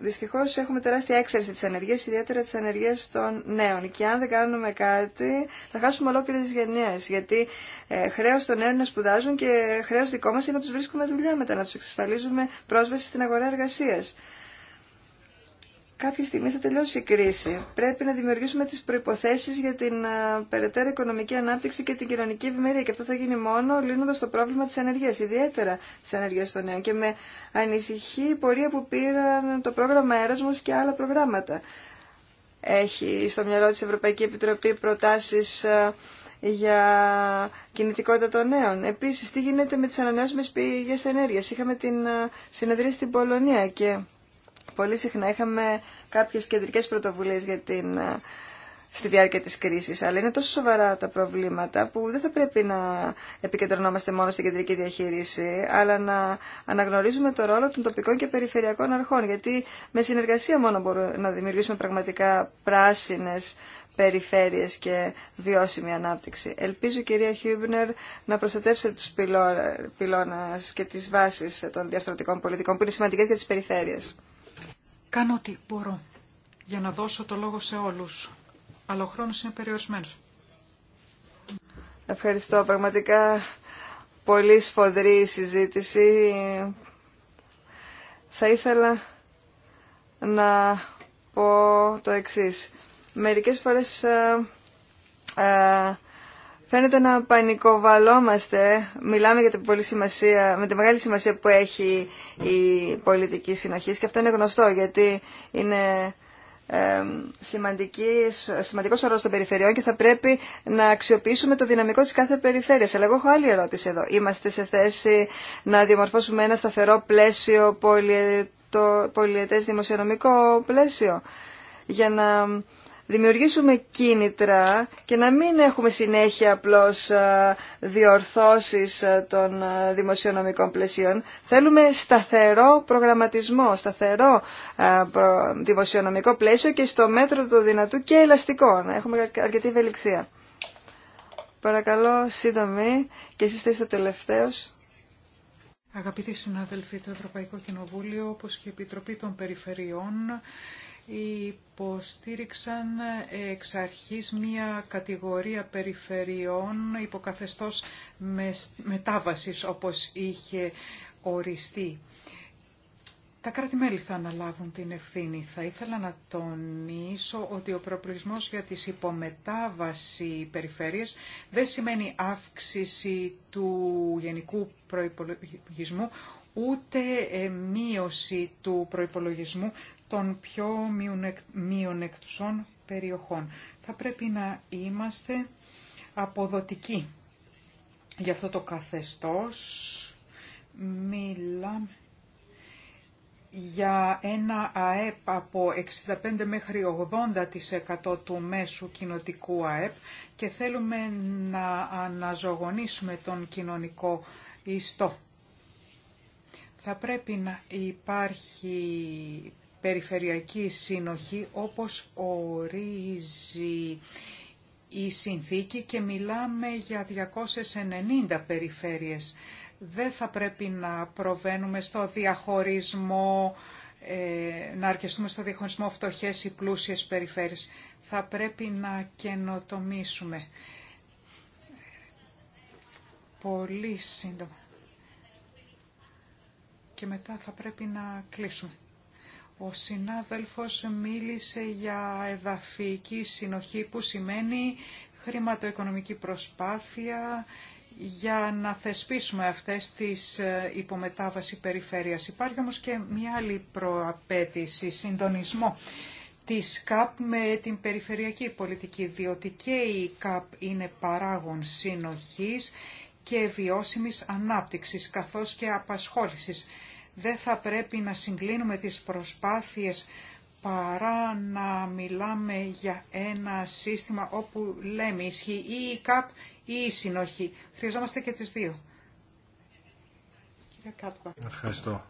Δυστυχώ έχουμε τεράστια έξαρση τη ανεργία ιδιαίτερα τη ανεργία των νέων. Και αν δεν κάνουμε κάτι θα χάσουμε ολόκληρε γενιέ. γιατί ε, χρέος των νέων να σπουδάζουν και χρέο δικό μα είναι να τους βρίσκουμε δουλειά μετά, να του εξασφαλίζουμε πρόσβαση στην αγορά εργασίας κάποια στιγμή θα τελειώσει η κρίση. Πρέπει να δημιουργήσουμε τις προϋποθέσεις για την περαιτέρω οικονομική ανάπτυξη και την κοινωνική ευημερία. Και αυτό θα γίνει μόνο λύνοντας το πρόβλημα της ανεργίας, ιδιαίτερα της ανεργίας των νέων. Και με ανησυχεί η πορεία που πήραν το πρόγραμμα Έρασμος και άλλα προγράμματα. Έχει στο μυαλό της Ευρωπαϊκή Επιτροπή προτάσεις για κινητικότητα των νέων. Επίση τι γίνεται με τις ανανεώσιμε πηγές ενέργειας. Είχαμε την συνεδρία στην Πολωνία και πολύ συχνά είχαμε κάποιες κεντρικές πρωτοβουλίες για την, ε, στη διάρκεια της κρίσης. Αλλά είναι τόσο σοβαρά τα προβλήματα που δεν θα πρέπει να επικεντρωνόμαστε μόνο στην κεντρική διαχείριση, αλλά να αναγνωρίζουμε το ρόλο των τοπικών και περιφερειακών αρχών, γιατί με συνεργασία μόνο μπορούμε να δημιουργήσουμε πραγματικά πράσινες περιφέρειες και βιώσιμη ανάπτυξη. Ελπίζω κυρία Χιούμπνερ να προστατεύσετε τους πυλώνας και τις βάσεις των διαρθρωτικών πολιτικών που είναι σημαντικές για τις περιφέρειες. Κάνω ό,τι μπορώ για να δώσω το λόγο σε όλους, αλλά ο χρόνος είναι περιορισμένος. Ευχαριστώ. Πραγματικά πολύ σφοδρή η συζήτηση. Θα ήθελα να πω το εξής. Μερικές φορές ε, ε, Φαίνεται να πανικοβαλόμαστε. Μιλάμε για την με τη μεγάλη σημασία που έχει η πολιτική συνοχή και αυτό είναι γνωστό γιατί είναι ε, σημαντικός ορός των περιφερειών και θα πρέπει να αξιοποιήσουμε το δυναμικό της κάθε περιφέρειας. Αλλά εγώ έχω άλλη ερώτηση εδώ. Είμαστε σε θέση να διαμορφώσουμε ένα σταθερό πλαίσιο, πολυετές δημοσιονομικό πλαίσιο για να δημιουργήσουμε κίνητρα και να μην έχουμε συνέχεια απλώς ε, διορθώσεις ε, των ε, δημοσιονομικών πλαισίων. Θέλουμε σταθερό προγραμματισμό, σταθερό δημοσιονομικό πλαίσιο και στο μέτρο του δυνατού και ελαστικό. Να έχουμε αρκετή ευελιξία. Παρακαλώ, σύντομη, και εσείς είστε τελευταίος. Αγαπητοί συνάδελφοι, του Ευρωπαϊκό Κοινοβούλιο, όπως και η Επιτροπή των Περιφερειών, υποστήριξαν εξ αρχής μία κατηγορία περιφερειών υποκαθεστώς μετάβασης όπως είχε οριστεί. Τα κράτη-μέλη θα αναλάβουν την ευθύνη. Θα ήθελα να τονίσω ότι ο προπλησμός για τις υπομετάβαση περιφέρειες δεν σημαίνει αύξηση του γενικού προϋπολογισμού, ούτε μείωση του προϋπολογισμού των πιο μειονεκτουσών περιοχών. Θα πρέπει να είμαστε αποδοτικοί για αυτό το καθεστώς. Μιλάμε για ένα ΑΕΠ από 65 μέχρι 80% του μέσου κοινοτικού ΑΕΠ και θέλουμε να αναζωογονήσουμε τον κοινωνικό ιστό. Θα πρέπει να υπάρχει περιφερειακή συνοχή όπως ορίζει η συνθήκη και μιλάμε για 290 περιφέρειες. Δεν θα πρέπει να προβαίνουμε στο διαχωρισμό, ε, να αρκεστούμε στο διαχωρισμό φτωχές ή πλούσιες περιφέρειες. Θα πρέπει να καινοτομήσουμε. Πολύ σύντομα. Και μετά θα πρέπει να κλείσουμε. Ο συνάδελφος μίλησε για εδαφική συνοχή που σημαίνει χρηματοοικονομική προσπάθεια για να θεσπίσουμε αυτές τις ε, υπομετάβαση περιφέρειας. Υπάρχει όμως και μια άλλη προαπέτηση, συντονισμό της ΚΑΠ με την περιφερειακή πολιτική, διότι και η ΚΑΠ είναι παράγων συνοχής και βιώσιμης ανάπτυξης καθώς και απασχόλησης. Δεν θα πρέπει να συγκλίνουμε τις προσπάθειες παρά να μιλάμε για ένα σύστημα όπου λέμε ισχύει ή η ΚΑΠ ή η συνοχή. Χρειαζόμαστε και τις δύο. Ευχαριστώ.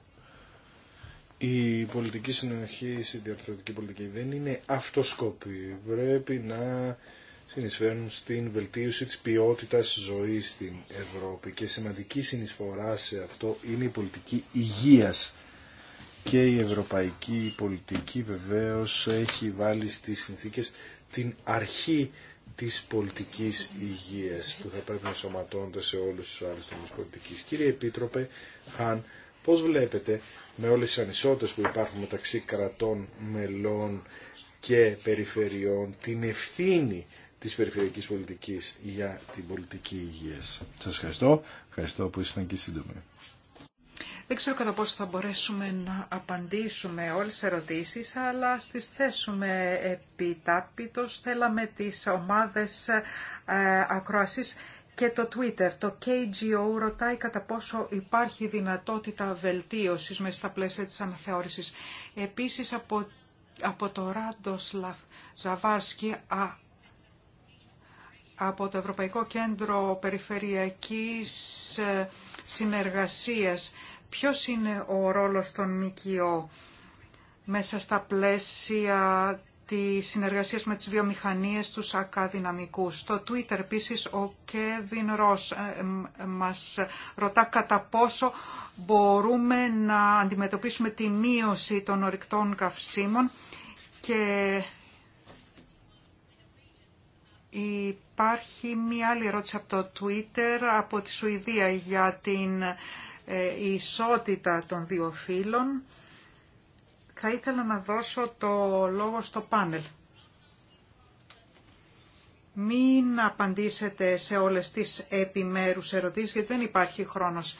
Η πολιτική συνοχή, η διαρθρωτική πολιτική δεν είναι αυτοσκόπη. Πρέπει να συνεισφέρουν στην βελτίωση της ποιότητας ζωής στην Ευρώπη και σημαντική συνεισφορά σε αυτό είναι η πολιτική υγείας και η ευρωπαϊκή πολιτική βεβαίως έχει βάλει στις συνθήκες την αρχή της πολιτικής υγείας που θα πρέπει να σωματώνεται σε όλους τους άλλους τομείς πολιτικής. Κύριε Επίτροπε Χαν, πώς βλέπετε με όλες τις ανισότητες που υπάρχουν μεταξύ κρατών, μελών και περιφερειών την ευθύνη της περιφερειακής πολιτικής για την πολιτική υγείας. Σας ευχαριστώ. Ευχαριστώ που ήσασταν και σύντομοι. Δεν ξέρω κατά πόσο θα μπορέσουμε να απαντήσουμε όλες τις ερωτήσεις, αλλά στις θέσουμε επιτάπητος. Θέλαμε τις ομάδες ε, και το Twitter. Το KGO ρωτάει κατά πόσο υπάρχει δυνατότητα βελτίωσης μέσα στα πλαίσια της αναθεώρησης. Επίσης από, από το Ράντοσλαφ Ζαβάσκι από το Ευρωπαϊκό Κέντρο Περιφερειακής ε, Συνεργασίας. Ποιος είναι ο ρόλος των ΜΚΟ μέσα στα πλαίσια της συνεργασίας με τις βιομηχανίες, τους ακαδυναμικούς. Στο Twitter επίσης ο Κέβιν Ρος ε, μας ρωτά κατά πόσο μπορούμε να αντιμετωπίσουμε τη μείωση των ορυκτών καυσίμων και Υπάρχει μία άλλη ερώτηση από το Twitter από τη Σουηδία για την ε, ισότητα των δύο φύλων. Θα ήθελα να δώσω το λόγο στο πάνελ. Μην απαντήσετε σε όλες τις επιμέρους ερωτήσεις, γιατί δεν υπάρχει χρόνος.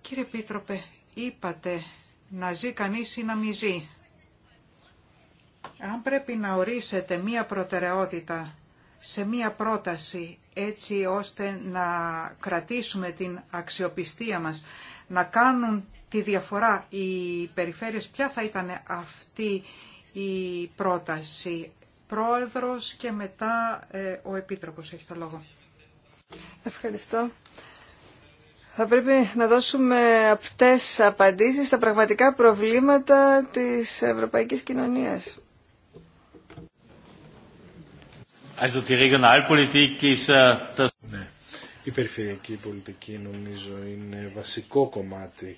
Κύριε Πίτροπε, είπατε να ζει κανείς ή να μη ζει. Αν πρέπει να ορίσετε μία προτεραιότητα σε μία πρόταση έτσι ώστε να κρατήσουμε την αξιοπιστία μας, να κάνουν τη διαφορά οι περιφέρειες, ποια θα ήταν αυτή η πρόταση. Πρόεδρος και μετά ε, ο Επίτροπος έχει το λόγο. Ευχαριστώ. Θα πρέπει να δώσουμε αυτές απαντήσεις στα πραγματικά προβλήματα της ευρωπαϊκής κοινωνίας. Also die Regionalpolitik ist äh, das... Ναι. Η περιφερειακή πολιτική νομίζω είναι βασικό κομμάτι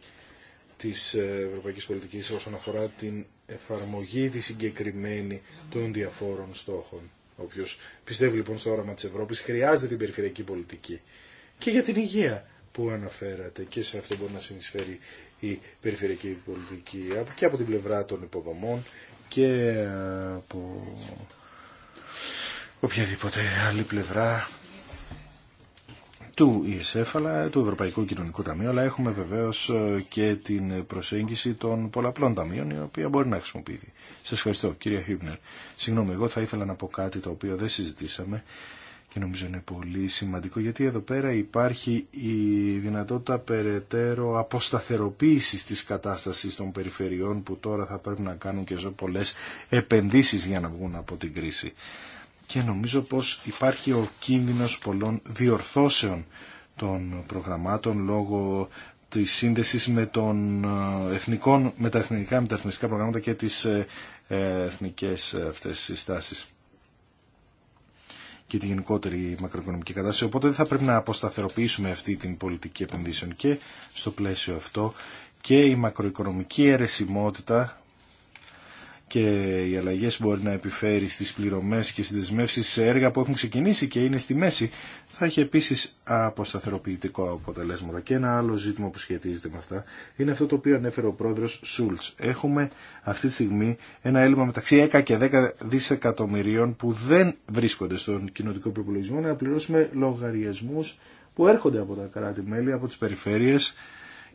της ε, ευρωπαϊκής πολιτικής όσον αφορά την εφαρμογή τη συγκεκριμένη των διαφόρων στόχων. Όποιο πιστεύει λοιπόν στο όραμα της Ευρώπης χρειάζεται την περιφερειακή πολιτική και για την υγεία που αναφέρατε και σε αυτό μπορεί να συνεισφέρει η περιφερειακή πολιτική και από την πλευρά των υποδομών και από οποιαδήποτε άλλη πλευρά του ΙΣΕΦ e αλλά του Ευρωπαϊκού Κοινωνικού Ταμείου αλλά έχουμε βεβαίως ε, και την προσέγγιση των πολλαπλών ταμείων η οποία μπορεί να χρησιμοποιηθεί. Σας ευχαριστώ κύριε Χίμπνερ. Συγγνώμη, εγώ θα ήθελα να πω κάτι το οποίο δεν συζητήσαμε και νομίζω είναι πολύ σημαντικό γιατί εδώ πέρα υπάρχει η δυνατότητα περαιτέρω αποσταθεροποίησης της κατάστασης των περιφερειών που τώρα θα πρέπει να κάνουν και πολλέ επενδύσεις για να βγουν από την κρίση και νομίζω πως υπάρχει ο κίνδυνος πολλών διορθώσεων των προγραμμάτων λόγω της σύνδεσης με, τον ε, με τα εθνικά προγράμματα και τις ε, ε, εθνικές αυτές συστάσεις και τη γενικότερη μακροοικονομική κατάσταση. Οπότε δεν θα πρέπει να αποσταθεροποιήσουμε αυτή την πολιτική επενδύσεων και στο πλαίσιο αυτό και η μακροοικονομική αιρεσιμότητα και οι αλλαγέ που μπορεί να επιφέρει στι πληρωμέ και στις δεσμεύσει σε έργα που έχουν ξεκινήσει και είναι στη μέση θα έχει επίσης αποσταθεροποιητικό αποτελέσματα. Και ένα άλλο ζήτημα που σχετίζεται με αυτά είναι αυτό το οποίο ανέφερε ο πρόεδρο Σούλτ. Έχουμε αυτή τη στιγμή ένα έλλειμμα μεταξύ 10 και 10 δισεκατομμυρίων που δεν βρίσκονται στον κοινοτικό προπολογισμό να πληρώσουμε λογαριασμού που έρχονται από τα κράτη-μέλη, από τι περιφέρειε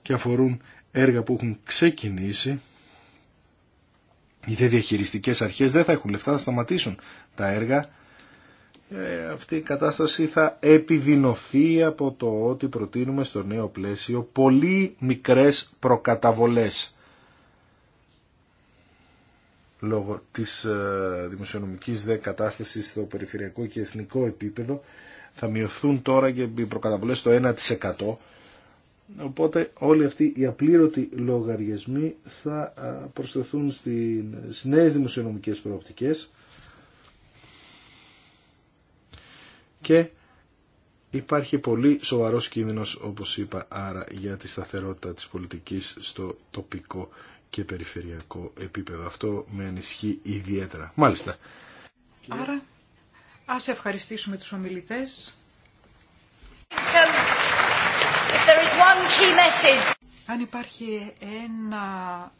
και αφορούν έργα που έχουν ξεκινήσει οι δε διαχειριστικέ αρχές δεν θα έχουν λεφτά θα σταματήσουν τα έργα. Ε, αυτή η κατάσταση θα επιδεινωθεί από το ότι προτείνουμε στο νέο πλαίσιο πολύ μικρές προκαταβολές λόγω της ε, δημοσιονομικής δε κατάστασης στο περιφερειακό και εθνικό επίπεδο θα μειωθούν τώρα και οι προκαταβολές στο 1% Οπότε όλοι αυτοί οι απλήρωτοι λογαριασμοί θα προσθεθούν στις νέες δημοσιονομικές προοπτικές και υπάρχει πολύ σοβαρός κίνδυνος όπως είπα άρα για τη σταθερότητα της πολιτικής στο τοπικό και περιφερειακό επίπεδο. Αυτό με ανισχύει ιδιαίτερα. Μάλιστα. Άρα ας ευχαριστήσουμε τους ομιλητές. Αν υπάρχει ένα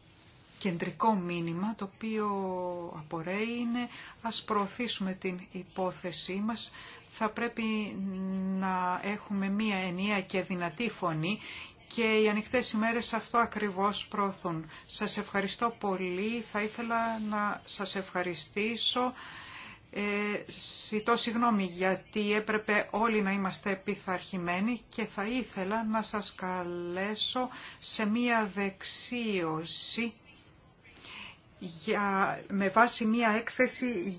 κεντρικό μήνυμα το οποίο απορρέει είναι ας προωθήσουμε την υπόθεσή μας. Θα πρέπει να έχουμε μία ενιαία και δυνατή φωνή και οι ανοιχτέ ημέρες αυτό ακριβώς προωθούν. Σας ευχαριστώ πολύ. Θα ήθελα να σας ευχαριστήσω ε, ζητώ συγγνώμη γιατί έπρεπε όλοι να είμαστε πειθαρχημένοι και θα ήθελα να σας καλέσω σε μία δεξίωση για, με βάση μία έκθεση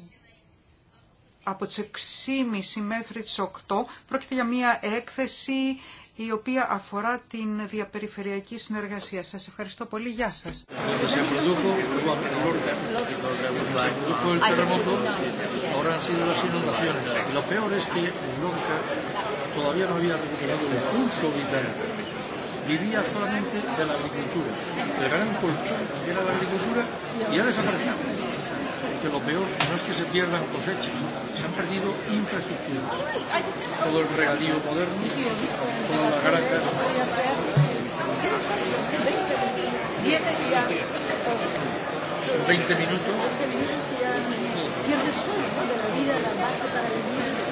από τις 6.30 μέχρι τις 8. Πρόκειται για μία έκθεση η οποία αφορά την διαπεριφερειακή συνεργασία. Σας ευχαριστώ πολύ. Γεια σας. vivía solamente de la agricultura. El gran colchón era la agricultura y ha desaparecido que lo peor no es que se pierdan cosechas, se han perdido infraestructuras. Todo el regadío moderno, toda la granja. En 20 minutos. Pero de la vida, la base para eso.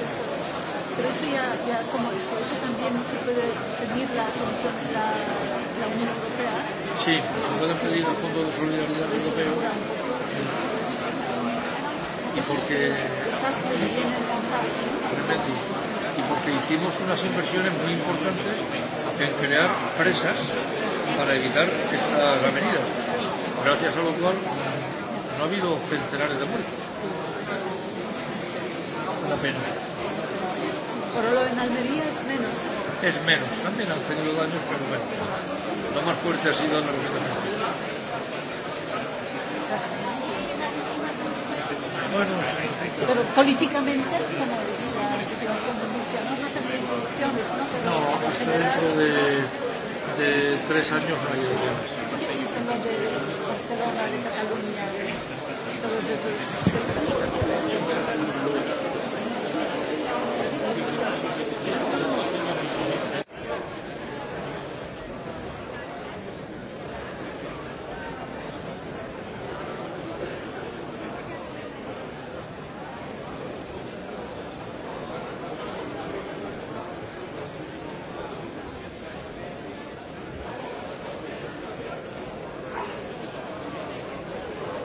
eso ya, ya como esto, eso también se puede pedir la Comisión, la, la Unión Europea. Sí, se puede pedir el Fondo de Solidaridad Europeo y porque y porque hicimos unas inversiones muy importantes en crear presas para evitar esta avenida, gracias a lo cual no ha habido centenares de muertos una pena por lo en Almería es menos es menos también han tenido daños pero bueno. lo más fuerte ha sido en la Pero políticamente, ¿cómo es la situación de Murcia? No es no tenéis elecciones, hasta dentro de, de tres años no hay elecciones. ¿Qué piensan los de Barcelona, de Cataluña, de todos esos sectores?